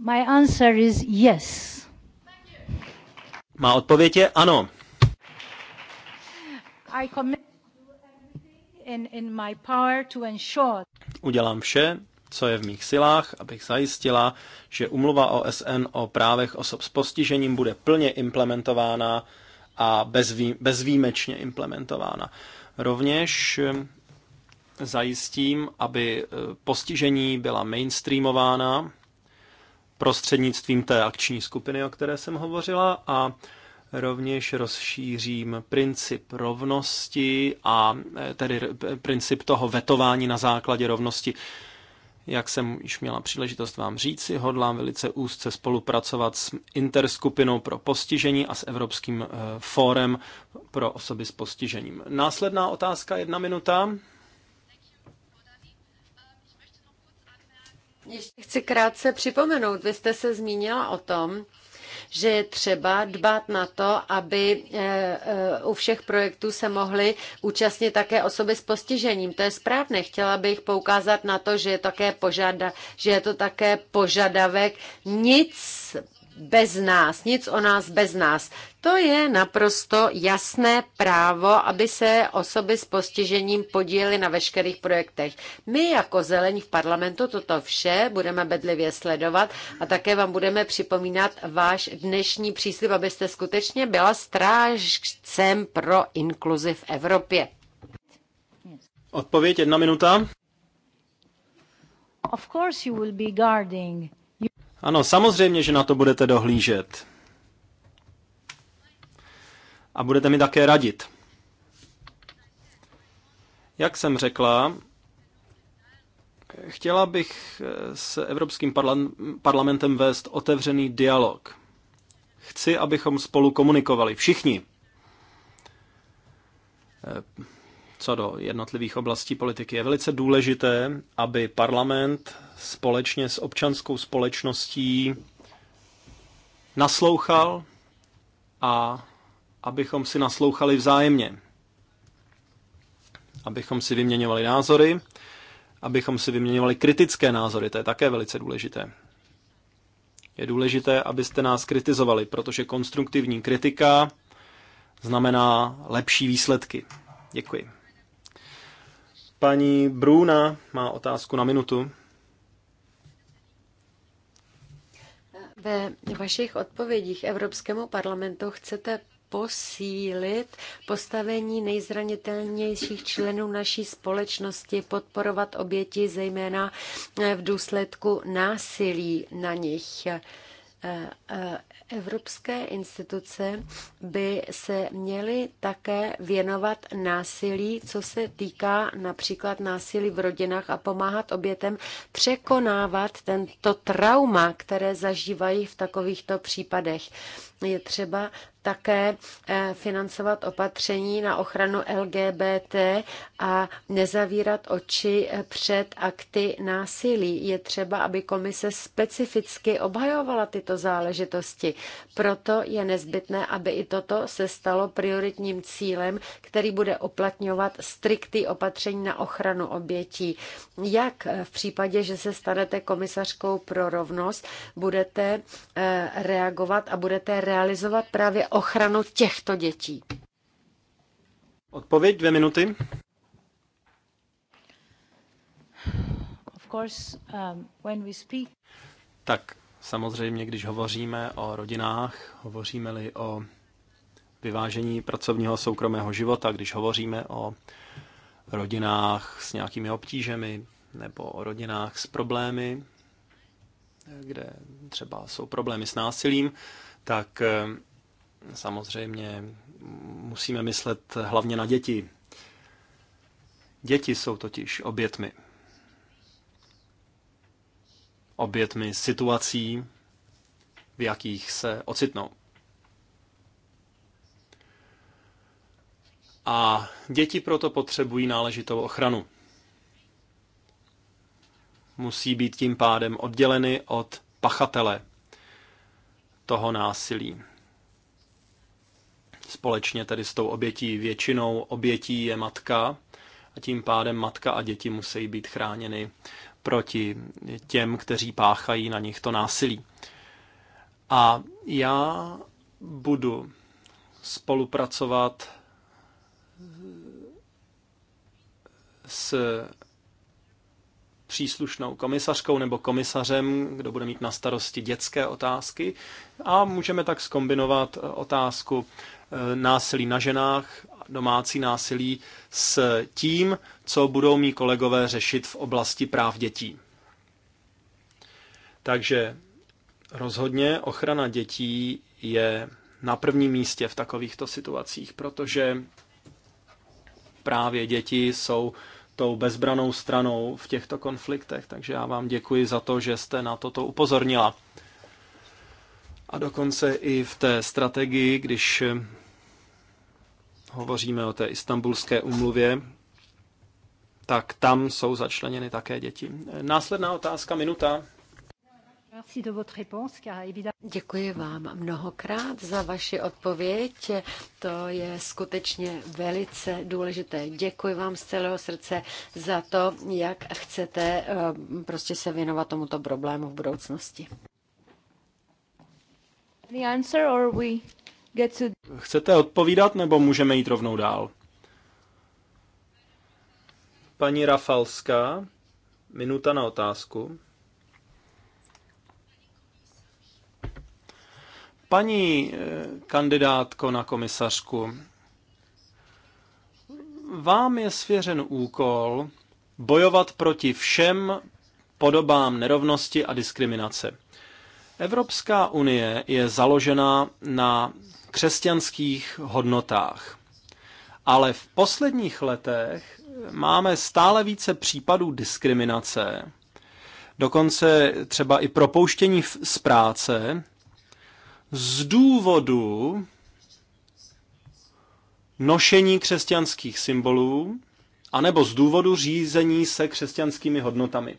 My answer is yes. Má odpověď je ano. Udělám vše, co je v mých silách, abych zajistila, že umluva OSN o právech osob s postižením bude plně implementována a bezvý, bezvýjimečně implementována. Rovněž eh, zajistím, aby eh, postižení byla mainstreamována prostřednictvím té akční skupiny, o které jsem hovořila, a rovněž rozšířím princip rovnosti a eh, tedy princip toho vetování na základě rovnosti. Jak jsem již měla příležitost vám říci, hodlám velice úzce spolupracovat s interskupinou pro postižení a s Evropským eh, fórem pro osoby s postižením. Následná otázka, jedna minuta. Ještě chci krátce připomenout, vy jste se zmínila o tom, že je třeba dbát na to, aby eh, eh, u všech projektů se mohly účastnit také osoby s postižením. To je správné. Chtěla bych poukázat na to, že je, také požada, že je to také požadavek nic bez nás, nic o nás bez nás. To je naprosto jasné právo, aby se osoby s postižením podílely na veškerých projektech. My jako zelení v parlamentu toto vše budeme bedlivě sledovat a také vám budeme připomínat váš dnešní příslip, abyste skutečně byla strážcem pro inkluzi v Evropě. Odpověď jedna minuta. Of course you will be guarding ano, samozřejmě, že na to budete dohlížet. A budete mi také radit. Jak jsem řekla, chtěla bych eh, s Evropským parlamentem vést otevřený dialog. Chci, abychom spolu komunikovali. Všichni eh, co do jednotlivých oblastí politiky. Je velice důležité, aby parlament společně s občanskou společností naslouchal a abychom si naslouchali vzájemně. Abychom si vyměňovali názory, abychom si vyměňovali kritické názory, to je také velice důležité. Je důležité, abyste nás kritizovali, protože konstruktivní kritika znamená lepší výsledky. Děkuji. Paní Bruna má otázku na minutu. Ve vašich odpovědích Evropskému parlamentu chcete posílit postavení nejzranitelnějších členů naší společnosti, podporovat oběti zejména v důsledku násilí na nich. E, e, evropské instituce by se měly také věnovat násilí, co se týká například násilí v rodinách a pomáhat obětem překonávat tento trauma, které zažívají v takovýchto případech je třeba také eh, financovat opatření na ochranu LGBT a nezavírat oči eh, před akty násilí. Je třeba, aby komise specificky obhajovala tyto záležitosti. Proto je nezbytné, aby i toto se stalo prioritním cílem, který bude oplatňovat striktní opatření na ochranu obětí. Jak eh, v případě, že se stanete komisařkou pro rovnost, budete reagovat a budete realizovat právě ochranu těchto dětí? Odpověď dvě minuty. Of course, um, when we speak... Tak samozřejmě, když hovoříme o rodinách, hovoříme-li o vyvážení pracovního a soukromého života, když hovoříme o rodinách s nějakými obtížemi nebo o rodinách s problémy, kde třeba jsou problémy s násilím, tak eh, samozřejmě musíme myslet hlavně na děti. Děti jsou totiž obětmi. Obětmi situací, v jakých se ocitnou. A děti proto potřebují náležitou ochranu. Musí být tím pádem odděleny od pachatele toho násilí. Společně tedy s tou obětí většinou obětí je matka a tím pádem matka a děti musí být chráněny proti těm, kteří páchají na nich to násilí. A já budu spolupracovat s příslušnou komisařkou nebo komisařem, kdo bude mít na starosti dětské otázky. A můžeme tak skombinovat eh, otázku eh, násilí na ženách, domácí násilí s tím, co budou mý kolegové řešit v oblasti práv dětí. Takže rozhodně ochrana dětí je na prvním místě v takovýchto situacích, protože právě děti jsou tou bezbranou stranou v těchto konfliktech, takže já vám děkuji za to, že jste na toto upozornila. A dokonce i v té strategii, když eh, hovoříme o té istambulské umluvě, tak tam jsou začleněny také děti. Následná otázka, minuta. Děkuji vám mnohokrát za vaši odpověď. To je skutečně velice důležité. Děkuji vám z celého srdce za to, jak chcete eh, prostě se věnovat tomuto problému v budoucnosti. Chcete odpovídat nebo můžeme jít rovnou dál? Paní Rafalská, minuta na otázku. Paní eh, kandidátko na komisařku, vám je svěřen úkol bojovat proti všem podobám nerovnosti a diskriminace. Evropská unie je založena na křesťanských hodnotách. Ale v posledních letech máme stále více případů diskriminace, dokonce třeba i propouštění z práce, z důvodu nošení křesťanských symbolů anebo z důvodu řízení se křesťanskými hodnotami.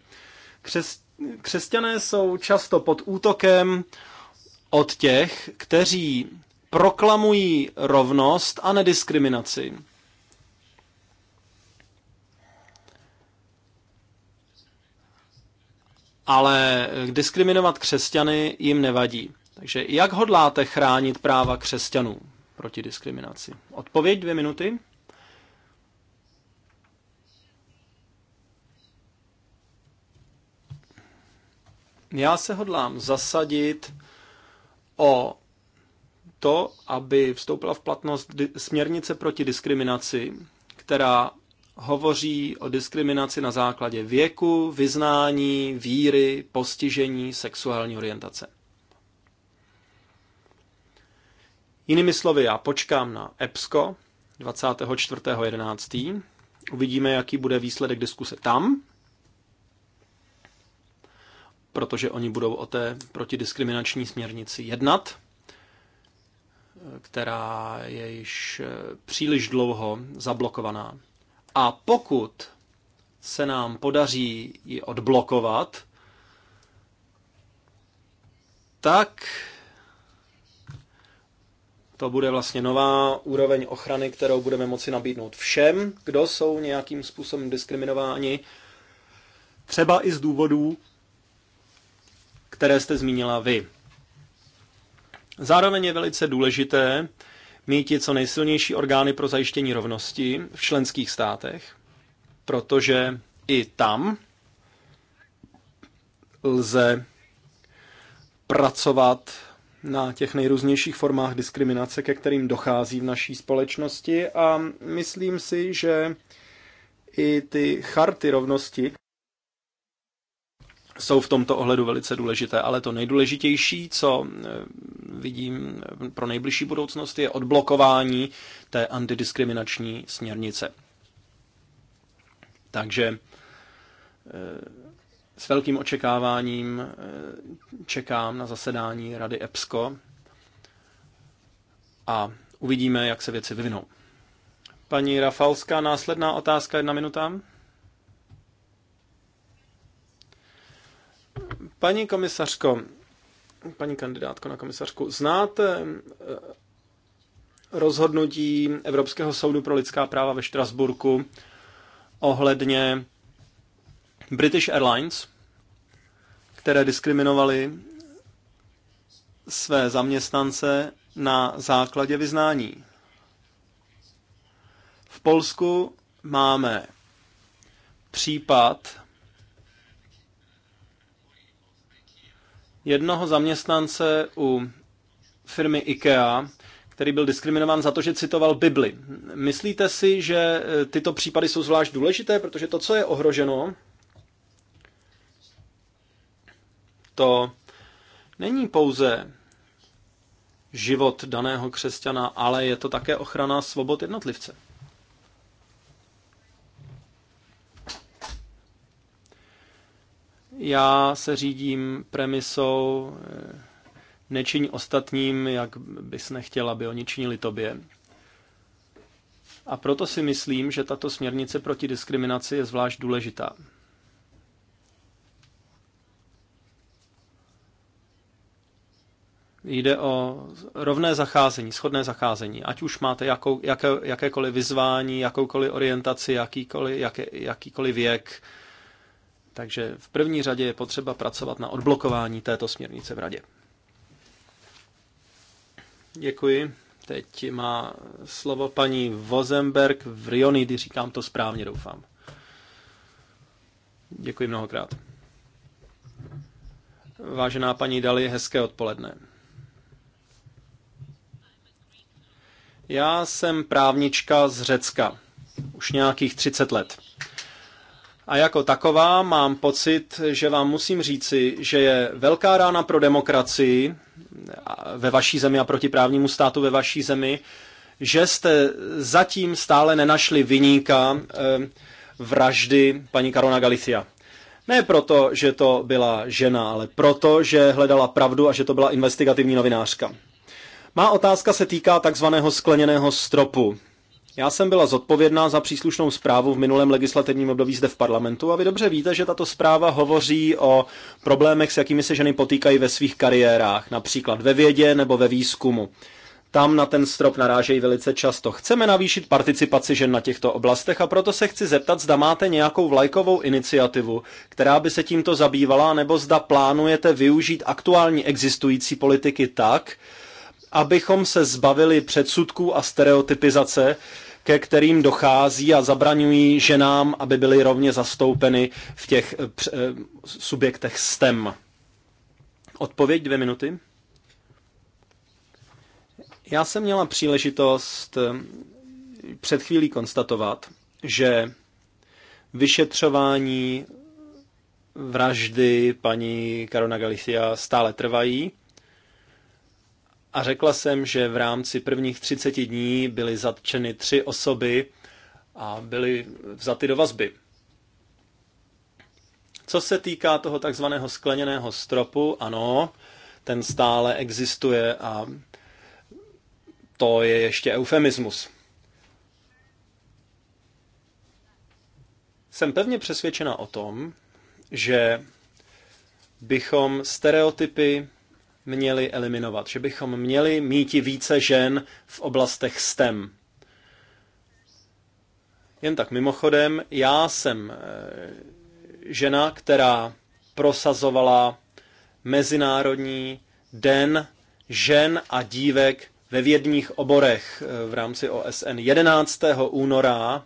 Křes, křesťané jsou často pod útokem od těch, kteří proklamují rovnost a nediskriminaci. Ale diskriminovat křesťany jim nevadí. Takže jak hodláte chránit práva křesťanů proti diskriminaci? Odpověď dvě minuty. Já se hodlám zasadit o to, aby vstoupila v platnost směrnice proti diskriminaci, která hovoří o diskriminaci na základě věku, vyznání, víry, postižení, sexuální orientace. Jinými slovy, já počkám na EPSCO 24.11. Uvidíme, jaký bude výsledek diskuse tam, protože oni budou o té protidiskriminační směrnici jednat, která je již eh, příliš dlouho zablokovaná. A pokud se nám podaří ji odblokovat, tak to bude vlastně nová úroveň ochrany, kterou budeme moci nabídnout všem, kdo jsou nějakým způsobem diskriminováni, třeba i z důvodů, které jste zmínila vy. Zároveň je velice důležité mít co nejsilnější orgány pro zajištění rovnosti v členských státech, protože i tam lze pracovat na těch nejrůznějších formách diskriminace, ke kterým dochází v naší společnosti a myslím si, že i ty charty rovnosti jsou v tomto ohledu velice důležité, ale to nejdůležitější, co eh, vidím pro nejbližší budoucnost, je odblokování té antidiskriminační směrnice. Takže eh, s velkým očekáváním eh, čekám na zasedání Rady EPSCO a uvidíme, jak se věci vyvinou. Paní Rafalská, následná otázka, jedna minuta. Paní komisařko, paní kandidátko na komisařku, znáte eh, rozhodnutí Evropského soudu pro lidská práva ve Štrasburku ohledně British Airlines, které diskriminovali své zaměstnance na základě vyznání. V Polsku máme případ jednoho zaměstnance u firmy IKEA, který byl diskriminován za to, že citoval Bibli. Myslíte si, že tyto případy jsou zvlášť důležité, protože to, co je ohroženo, to není pouze život daného křesťana, ale je to také ochrana svobod jednotlivce. Já se řídím premisou eh, nečiň ostatním, jak bys nechtěla, aby oni činili tobě. A proto si myslím, že tato směrnice proti diskriminaci je zvlášť důležitá. Jde o rovné zacházení, shodné zacházení. Ať už máte jakou, jaké, jakékoliv vyzvání, jakoukoliv orientaci, jakýkoliv, jaké, jakýkoliv věk. Takže v první řadě je potřeba pracovat na odblokování této směrnice v radě. Děkuji. Teď má slovo paní Vozemberg v Rionidy, říkám to správně, doufám. Děkuji mnohokrát. Vážená paní Dali, hezké odpoledne. Já jsem právnička z Řecka už nějakých 30 let. A jako taková mám pocit, že vám musím říci, že je velká rána pro demokracii ve vaší zemi a proti právnímu státu ve vaší zemi, že jste zatím stále nenašli vyníka eh, vraždy paní Karona Galicia. Ne proto, že to byla žena, ale proto, že hledala pravdu a že to byla investigativní novinářka. Má otázka se týká takzvaného skleněného stropu. Já jsem byla zodpovědná za příslušnou zprávu v minulém legislativním období zde v parlamentu a vy dobře víte, že tato zpráva hovoří o problémech, s jakými se ženy potýkají ve svých kariérách, například ve vědě nebo ve výzkumu. Tam na ten strop narážejí velice často. Chceme navýšit participaci žen na těchto oblastech a proto se chci zeptat, zda máte nějakou vlajkovou iniciativu, která by se tímto zabývala, nebo zda plánujete využít aktuální existující politiky tak, abychom se zbavili předsudků a stereotypizace, ke kterým dochází a zabraňují ženám, aby byly rovně zastoupeny v těch eh, subjektech STEM. Odpověď dvě minuty. Já jsem měla příležitost eh, před chvílí konstatovat, že vyšetřování vraždy paní Karona Galicia stále trvají a řekla jsem, že v rámci prvních 30 dní byly zatčeny tři osoby a byly vzaty do vazby. Co se týká toho takzvaného skleněného stropu, ano, ten stále existuje a to je ještě eufemismus. Jsem pevně přesvědčena o tom, že bychom stereotypy měli eliminovat, že bychom měli mít více žen v oblastech STEM. Jen tak mimochodem, já jsem eh, žena, která prosazovala Mezinárodní den žen a dívek ve vědních oborech eh, v rámci OSN 11. února.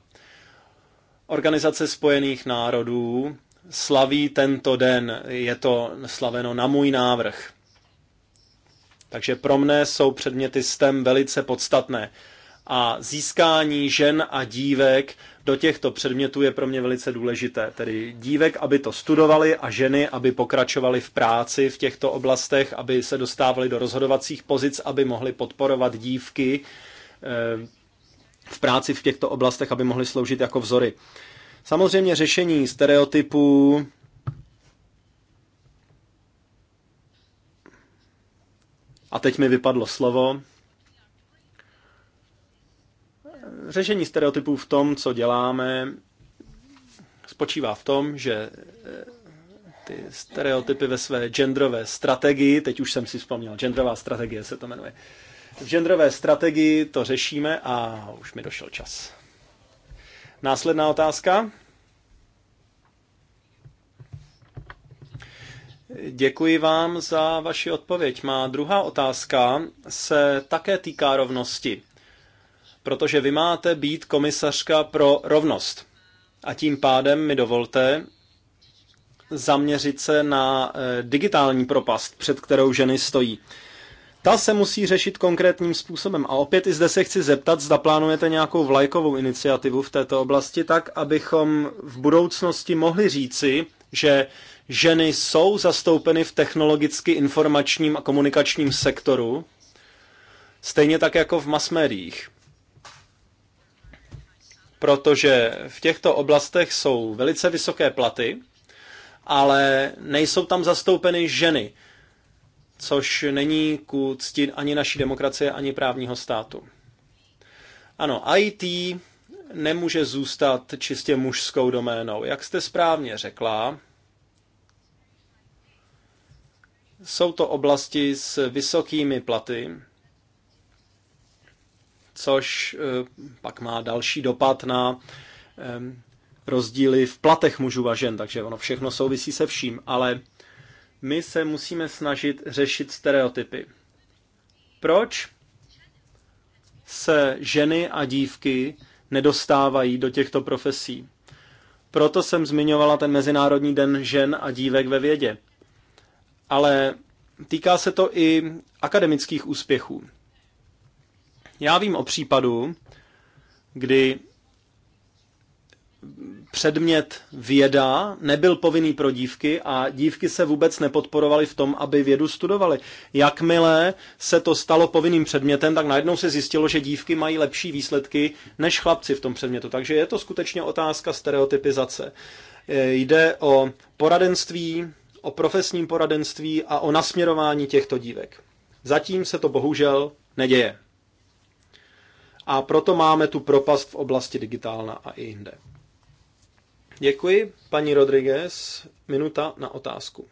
Organizace spojených národů slaví tento den. Je to slaveno na můj návrh. Takže pro mne jsou předměty STEM velice podstatné. A získání žen a dívek do těchto předmětů je pro mě velice důležité. Tedy dívek, aby to studovali a ženy, aby pokračovali v práci v těchto oblastech, aby se dostávali do rozhodovacích pozic, aby mohli podporovat dívky eh, v práci v těchto oblastech, aby mohli sloužit jako vzory. Samozřejmě řešení stereotypů A teď mi vypadlo slovo. Řešení stereotypů v tom, co děláme, spočívá v tom, že eh, ty stereotypy ve své genderové strategii, teď už jsem si vzpomněl, genderová strategie se to jmenuje, v genderové strategii to řešíme a už mi došel čas. Následná otázka. Děkuji vám za vaši odpověď. Má druhá otázka se také týká rovnosti, protože vy máte být komisařka pro rovnost. A tím pádem mi dovolte zaměřit se na eh, digitální propast, před kterou ženy stojí. Ta se musí řešit konkrétním způsobem. A opět i zde se chci zeptat, zda plánujete nějakou vlajkovou iniciativu v této oblasti, tak abychom v budoucnosti mohli říci, že ženy jsou zastoupeny v technologicky informačním a komunikačním sektoru, stejně tak jako v masmédiích. Protože v těchto oblastech jsou velice vysoké platy, ale nejsou tam zastoupeny ženy, což není ku cti ani naší demokracie, ani právního státu. Ano, IT nemůže zůstat čistě mužskou doménou. Jak jste správně řekla, jsou to oblasti s vysokými platy, což eh, pak má další dopad na eh, rozdíly v platech mužů a žen, takže ono všechno souvisí se vším, ale my se musíme snažit řešit stereotypy. Proč se ženy a dívky nedostávají do těchto profesí. Proto jsem zmiňovala ten Mezinárodní den žen a dívek ve vědě. Ale týká se to i akademických úspěchů. Já vím o případu, kdy předmět věda nebyl povinný pro dívky a dívky se vůbec nepodporovaly v tom, aby vědu studovaly. Jakmile se to stalo povinným předmětem, tak najednou se zjistilo, že dívky mají lepší výsledky než chlapci v tom předmětu. Takže je to skutečně otázka stereotypizace. E, jde o poradenství, o profesním poradenství a o nasměrování těchto dívek. Zatím se to bohužel neděje. A proto máme tu propast v oblasti digitálna a i jinde. Děkuji, paní Rodriguez. Minuta na otázku.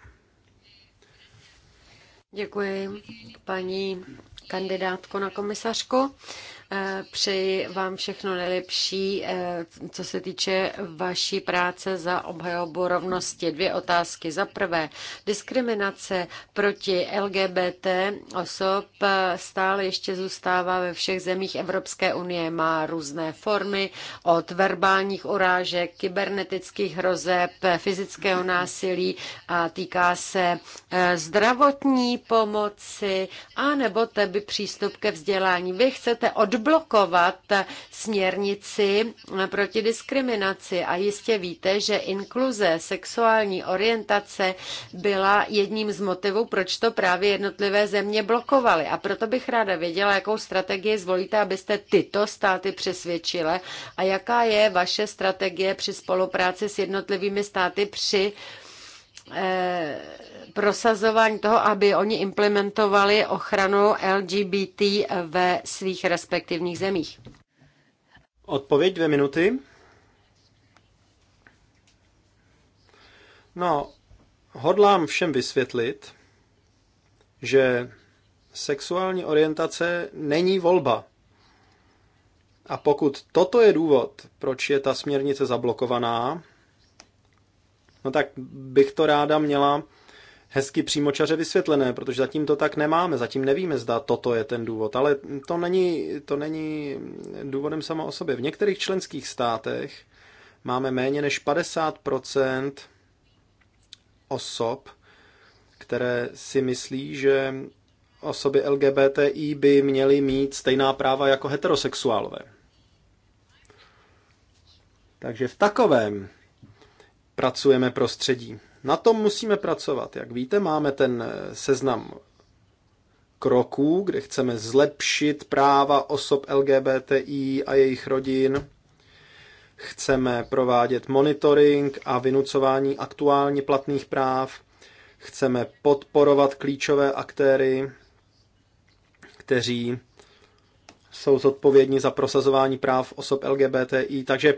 Děkuji, paní kandidátko na komisařku. E, přeji vám všechno nejlepší, e, co se týče vaší práce za obhajobu rovnosti. Dvě otázky. Za prvé, diskriminace proti LGBT osob stále ještě zůstává ve všech zemích Evropské unie. Má různé formy, od verbálních urážek, kybernetických hrozeb, fyzického násilí a týká se e, zdravotní pomoci a nebo teby přístup ke vzdělání. Vy chcete odbavit odblokovat směrnici proti diskriminaci. A jistě víte, že inkluze sexuální orientace byla jedním z motivů, proč to právě jednotlivé země blokovaly. A proto bych ráda věděla, jakou strategii zvolíte, abyste tyto státy přesvědčili a jaká je vaše strategie při spolupráci s jednotlivými státy při eh, prosazování toho, aby oni implementovali ochranu LGBT ve svých respektivních zemích. Odpověď dvě minuty. No, hodlám všem vysvětlit, že sexuální orientace není volba. A pokud toto je důvod, proč je ta směrnice zablokovaná, no tak bych to ráda měla hezky přímočaře vysvětlené, protože zatím to tak nemáme, zatím nevíme, zda toto je ten důvod, ale to není, to není důvodem samo o sobě. V některých členských státech máme méně než 50% osob, které si myslí, že osoby LGBTI by měly mít stejná práva jako heterosexuálové. Takže v takovém pracujeme prostředí. Na tom musíme pracovat. Jak víte, máme ten eh, seznam kroků, kde chceme zlepšit práva osob LGBTI a jejich rodin. Chceme provádět monitoring a vynucování aktuálně platných práv. Chceme podporovat klíčové aktéry, kteří jsou zodpovědní za prosazování práv osob LGBTI. Takže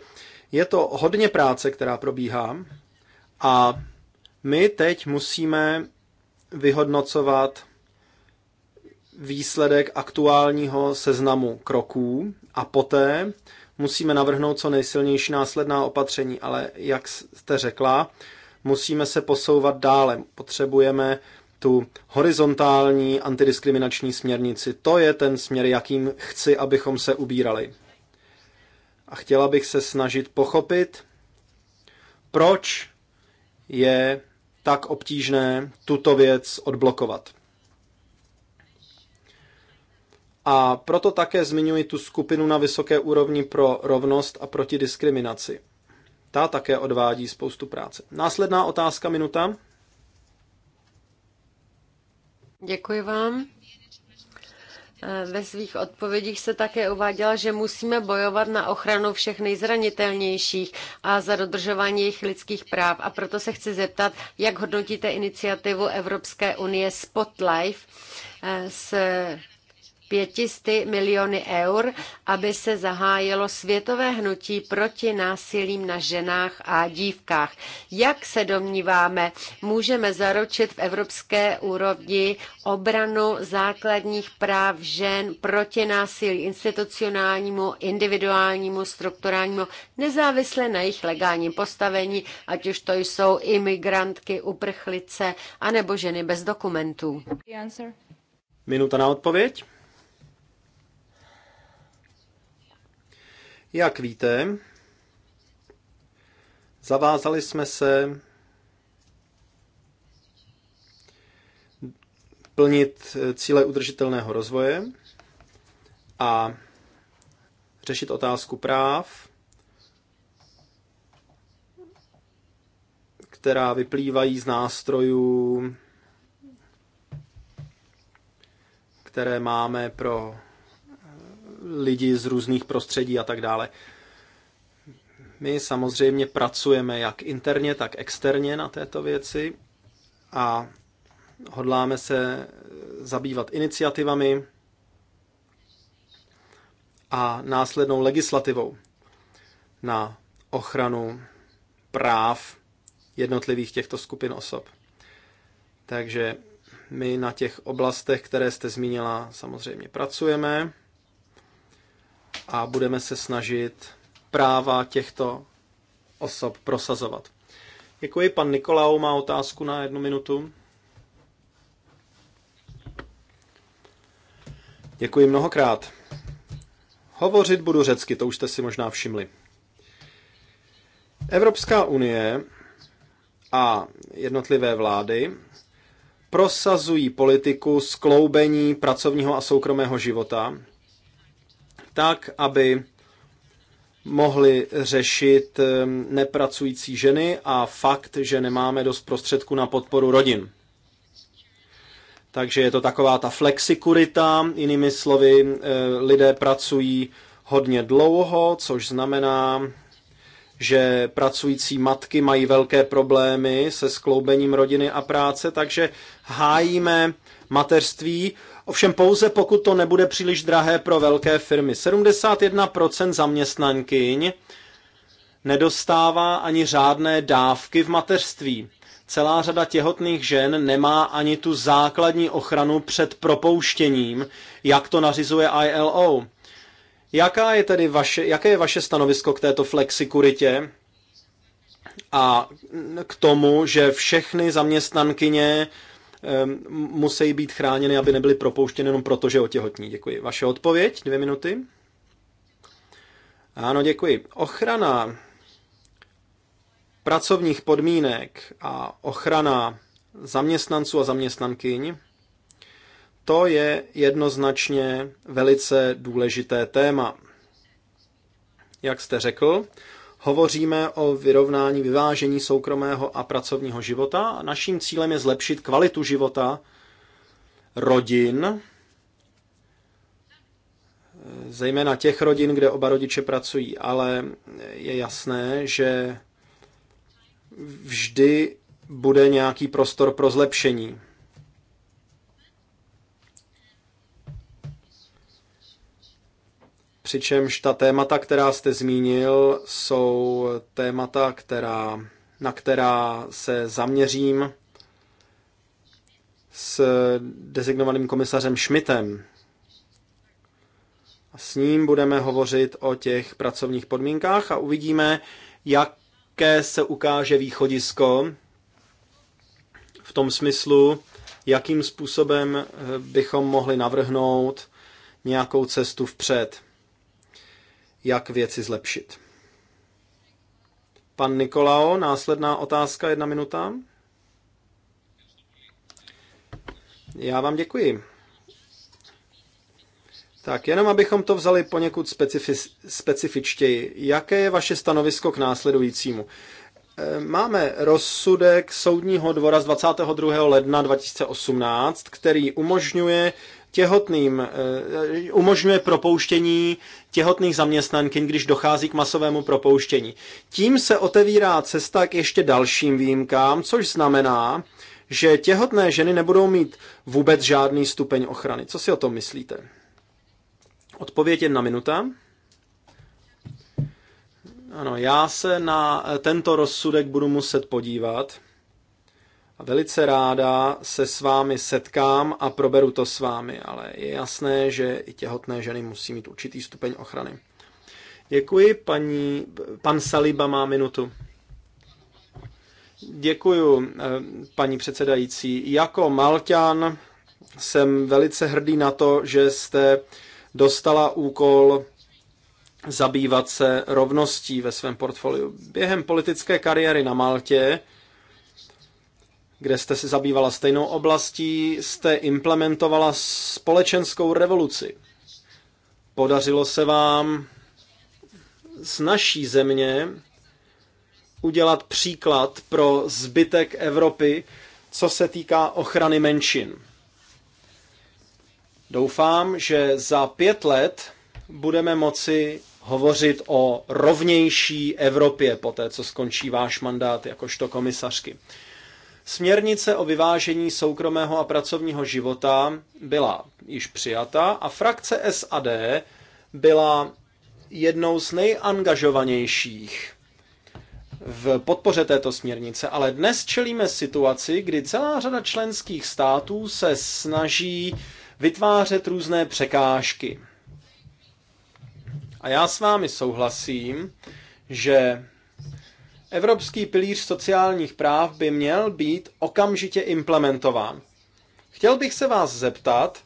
je to hodně práce, která probíhá a my teď musíme vyhodnocovat výsledek aktuálního seznamu kroků a poté musíme navrhnout co nejsilnější následná opatření, ale jak jste řekla, musíme se posouvat dále. Potřebujeme tu horizontální antidiskriminační směrnici. To je ten směr, jakým chci, abychom se ubírali. A chtěla bych se snažit pochopit, proč je tak obtížné tuto věc odblokovat. A proto také zmiňuji tu skupinu na vysoké úrovni pro rovnost a proti diskriminaci. Ta také odvádí spoustu práce. Následná otázka minuta. Děkuji vám. Eh, ve svých odpovědích se také uváděla, že musíme bojovat na ochranu všech nejzranitelnějších a za dodržování jejich lidských práv. A proto se chci zeptat, jak hodnotíte iniciativu Evropské unie Spotlife eh, s 500 miliony eur, aby se zahájilo světové hnutí proti násilím na ženách a dívkách. Jak se domníváme, můžeme zaručit v evropské úrovni obranu základních práv žen proti násilí institucionálnímu, individuálnímu, strukturálnímu, nezávisle na jejich legálním postavení, ať už to jsou imigrantky, uprchlice, anebo ženy bez dokumentů? Minuta na odpověď. Jak víte, zavázali jsme se plnit cíle udržitelného rozvoje a řešit otázku práv, která vyplývají z nástrojů, které máme pro lidi z různých prostředí a tak dále. My samozřejmě pracujeme jak interně, tak externě na této věci a hodláme se zabývat iniciativami a následnou legislativou na ochranu práv jednotlivých těchto skupin osob. Takže my na těch oblastech, které jste zmínila, samozřejmě pracujeme a budeme se snažit práva těchto osob prosazovat. Děkuji. Pan Nikolau má otázku na jednu minutu. Děkuji mnohokrát. Hovořit budu řecky, to už jste si možná všimli. Evropská unie a jednotlivé vlády prosazují politiku skloubení pracovního a soukromého života, tak, aby mohli řešit eh, nepracující ženy a fakt, že nemáme dost prostředků na podporu rodin. Takže je to taková ta flexikurita, jinými slovy, eh, lidé pracují hodně dlouho, což znamená, že pracující matky mají velké problémy se skloubením rodiny a práce, takže hájíme mateřství, Ovšem pouze pokud to nebude příliš drahé pro velké firmy. 71% zaměstnankyň nedostává ani řádné dávky v mateřství. Celá řada těhotných žen nemá ani tu základní ochranu před propouštěním, jak to nařizuje ILO. Jaká je tedy vaše, jaké je vaše stanovisko k této flexikuritě a k tomu, že všechny zaměstnankyně musí být chráněny, aby nebyly propouštěny jenom proto, že otěhotní. Děkuji. Vaše odpověď? Dvě minuty. Ano, děkuji. Ochrana pracovních podmínek a ochrana zaměstnanců a zaměstnankyň, to je jednoznačně velice důležité téma. Jak jste řekl, hovoříme o vyrovnání, vyvážení soukromého a pracovního života. Naším cílem je zlepšit kvalitu života rodin, zejména těch rodin, kde oba rodiče pracují, ale je jasné, že vždy bude nějaký prostor pro zlepšení. Přičemž ta témata, která jste zmínil, jsou témata, která, na která se zaměřím s designovaným komisařem Schmidtem. A s ním budeme hovořit o těch pracovních podmínkách a uvidíme, jaké se ukáže východisko v tom smyslu, jakým způsobem bychom mohli navrhnout nějakou cestu vpřed jak věci zlepšit. Pan Nikolao, následná otázka, jedna minuta. Já vám děkuji. Tak jenom abychom to vzali poněkud specifi- specifičtěji. Jaké je vaše stanovisko k následujícímu? E, máme rozsudek Soudního dvora z 22. ledna 2018, který umožňuje těhotným, eh, umožňuje propouštění těhotných zaměstnankyň, když dochází k masovému propouštění. Tím se otevírá cesta k ještě dalším výjimkám, což znamená, že těhotné ženy nebudou mít vůbec žádný stupeň ochrany. Co si o tom myslíte? Odpověď jedna minuta. Ano, já se na tento rozsudek budu muset podívat. Velice ráda se s vámi setkám a proberu to s vámi, ale je jasné, že i těhotné ženy musí mít určitý stupeň ochrany. Děkuji, paní, pan Saliba má minutu. Děkuji, eh, paní předsedající. Jako Malťan jsem velice hrdý na to, že jste dostala úkol zabývat se rovností ve svém portfoliu. Během politické kariéry na Maltě kde jste se zabývala stejnou oblastí, jste implementovala společenskou revoluci. Podařilo se vám z naší země udělat příklad pro zbytek Evropy, co se týká ochrany menšin. Doufám, že za pět let budeme moci hovořit o rovnější Evropě po té, co skončí váš mandát jakožto komisařky. Směrnice o vyvážení soukromého a pracovního života byla již přijata a frakce SAD byla jednou z nejangažovanějších v podpoře této směrnice, ale dnes čelíme situaci, kdy celá řada členských států se snaží vytvářet různé překážky. A já s vámi souhlasím, že Evropský pilíř sociálních práv by měl být okamžitě implementován. Chtěl bych se vás zeptat,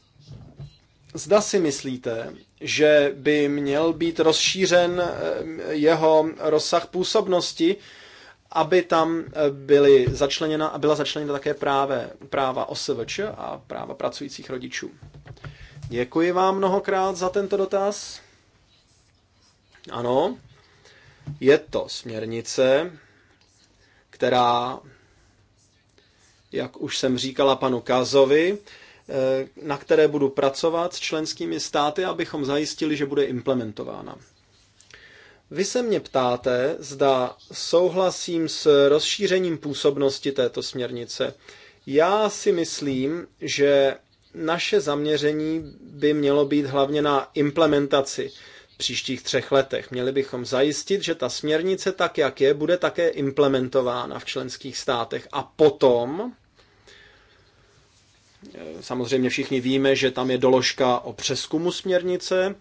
zda si myslíte, že by měl být rozšířen eh, jeho rozsah působnosti, aby tam eh, byly začleněna a byla začleněna také právě práva OSVČ a práva pracujících rodičů. Děkuji vám mnohokrát za tento dotaz. Ano, je to směrnice, která, jak už jsem říkala panu Kazovi, eh, na které budu pracovat s členskými státy, abychom zajistili, že bude implementována. Vy se mě ptáte, zda souhlasím s rozšířením působnosti této směrnice. Já si myslím, že naše zaměření by mělo být hlavně na implementaci příštích třech letech. Měli bychom zajistit, že ta směrnice tak, jak je, bude také implementována v členských státech a potom eh, Samozřejmě všichni víme, že tam je doložka o přeskumu směrnice,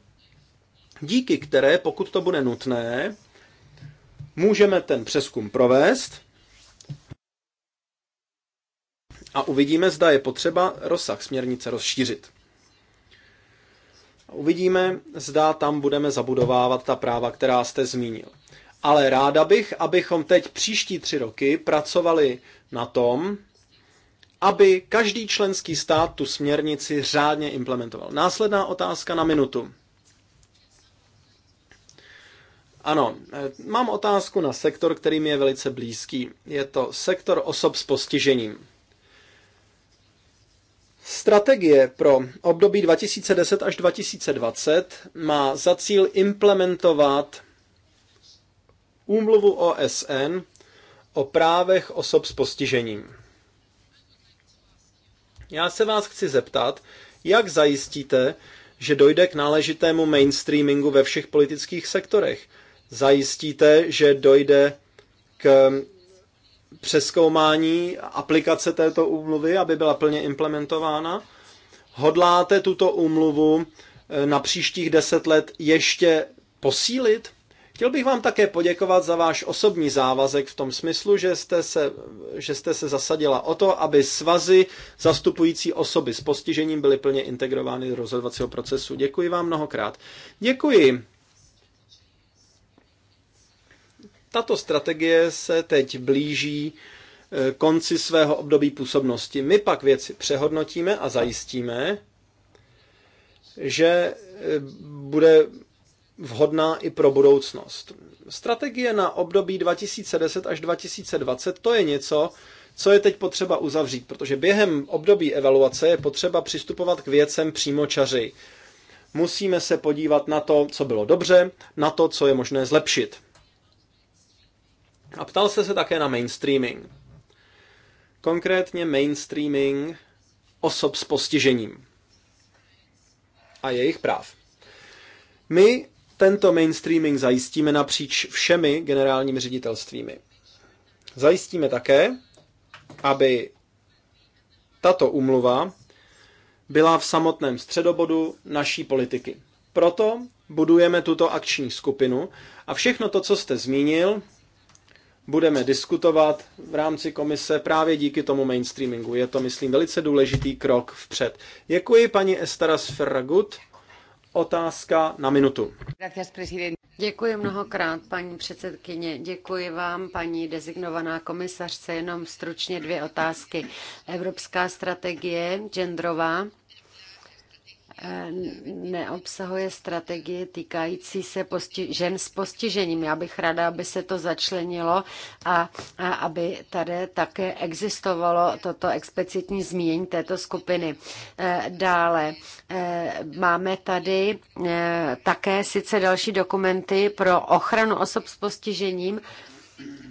díky které, pokud to bude nutné, můžeme ten přeskum provést a uvidíme, zda je potřeba rozsah směrnice rozšířit. Uvidíme, zda tam budeme zabudovávat ta práva, která jste zmínil. Ale ráda bych, abychom teď příští tři roky pracovali na tom, aby každý členský stát tu směrnici řádně implementoval. Následná otázka na minutu. Ano, eh, mám otázku na sektor, který mi je velice blízký. Je to sektor osob s postižením. Strategie pro období 2010 až 2020 má za cíl implementovat úmluvu OSN o právech osob s postižením. Já se vás chci zeptat, jak zajistíte, že dojde k náležitému mainstreamingu ve všech politických sektorech? Zajistíte, že dojde k přeskoumání aplikace této úmluvy, aby byla plně implementována. Hodláte tuto úmluvu eh, na příštích deset let ještě posílit? Chtěl bych vám také poděkovat za váš osobní závazek v tom smyslu, že jste se, že jste se zasadila o to, aby svazy zastupující osoby s postižením byly plně integrovány do rozhodovacího procesu. Děkuji vám mnohokrát. Děkuji. Tato strategie se teď blíží eh, konci svého období působnosti. My pak věci přehodnotíme a zajistíme, že eh, bude vhodná i pro budoucnost. Strategie na období 2010 až 2020 to je něco, co je teď potřeba uzavřít, protože během období evaluace je potřeba přistupovat k věcem čaři. Musíme se podívat na to, co bylo dobře, na to, co je možné zlepšit. A ptal se se také na mainstreaming. Konkrétně mainstreaming osob s postižením a jejich práv. My tento mainstreaming zajistíme napříč všemi generálními ředitelstvími. Zajistíme také, aby tato umluva byla v samotném středobodu naší politiky. Proto budujeme tuto akční skupinu a všechno to, co jste zmínil, budeme diskutovat v rámci komise právě díky tomu mainstreamingu. Je to, myslím, velice důležitý krok vpřed. Děkuji paní Estaras Ferragut. Otázka na minutu. Děkuji mnohokrát, paní předsedkyně. Děkuji vám, paní dezignovaná komisařce. Jenom stručně dvě otázky. Evropská strategie genderová neobsahuje strategie týkající se posti- žen s postižením. Já bych ráda, aby se to začlenilo a, a aby tady také existovalo toto explicitní zmínění této skupiny. E, dále e, máme tady e, také sice další dokumenty pro ochranu osob s postižením,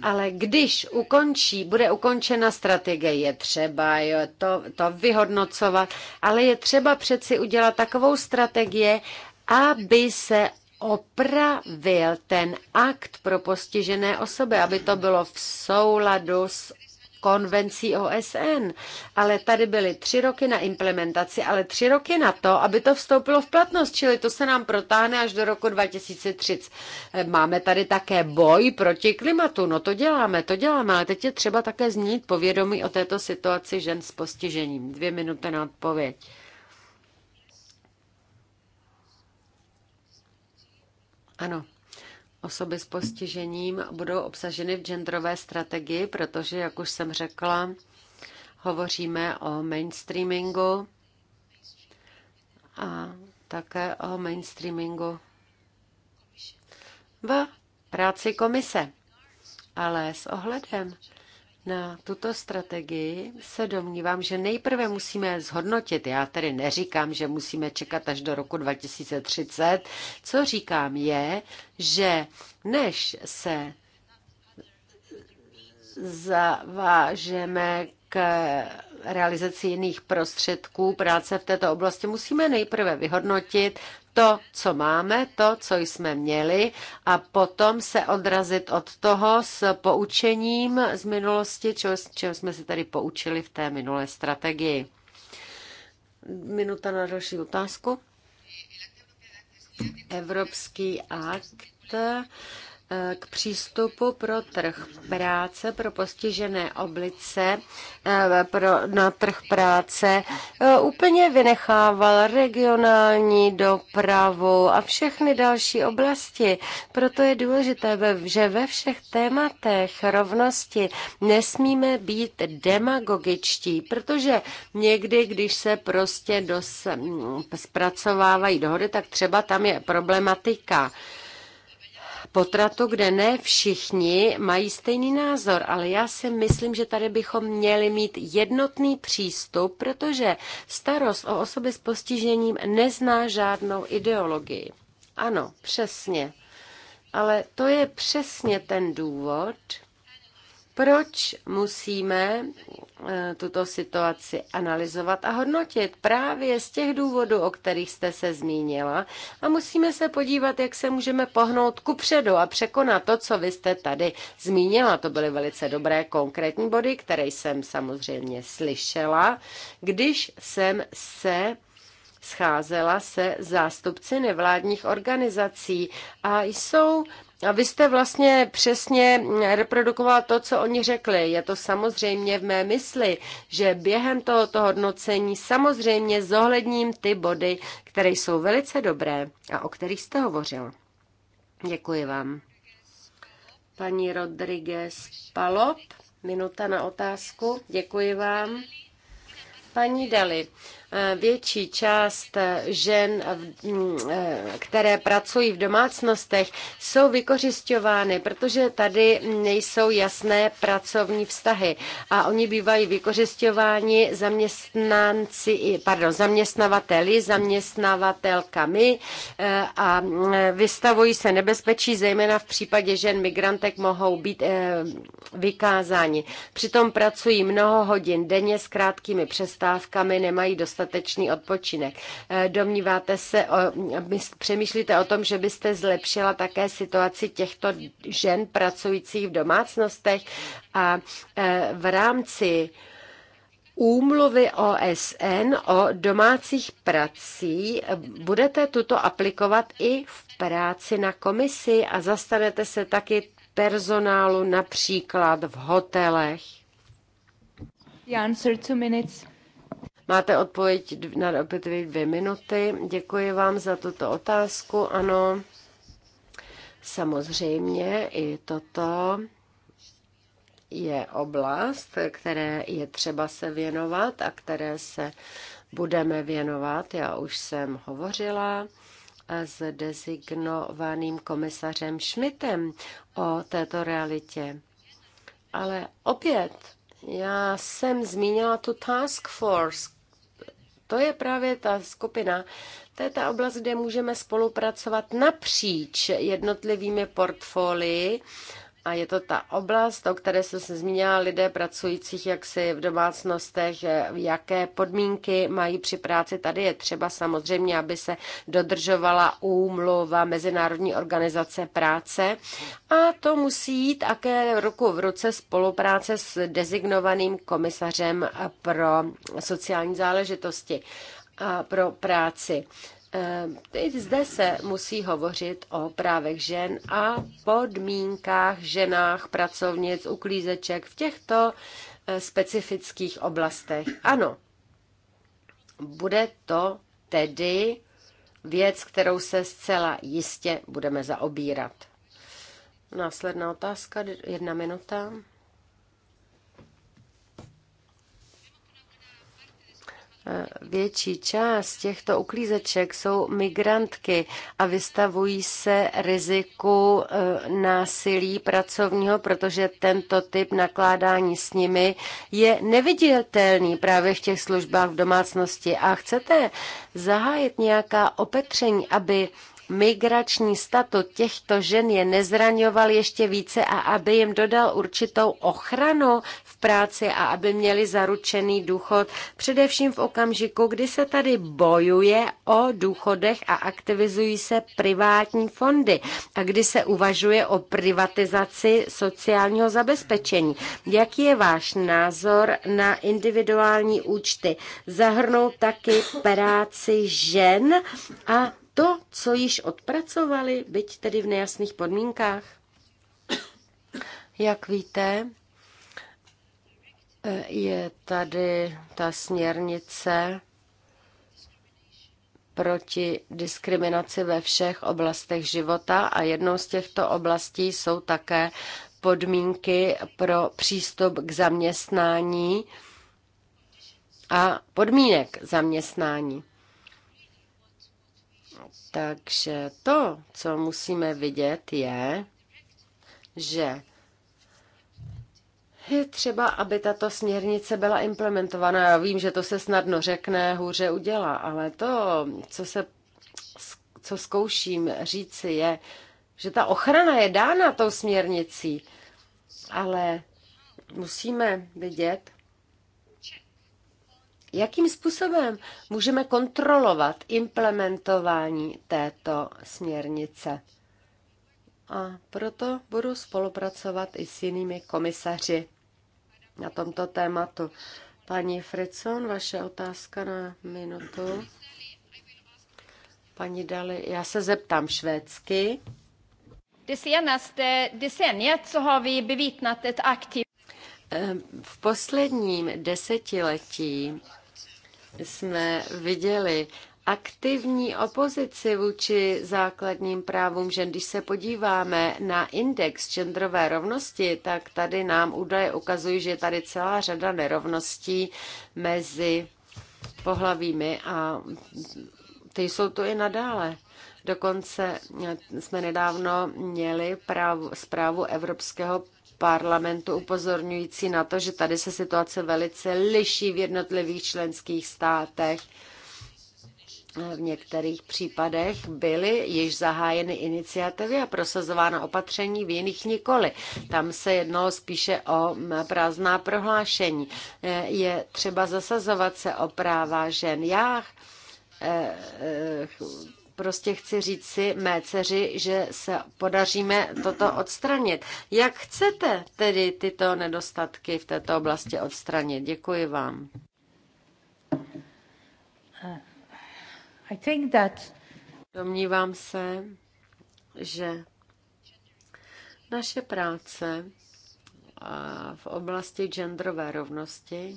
ale když ukončí, bude ukončena strategie, je třeba jo, to, to vyhodnocovat, ale je třeba přeci udělat takovou strategie, aby se opravil ten akt pro postižené osoby, aby to bylo v souladu s konvencí OSN. Ale tady byly tři roky na implementaci, ale tři roky na to, aby to vstoupilo v platnost, čili to se nám protáhne až do roku 2030. Máme tady také boj proti klimatu, no to děláme, to děláme, ale teď je třeba také změnit povědomí o této situaci žen s postižením. Dvě minuty na odpověď. Ano. Osoby s postižením budou obsaženy v genderové strategii, protože, jak už jsem řekla, hovoříme o mainstreamingu a také o mainstreamingu v práci komise. Ale s ohledem na tuto strategii se domnívám, že nejprve musíme zhodnotit, já tedy neříkám, že musíme čekat až do roku 2030, co říkám je, že než se zavážeme k realizaci jiných prostředků práce v této oblasti, musíme nejprve vyhodnotit, to, co máme, to, co jsme měli a potom se odrazit od toho s poučením z minulosti, čeho, čeho jsme se tady poučili v té minulé strategii. Minuta na další otázku. Evropský akt k přístupu pro trh práce, pro postižené oblice, eh, pro, na trh práce, eh, úplně vynechával regionální dopravu a všechny další oblasti. Proto je důležité, že ve všech tématech rovnosti nesmíme být demagogičtí, protože někdy, když se prostě dos, mm, zpracovávají dohody, tak třeba tam je problematika potratu, kde ne všichni mají stejný názor, ale já si myslím, že tady bychom měli mít jednotný přístup, protože starost o osoby s postižením nezná žádnou ideologii. Ano, přesně. Ale to je přesně ten důvod, proč musíme eh, tuto situaci analyzovat a hodnotit? Právě z těch důvodů, o kterých jste se zmínila. A musíme se podívat, jak se můžeme pohnout předu a překonat to, co vy jste tady zmínila. To byly velice dobré konkrétní body, které jsem samozřejmě slyšela, když jsem se scházela se zástupci nevládních organizací a jsou a vy jste vlastně přesně reprodukoval to, co oni řekli. Je to samozřejmě v mé mysli, že během tohoto hodnocení samozřejmě zohledním ty body, které jsou velice dobré a o kterých jste hovořil. Děkuji vám. Paní Rodriguez Palop, minuta na otázku. Děkuji vám. Paní Dali, větší část žen, e, které pracují v domácnostech, jsou vykořišťovány, protože tady nejsou jasné pracovní vztahy a oni bývají vykořišťováni zaměstnanci, pardon, zaměstnavateli, zaměstnavatelkami e, a e, vystavují se nebezpečí, zejména v případě žen migrantek mohou být vykázáni. Přitom pracují mnoho hodin denně s krátkými přestávkami, nemají dostatek dostatečný odpočinek. Eh, domníváte se, o, přemýšlíte o tom, že byste zlepšila také situaci těchto žen pracujících v domácnostech a eh, v rámci úmluvy OSN o domácích prací eh, budete tuto aplikovat i v práci na komisi a zastanete se taky personálu například v hotelech? The answer two minutes. Máte odpověď na opětově dvě minuty. Děkuji vám za tuto otázku. Ano, samozřejmě i toto je oblast, které je třeba se věnovat a které se budeme věnovat. Já už jsem hovořila s designovaným komisařem Schmidtem o této realitě. Ale opět, já jsem zmínila tu task force, to je právě ta skupina, to je ta oblast, kde můžeme spolupracovat napříč jednotlivými portfolii a je to ta oblast, o které jsem se zmínila, lidé pracujících jaksi v domácnostech, eh, jaké podmínky mají při práci. Tady je třeba samozřejmě, aby se dodržovala úmluva Mezinárodní organizace práce. A to musí jít také ruku v ruce spolupráce s dezignovaným komisařem pro sociální záležitosti a pro práci. Eh, i zde se musí hovořit o právech žen a podmínkách ženách, pracovnic, uklízeček v těchto eh, specifických oblastech. Ano, bude to tedy věc, kterou se zcela jistě budeme zaobírat. Následná otázka, jedna minuta. Eh, větší část těchto uklízeček jsou migrantky a vystavují se riziku eh, násilí pracovního, protože tento typ nakládání s nimi je neviditelný právě v těch službách v domácnosti. A chcete zahájit nějaká opetření, aby migrační statut těchto žen je nezraňoval ještě více a aby jim dodal určitou ochranu v práci a aby měli zaručený důchod, především v okamžiku, kdy se tady bojuje o důchodech a aktivizují se privátní fondy a kdy se uvažuje o privatizaci sociálního zabezpečení. Jaký je váš názor na individuální účty? Zahrnou taky práci žen a to, co již odpracovali, byť tedy v nejasných podmínkách? Jak víte, je tady ta směrnice proti diskriminaci ve všech oblastech života a jednou z těchto oblastí jsou také podmínky pro přístup k zaměstnání a podmínek zaměstnání. Takže to, co musíme vidět, je, že je třeba, aby tato směrnice byla implementovaná. Já vím, že to se snadno řekne, hůře udělá, ale to, co, se, co zkouším říci, je, že ta ochrana je dána tou směrnicí, ale musíme vidět, Jakým způsobem můžeme kontrolovat implementování této směrnice? A proto budu spolupracovat i s jinými komisaři na tomto tématu. Paní Fritson, vaše otázka na minutu. Paní Dali, já se zeptám švédsky. Ehm, v posledním desetiletí jsme viděli aktivní opozici vůči základním právům žen. Když se podíváme na index genderové rovnosti, tak tady nám údaje ukazují, že je tady celá řada nerovností mezi pohlavími a ty jsou tu i nadále. Dokonce jsme nedávno měli práv, zprávu Evropského parlamentu upozorňující na to, že tady se situace velice liší v jednotlivých členských státech. V některých případech byly již zahájeny iniciativy a prosazována opatření, v jiných nikoli. Tam se jednalo spíše o prázdná prohlášení. Je třeba zasazovat se o práva žen. Já eh, eh, prostě chci říct si mé dceři, že se podaříme toto odstranit. Jak chcete tedy tyto nedostatky v této oblasti odstranit? Děkuji vám. Uh, I think that... Domnívám se, že naše práce v oblasti genderové rovnosti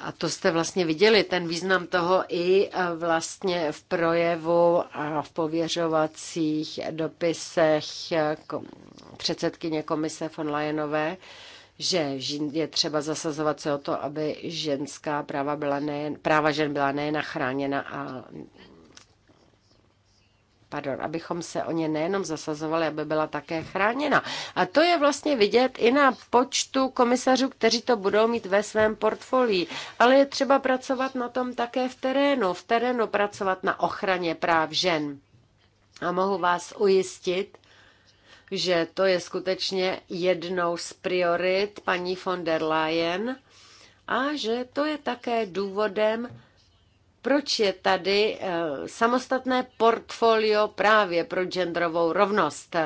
A to jste vlastně viděli, ten význam toho i e, vlastně v projevu a v pověřovacích dopisech e, předsedkyně komise von Leyenové, že je třeba zasazovat se o to, aby ženská práva, byla nejen, práva žen byla nejen chráněna, a pardon, abychom se o ně nejenom zasazovali, aby byla také chráněna. A to je vlastně vidět i na počtu komisařů, kteří to budou mít ve svém portfolii. Ale je třeba pracovat na tom také v terénu, v terénu pracovat na ochraně práv žen. A mohu vás ujistit, že to je skutečně jednou z priorit paní von der Leyen a že to je také důvodem, proč je tady eh, samostatné portfolio právě pro genderovou rovnost.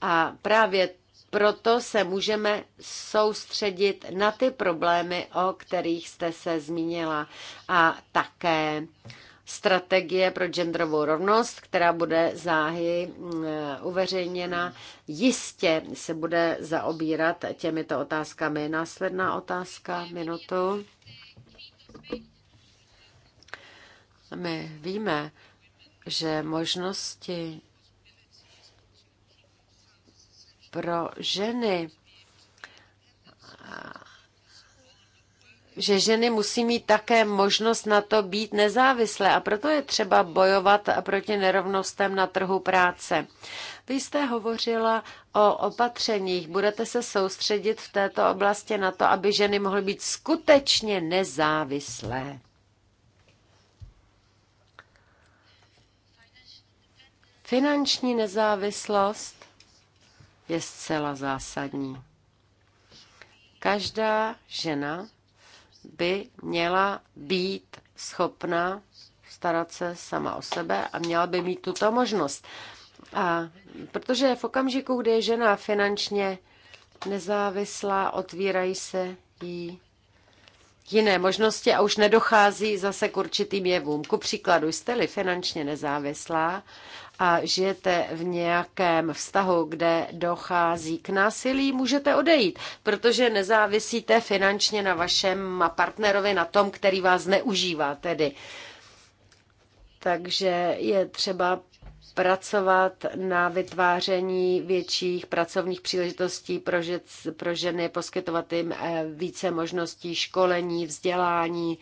A právě proto se můžeme soustředit na ty problémy, o kterých jste se zmínila. A také strategie pro genderovou rovnost, která bude záhy eh, uveřejněna, jistě se bude zaobírat těmito otázkami. Následná otázka, minutu. My víme, že možnosti pro ženy, že ženy musí mít také možnost na to být nezávislé a proto je třeba bojovat proti nerovnostem na trhu práce. Vy jste hovořila o opatřeních. Budete se soustředit v této oblasti na to, aby ženy mohly být skutečně nezávislé. Finanční nezávislost je zcela zásadní. Každá žena by měla být schopna starat se sama o sebe a měla by mít tuto možnost. A protože v okamžiku, kdy je žena finančně nezávislá, otvírají se jí jiné možnosti a už nedochází zase k určitým jevům. Ku příkladu, jste-li finančně nezávislá a žijete v nějakém vztahu, kde dochází k násilí, můžete odejít, protože nezávisíte finančně na vašem partnerovi, na tom, který vás neužívá tedy. Takže je třeba pracovat na vytváření větších pracovních příležitostí pro, žec, pro ženy, poskytovat jim eh, více možností školení, vzdělání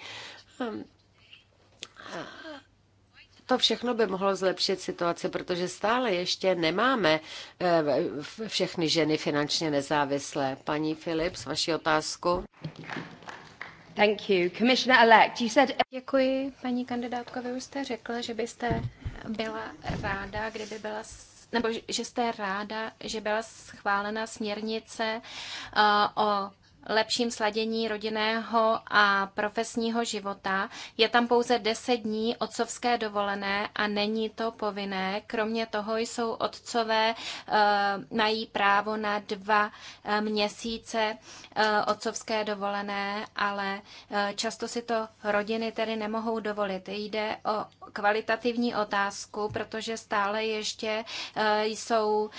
to všechno by mohlo zlepšit situaci, protože stále ještě nemáme eh, všechny ženy finančně nezávislé. Paní Philips, vaši otázku. Thank you. Commissioner elect, you said... Děkuji, paní kandidátko. Vy už jste řekla, že byste byla ráda, kdyby byla nebo že jste ráda, že byla schválena směrnice uh, o lepším sladění rodinného a profesního života. Je tam pouze 10 dní otcovské dovolené a není to povinné. Kromě toho jsou otcové, eh, mají právo na dva eh, měsíce eh, otcovské dovolené, ale často si to rodiny tedy nemohou dovolit. Jde o kvalitativní otázku, protože stále ještě jsou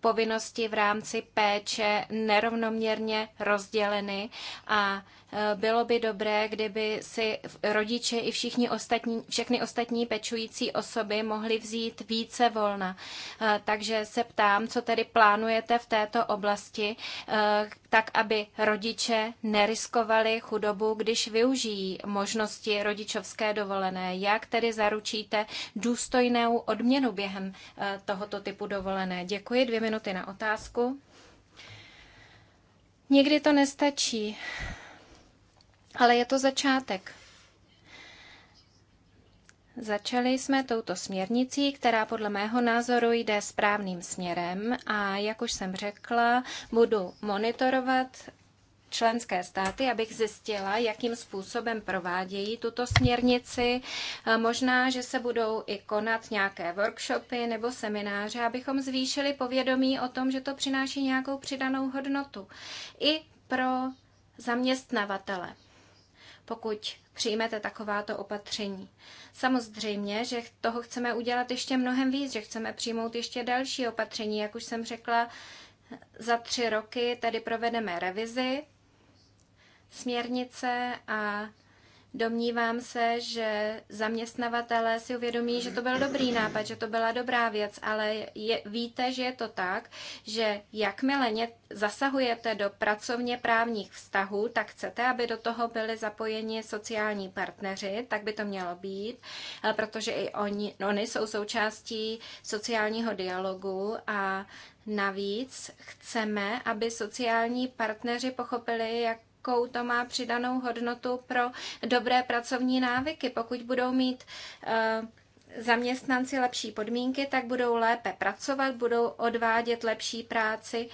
povinnosti v rámci péče nerovnoměrně rozdělené sděleny a e, bylo by dobré, kdyby si rodiče i všichni ostatní, všechny ostatní pečující osoby mohly vzít více volna. E, takže se ptám, co tedy plánujete v této oblasti, e, tak aby rodiče neriskovali chudobu, když využijí možnosti rodičovské dovolené. Jak tedy zaručíte důstojnou odměnu během tohoto typu dovolené? Děkuji, dvě minuty na otázku. Někdy to nestačí, ale je to začátek. Začali jsme touto směrnicí, která podle mého názoru jde správným směrem a jak už jsem řekla, budu monitorovat členské státy, abych zjistila, jakým způsobem provádějí tuto směrnici. Eh, možná, že se budou i konat nějaké workshopy nebo semináře, abychom zvýšili povědomí o tom, že to přináší nějakou přidanou hodnotu. I pro zaměstnavatele, pokud přijmete takováto opatření. Samozřejmě, že toho chceme udělat ještě mnohem víc, že chceme přijmout ještě další opatření. Jak už jsem řekla, eh, za tři roky tady provedeme revizi směrnice a domnívám se, že zaměstnavatelé si uvědomí, že to byl dobrý nápad, že to byla dobrá věc, ale je, víte, že je to tak, že jakmile ně, zasahujete do pracovně právních vztahů, tak chcete, aby do toho byli zapojeni sociální partneři, tak by to mělo být, protože i oni, oni jsou součástí sociálního dialogu a Navíc chceme, aby sociální partneři pochopili, jak jakou to má přidanou hodnotu pro dobré pracovní návyky. Pokud budou mít eh, zaměstnanci lepší podmínky, tak budou lépe pracovat, budou odvádět lepší práci.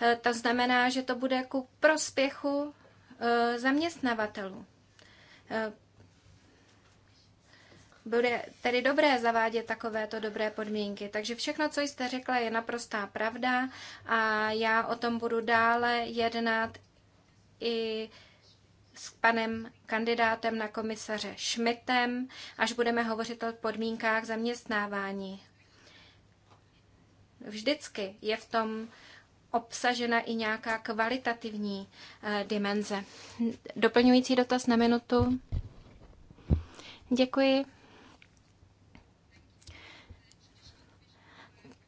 Eh, to znamená, že to bude ku prospěchu eh, zaměstnavatelů. Bude tedy dobré zavádět takovéto dobré podmínky. Takže všechno, co jste řekla, je naprostá pravda a já o tom budu dále jednat i s panem kandidátem na komisaře Schmidtem, až budeme hovořit o podmínkách zaměstnávání. Vždycky je v tom obsažena i nějaká kvalitativní eh, dimenze. Doplňující dotaz na minutu. Děkuji.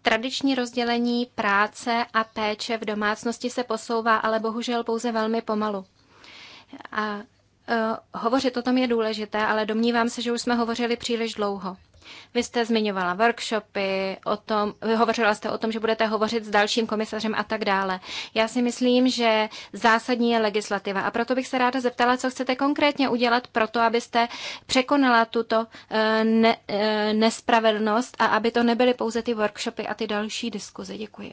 Tradiční rozdělení práce a péče v domácnosti se posouvá, ale bohužel pouze velmi pomalu. A uh, hovořit o tom je důležité, ale domnívám se, že už jsme hovořili příliš dlouho. Vy jste zmiňovala workshopy, o tom, hovořila jste o tom, že budete hovořit s dalším komisařem a tak dále. Já si myslím, že zásadní je legislativa a proto bych se ráda zeptala, co chcete konkrétně udělat pro to, abyste překonala tuto eh, ne, eh, nespravedlnost a aby to nebyly pouze ty workshopy a ty další diskuze. Děkuji.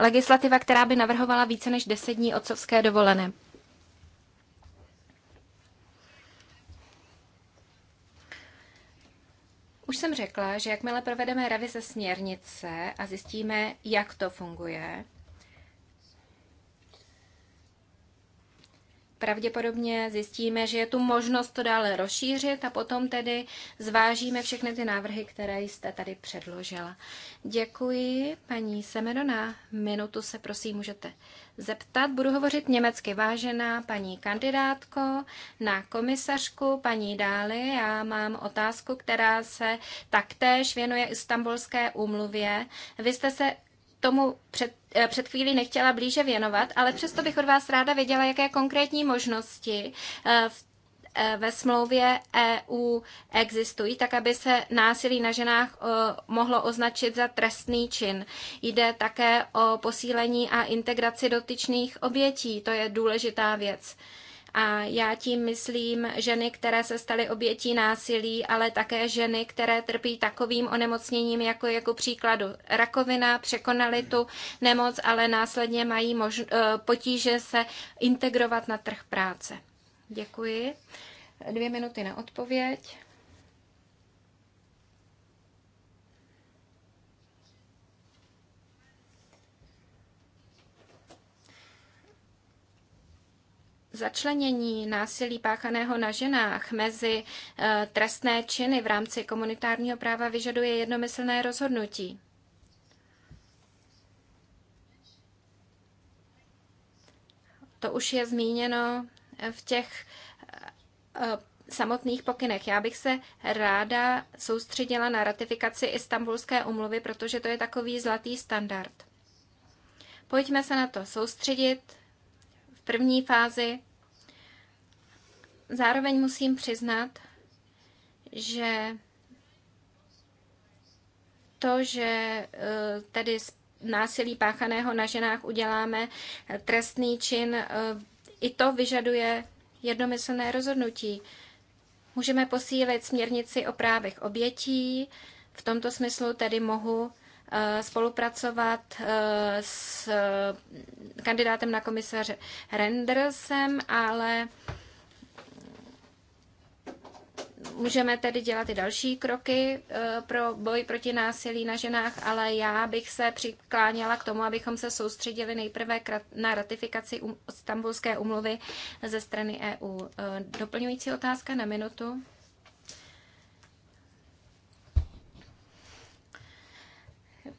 legislativa, která by navrhovala více než 10 dní otcovské dovolené. Už jsem řekla, že jakmile provedeme revize směrnice a zjistíme, jak to funguje, pravděpodobně zjistíme, že je tu možnost to dále rozšířit a potom tedy zvážíme všechny ty návrhy, které jste tady předložila. Děkuji, paní Semeno, na minutu se prosím můžete zeptat. Budu hovořit německy vážená paní kandidátko na komisařku, paní Dáli. Já mám otázku, která se taktéž věnuje Istanbulské úmluvě. Vy jste se tomu před, eh, před chvílí nechtěla blíže věnovat, ale přesto bych od vás ráda věděla, jaké konkrétní možnosti eh, v eh, ve smlouvě EU existují, tak aby se násilí na ženách mohlo označit za trestný čin. Jde také o posílení a integraci dotyčných obětí, to je důležitá věc. A já tím myslím ženy, které se staly obětí násilí, ale také ženy, které trpí takovým onemocněním, jako jako příkladu rakovina, překonaly tu nemoc, ale následně mají mož, eh, potíže se integrovat na trh práce. Děkuji. Dvě minuty na odpověď. začlenění násilí páchaného na ženách mezi eh, trestné činy v rámci komunitárního práva vyžaduje jednomyslné rozhodnutí. To už je zmíněno eh, v těch eh, samotných pokynech. Já bych se ráda soustředila na ratifikaci Istanbulské umluvy, protože to je takový zlatý standard. Pojďme se na to soustředit v první fázi zároveň musím přiznat, že to, že eh, tedy z násilí páchaného na ženách uděláme eh, trestný čin, eh, i to vyžaduje jednomyslné rozhodnutí. Můžeme posílit směrnici o právech obětí, v tomto smyslu tedy mohu spolupracovat s kandidátem na komisaře Rendersem, ale Můžeme tedy dělat i další kroky eh, pro boj proti násilí na ženách, ale já bych se přikláněla k tomu, abychom se soustředili nejprve na ratifikaci um- Stambulské umluvy ze strany EU. Eh, doplňující otázka na minutu.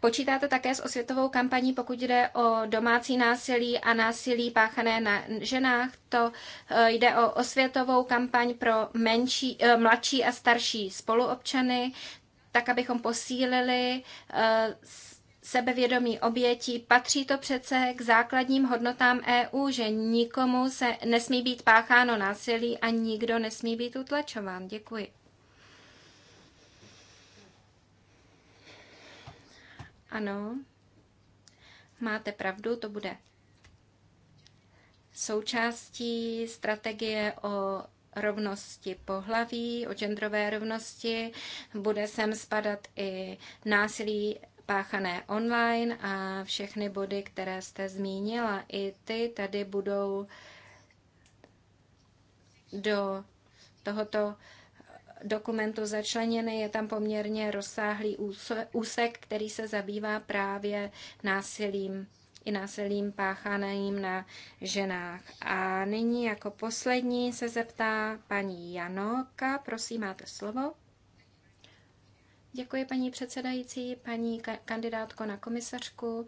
Počítáte také s osvětovou kampaní, pokud jde o domácí násilí a násilí páchané na ženách. To eh, jde o osvětovou kampaň pro menší, eh, mladší a starší spoluobčany, tak abychom posílili eh, sebevědomí obětí, patří to přece k základním hodnotám EU, že nikomu se nesmí být pácháno násilí a nikdo nesmí být utlačován. Děkuji. Ano, máte pravdu, to bude součástí strategie o rovnosti pohlaví, o genderové rovnosti. Bude sem spadat i násilí páchané online a všechny body, které jste zmínila, i ty tady budou do tohoto dokumentu začleněny. Je tam poměrně rozsáhlý úsek, který se zabývá právě násilím i násilím páchaným na ženách. A nyní jako poslední se zeptá paní Janoka. Prosím, máte slovo. Děkuji, paní předsedající, paní kandidátko na komisařku.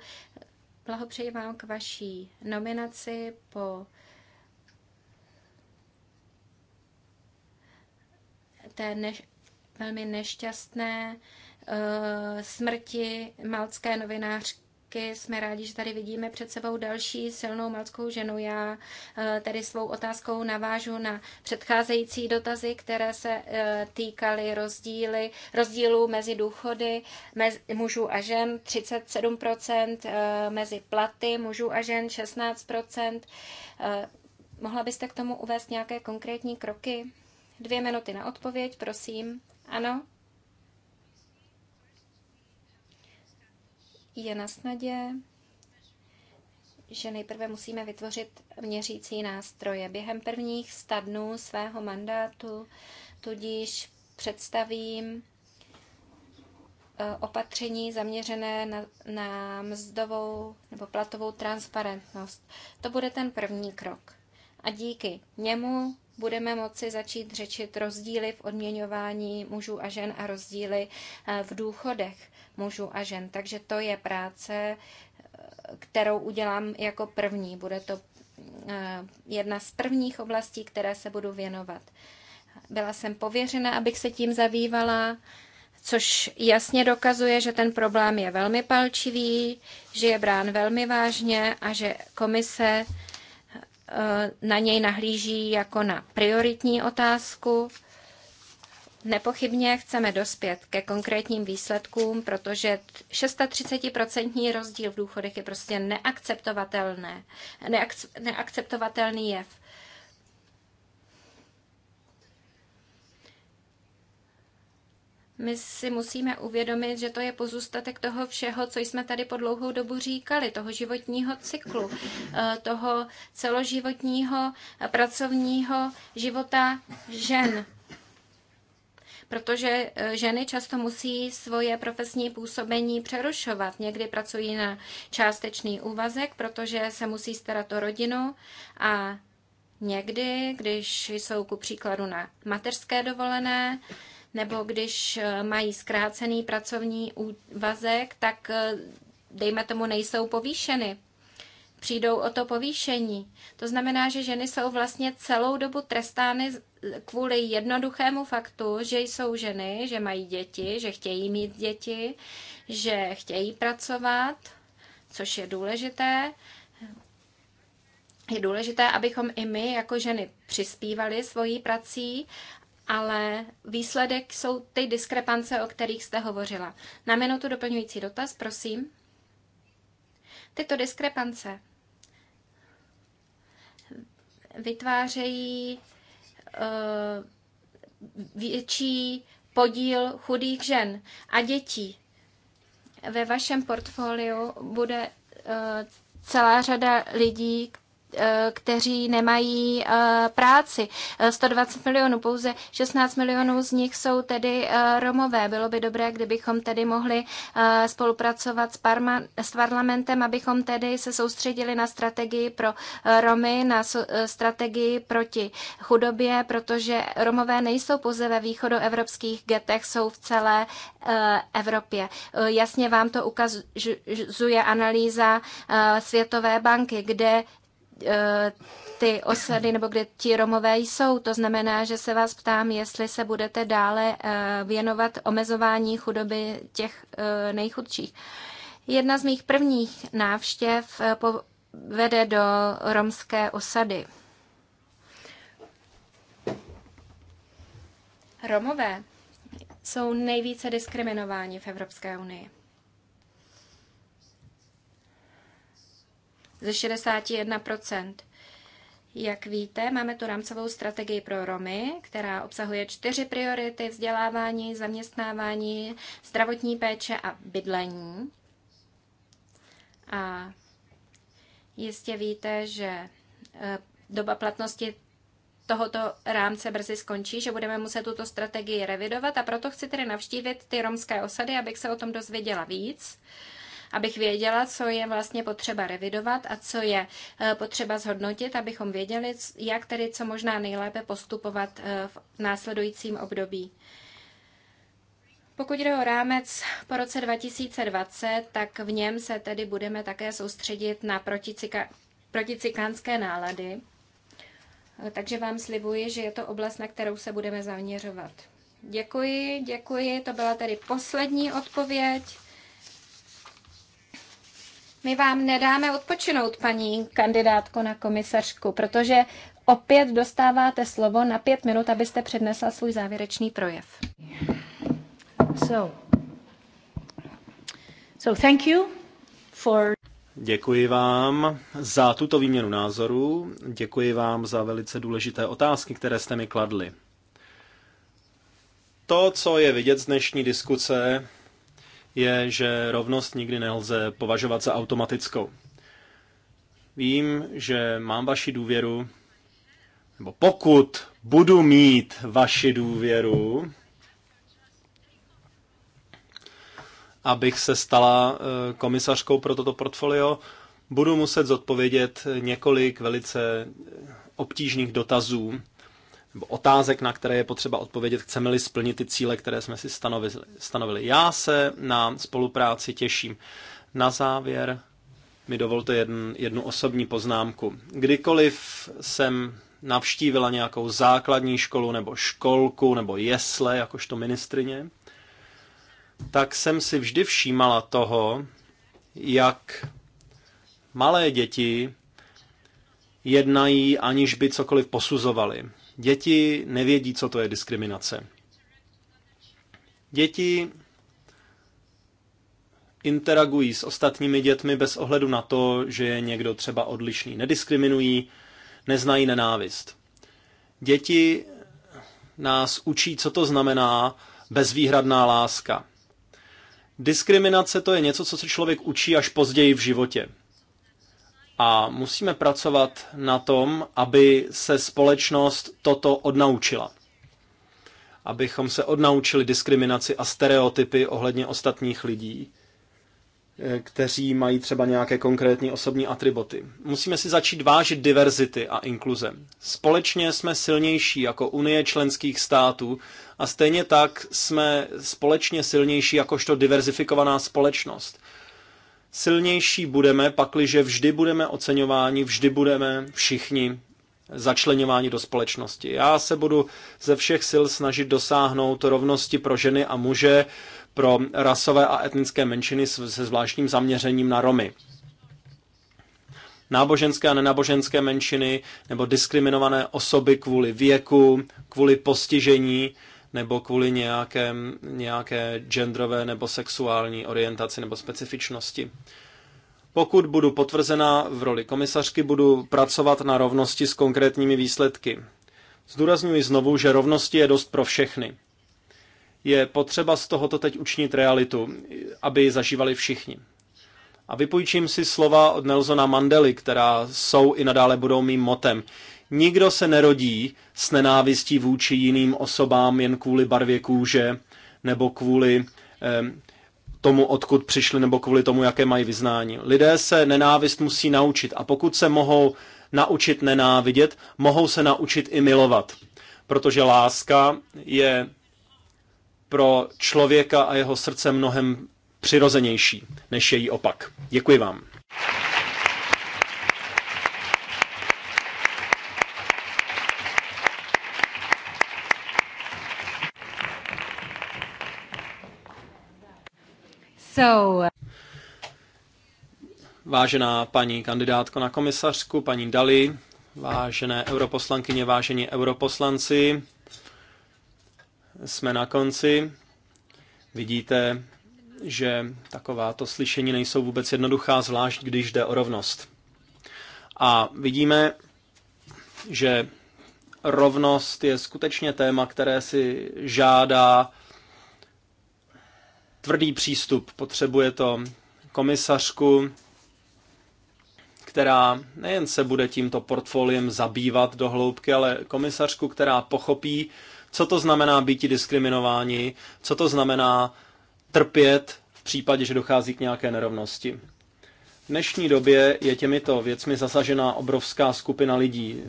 Blahopřeji vám k vaší nominaci po té než, velmi nešťastné uh, smrti malcké novinářky jsme rádi, že tady vidíme před sebou další silnou malckou ženu. Já eh, tedy svou otázkou navážu na předcházející dotazy, které se eh, týkaly rozdíly, rozdílů mezi důchody mezi mužů a žen 37%, mezi platy mužů a žen 16%. Mohla byste k tomu uvést nějaké konkrétní kroky? Dvě minuty na odpověď, prosím. Ano? Je na snadě, že nejprve musíme vytvořit měřící nástroje. Během prvních sta dnů svého mandátu tudíž představím eh, opatření zaměřené na, na mzdovou nebo platovou transparentnost. To bude ten první krok. A díky němu budeme moci začít řečit rozdíly v odměňování mužů a žen a rozdíly eh, v důchodech mužů a žen. Takže to je práce, eh, kterou udělám jako první. Bude to eh, jedna z prvních oblastí, které se budu věnovat. Byla jsem pověřena, abych se tím zabývala, což jasně dokazuje, že ten problém je velmi palčivý, že je brán velmi vážně a že komise Eh, na něj nahlíží jako na prioritní otázku. Nepochybně chceme dospět ke konkrétním výsledkům, protože 36% rozdíl v důchodech je prostě neakceptovatelné, neakceptovatelný jev. My si musíme uvědomit, že to je pozůstatek toho všeho, co jsme tady po dlouhou dobu říkali, toho životního cyklu, eh, toho celoživotního eh, pracovního života žen protože eh, ženy často musí svoje profesní působení přerušovat. Někdy pracují na částečný úvazek, protože se musí starat o rodinu a někdy, když jsou ku příkladu na mateřské dovolené, nebo když eh, mají zkrácený pracovní úvazek, tak eh, dejme tomu nejsou povýšeny. Přijdou o to povýšení. To znamená, že ženy jsou vlastně celou dobu trestány kvůli jednoduchému faktu, že jsou ženy, že mají děti, že chtějí mít děti, že chtějí pracovat, což je důležité, je důležité, abychom i my jako ženy přispívali svojí prací ale výsledek jsou ty diskrepance, o kterých jste hovořila. Na minutu doplňující dotaz, prosím. Tyto diskrepance vytvářejí eh, větší podíl chudých žen a dětí. Ve vašem portfoliu bude eh, celá řada lidí, Eh, kteří nemají eh, práci. 120 eh, milionů, pouze 16 milionů z nich jsou tedy Romové. Bylo by dobré, kdybychom tedy mohli spolupracovat s, parma, s parlamentem, abychom tedy se soustředili na strategii pro Romy, na strategii proti chudobě, protože Romové nejsou pouze ve východoevropských getech, jsou v celé Evropě. Jasně vám to ukazuje analýza Světové banky, kde Eh, ty osady nebo kde ti Romové jsou. To znamená, že se vás ptám, jestli se budete dále eh, věnovat omezování chudoby těch eh, nejchudších. Jedna z mých prvních návštěv vede do romské osady. Romové jsou nejvíce diskriminováni v Evropské unii. ze 61%. Jak víte, máme tu rámcovou strategii pro Romy, která obsahuje čtyři priority vzdělávání, zaměstnávání, zdravotní péče a bydlení. A jistě víte, že e, doba platnosti tohoto rámce brzy skončí, že budeme muset tuto strategii revidovat a proto chci tedy navštívit ty romské osady, abych se o tom dozvěděla víc abych věděla, co je vlastně potřeba revidovat a co je eh, potřeba zhodnotit, abychom věděli, jak tedy co možná nejlépe postupovat eh, v následujícím období. Pokud jde o rámec po roce 2020, tak v něm se tedy budeme také soustředit na proticika, proticikánské nálady. Eh, takže vám slibuji, že je to oblast, na kterou se budeme zaměřovat. Děkuji, děkuji. To byla tedy poslední odpověď. My vám nedáme odpočinout, paní kandidátko na komisařku, protože opět dostáváte slovo na pět minut, abyste přednesla svůj závěrečný projev. So, so thank you for... Děkuji vám za tuto výměnu názorů. Děkuji vám za velice důležité otázky, které jste mi kladli. To, co je vidět z dnešní diskuse, je, že rovnost nikdy nelze považovat za automatickou. Vím, že mám vaši důvěru, nebo pokud budu mít vaši důvěru, abych se stala eh, komisařkou pro toto portfolio, budu muset zodpovědět několik velice eh, obtížných dotazů, nebo otázek, na které je potřeba odpovědět, chceme-li splnit ty cíle, které jsme si stanovili. Já se na spolupráci těším. Na závěr mi dovolte jedn, jednu osobní poznámku. Kdykoliv jsem navštívila nějakou základní školu nebo školku nebo jesle, jakožto ministrině, tak jsem si vždy všímala toho, jak malé děti jednají, aniž by cokoliv posuzovali. Děti nevědí, co to je diskriminace. Děti interagují s ostatními dětmi bez ohledu na to, že je někdo třeba odlišný. Nediskriminují, neznají nenávist. Děti nás učí, co to znamená bezvýhradná láska. Diskriminace to je něco, co se člověk učí až později v životě. A musíme pracovat na tom, aby se společnost toto odnaučila. Abychom se odnaučili diskriminaci a stereotypy ohledně ostatních lidí, eh, kteří mají třeba nějaké konkrétní osobní atributy. Musíme si začít vážit diverzity a inkluze. Společně jsme silnější jako Unie členských států a stejně tak jsme společně silnější jakožto diverzifikovaná společnost. Silnější budeme, pakliže vždy budeme oceňováni, vždy budeme všichni začlenování do společnosti. Já se budu ze všech sil snažit dosáhnout rovnosti pro ženy a muže, pro rasové a etnické menšiny se zvláštním zaměřením na Romy. Náboženské a nenáboženské menšiny nebo diskriminované osoby kvůli věku, kvůli postižení nebo kvůli nějaké, nějaké genderové nebo sexuální orientaci nebo specifičnosti. Pokud budu potvrzena v roli komisařky, budu pracovat na rovnosti s konkrétními výsledky. Zdůrazňuji znovu, že rovnosti je dost pro všechny. Je potřeba z tohoto teď učinit realitu, aby ji zažívali všichni. A vypůjčím si slova od Nelsona Mandely, která jsou i nadále budou mým motem. Nikdo se nerodí s nenávistí vůči jiným osobám jen kvůli barvě kůže nebo kvůli eh, tomu, odkud přišli, nebo kvůli tomu, jaké mají vyznání. Lidé se nenávist musí naučit a pokud se mohou naučit nenávidět, mohou se naučit i milovat. Protože láska je pro člověka a jeho srdce mnohem přirozenější než její opak. Děkuji vám. So... Vážená paní kandidátko na komisařku, paní Dali, vážené europoslankyně, vážení europoslanci, jsme na konci. Vidíte, že takováto slyšení nejsou vůbec jednoduchá, zvlášť když jde o rovnost. A vidíme, že rovnost je skutečně téma, které si žádá tvrdý přístup. Potřebuje to komisařku, která nejen se bude tímto portfoliem zabývat do hloubky, ale komisařku, která pochopí, co to znamená být diskriminováni, co to znamená trpět v případě, že dochází k nějaké nerovnosti. V dnešní době je těmito věcmi zasažená obrovská skupina lidí.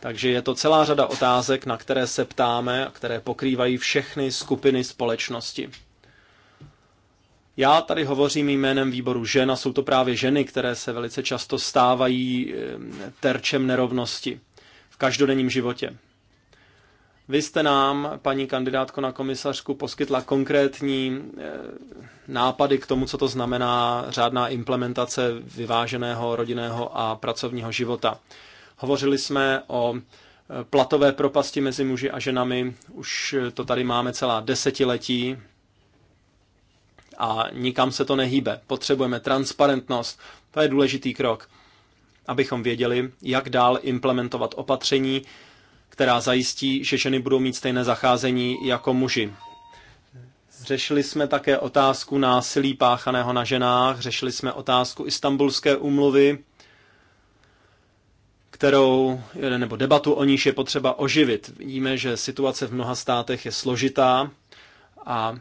Takže je to celá řada otázek, na které se ptáme a které pokrývají všechny skupiny společnosti. Já tady hovořím jménem výboru žen a jsou to právě ženy, které se velice často stávají eh, terčem nerovnosti v každodenním životě. Vy jste nám, paní kandidátko na komisařku, poskytla konkrétní eh, nápady k tomu, co to znamená řádná implementace vyváženého rodinného a pracovního života. Hovořili jsme o eh, platové propasti mezi muži a ženami, už to tady máme celá desetiletí, a nikam se to nehýbe. Potřebujeme transparentnost, to je důležitý krok, abychom věděli, jak dál implementovat opatření, která zajistí, že ženy budou mít stejné zacházení jako muži. Řešili jsme také otázku násilí páchaného na ženách, řešili jsme otázku istambulské úmluvy, kterou, nebo debatu o níž je potřeba oživit. Vidíme, že situace v mnoha státech je složitá a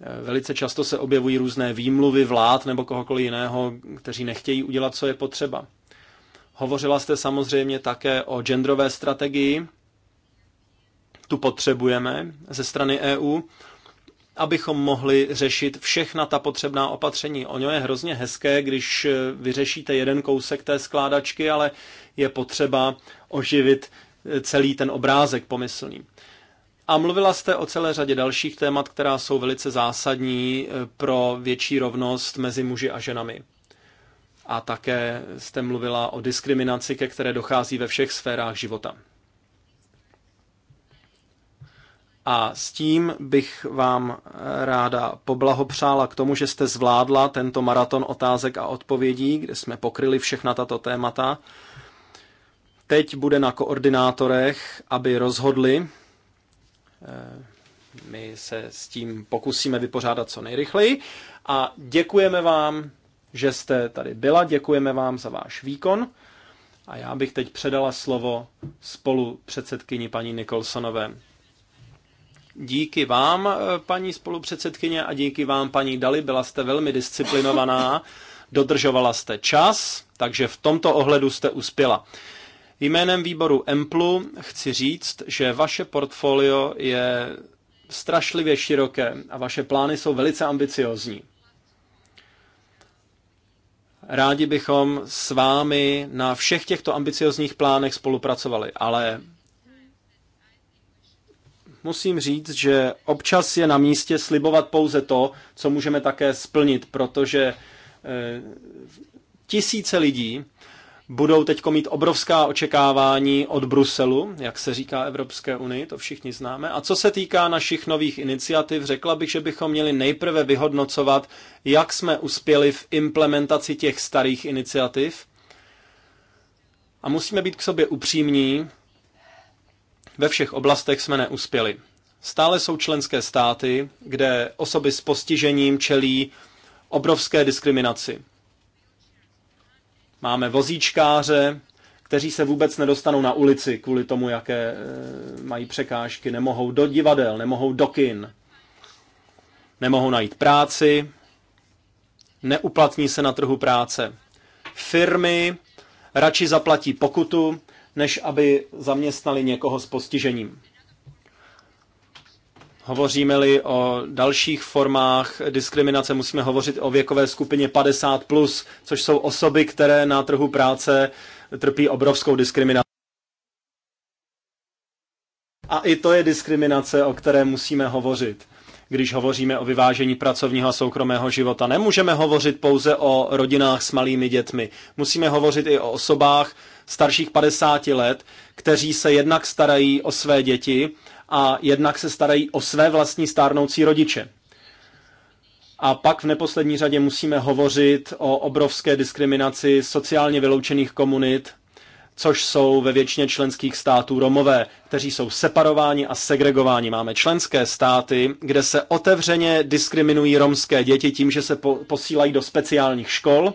Eh, velice často se objevují různé výmluvy vlád nebo kohokoliv jiného, kteří nechtějí udělat, co je potřeba. Hovořila jste samozřejmě také o genderové strategii. Tu potřebujeme ze strany EU, abychom mohli řešit všechna ta potřebná opatření. Ono je hrozně hezké, když eh, vyřešíte jeden kousek té skládačky, ale je potřeba oživit eh, celý ten obrázek pomyslný. A mluvila jste o celé řadě dalších témat, která jsou velice zásadní eh, pro větší rovnost mezi muži a ženami. A také jste mluvila o diskriminaci, ke které dochází ve všech sférách života. A s tím bych vám eh, ráda poblahopřála k tomu, že jste zvládla tento maraton otázek a odpovědí, kde jsme pokryli všechna tato témata. Teď bude na koordinátorech, aby rozhodli, Eh, my se s tím pokusíme vypořádat co nejrychleji a děkujeme vám, že jste tady byla, děkujeme vám za váš výkon a já bych teď předala slovo spolu předsedkyni paní Nikolsonové. Díky vám, eh, paní spolupředsedkyně, a díky vám, paní Dali, byla jste velmi disciplinovaná, dodržovala jste čas, takže v tomto ohledu jste uspěla. Jménem výboru EMPLu chci říct, že vaše portfolio je strašlivě široké a vaše plány jsou velice ambiciozní. Rádi bychom s vámi na všech těchto ambiciozních plánech spolupracovali, ale musím říct, že občas je na místě slibovat pouze to, co můžeme také splnit, protože eh, tisíce lidí budou teď mít obrovská očekávání od Bruselu, jak se říká Evropské unii, to všichni známe. A co se týká našich nových iniciativ, řekla bych, že bychom měli nejprve vyhodnocovat, jak jsme uspěli v implementaci těch starých iniciativ. A musíme být k sobě upřímní, ve všech oblastech jsme neuspěli. Stále jsou členské státy, kde osoby s postižením čelí obrovské diskriminaci. Máme vozíčkáře, kteří se vůbec nedostanou na ulici kvůli tomu, jaké e, mají překážky. Nemohou do divadel, nemohou do kin, nemohou najít práci, neuplatní se na trhu práce. Firmy radši zaplatí pokutu, než aby zaměstnali někoho s postižením. Hovoříme-li o dalších formách diskriminace, musíme hovořit o věkové skupině 50, plus, což jsou osoby, které na trhu práce trpí obrovskou diskriminací. A i to je diskriminace, o které musíme hovořit. Když hovoříme o vyvážení pracovního a soukromého života, nemůžeme hovořit pouze o rodinách s malými dětmi. Musíme hovořit i o osobách starších 50 let, kteří se jednak starají o své děti, a jednak se starají o své vlastní stárnoucí rodiče. A pak v neposlední řadě musíme hovořit o obrovské diskriminaci sociálně vyloučených komunit, což jsou ve většině členských států Romové, kteří jsou separováni a segregováni. Máme členské státy, kde se otevřeně diskriminují romské děti tím, že se po- posílají do speciálních škol,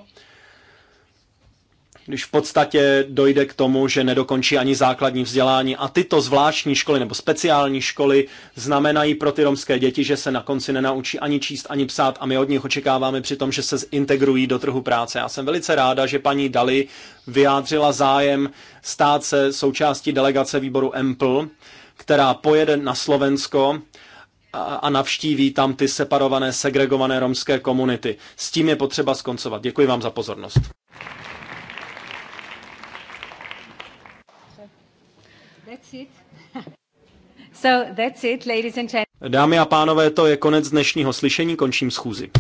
když v podstatě dojde k tomu, že nedokončí ani základní vzdělání. A tyto zvláštní školy nebo speciální školy znamenají pro ty romské děti, že se na konci nenaučí ani číst, ani psát a my od nich očekáváme tom, že se zintegrují do trhu práce. Já jsem velice ráda, že paní Dali vyjádřila zájem stát se součástí delegace výboru EMPL, která pojede na Slovensko a navštíví tam ty separované, segregované romské komunity. S tím je potřeba skoncovat. Děkuji vám za pozornost. So that's it, ladies and gentlemen. Dámy a pánové, to je konec dnešního slyšení, končím schůzi.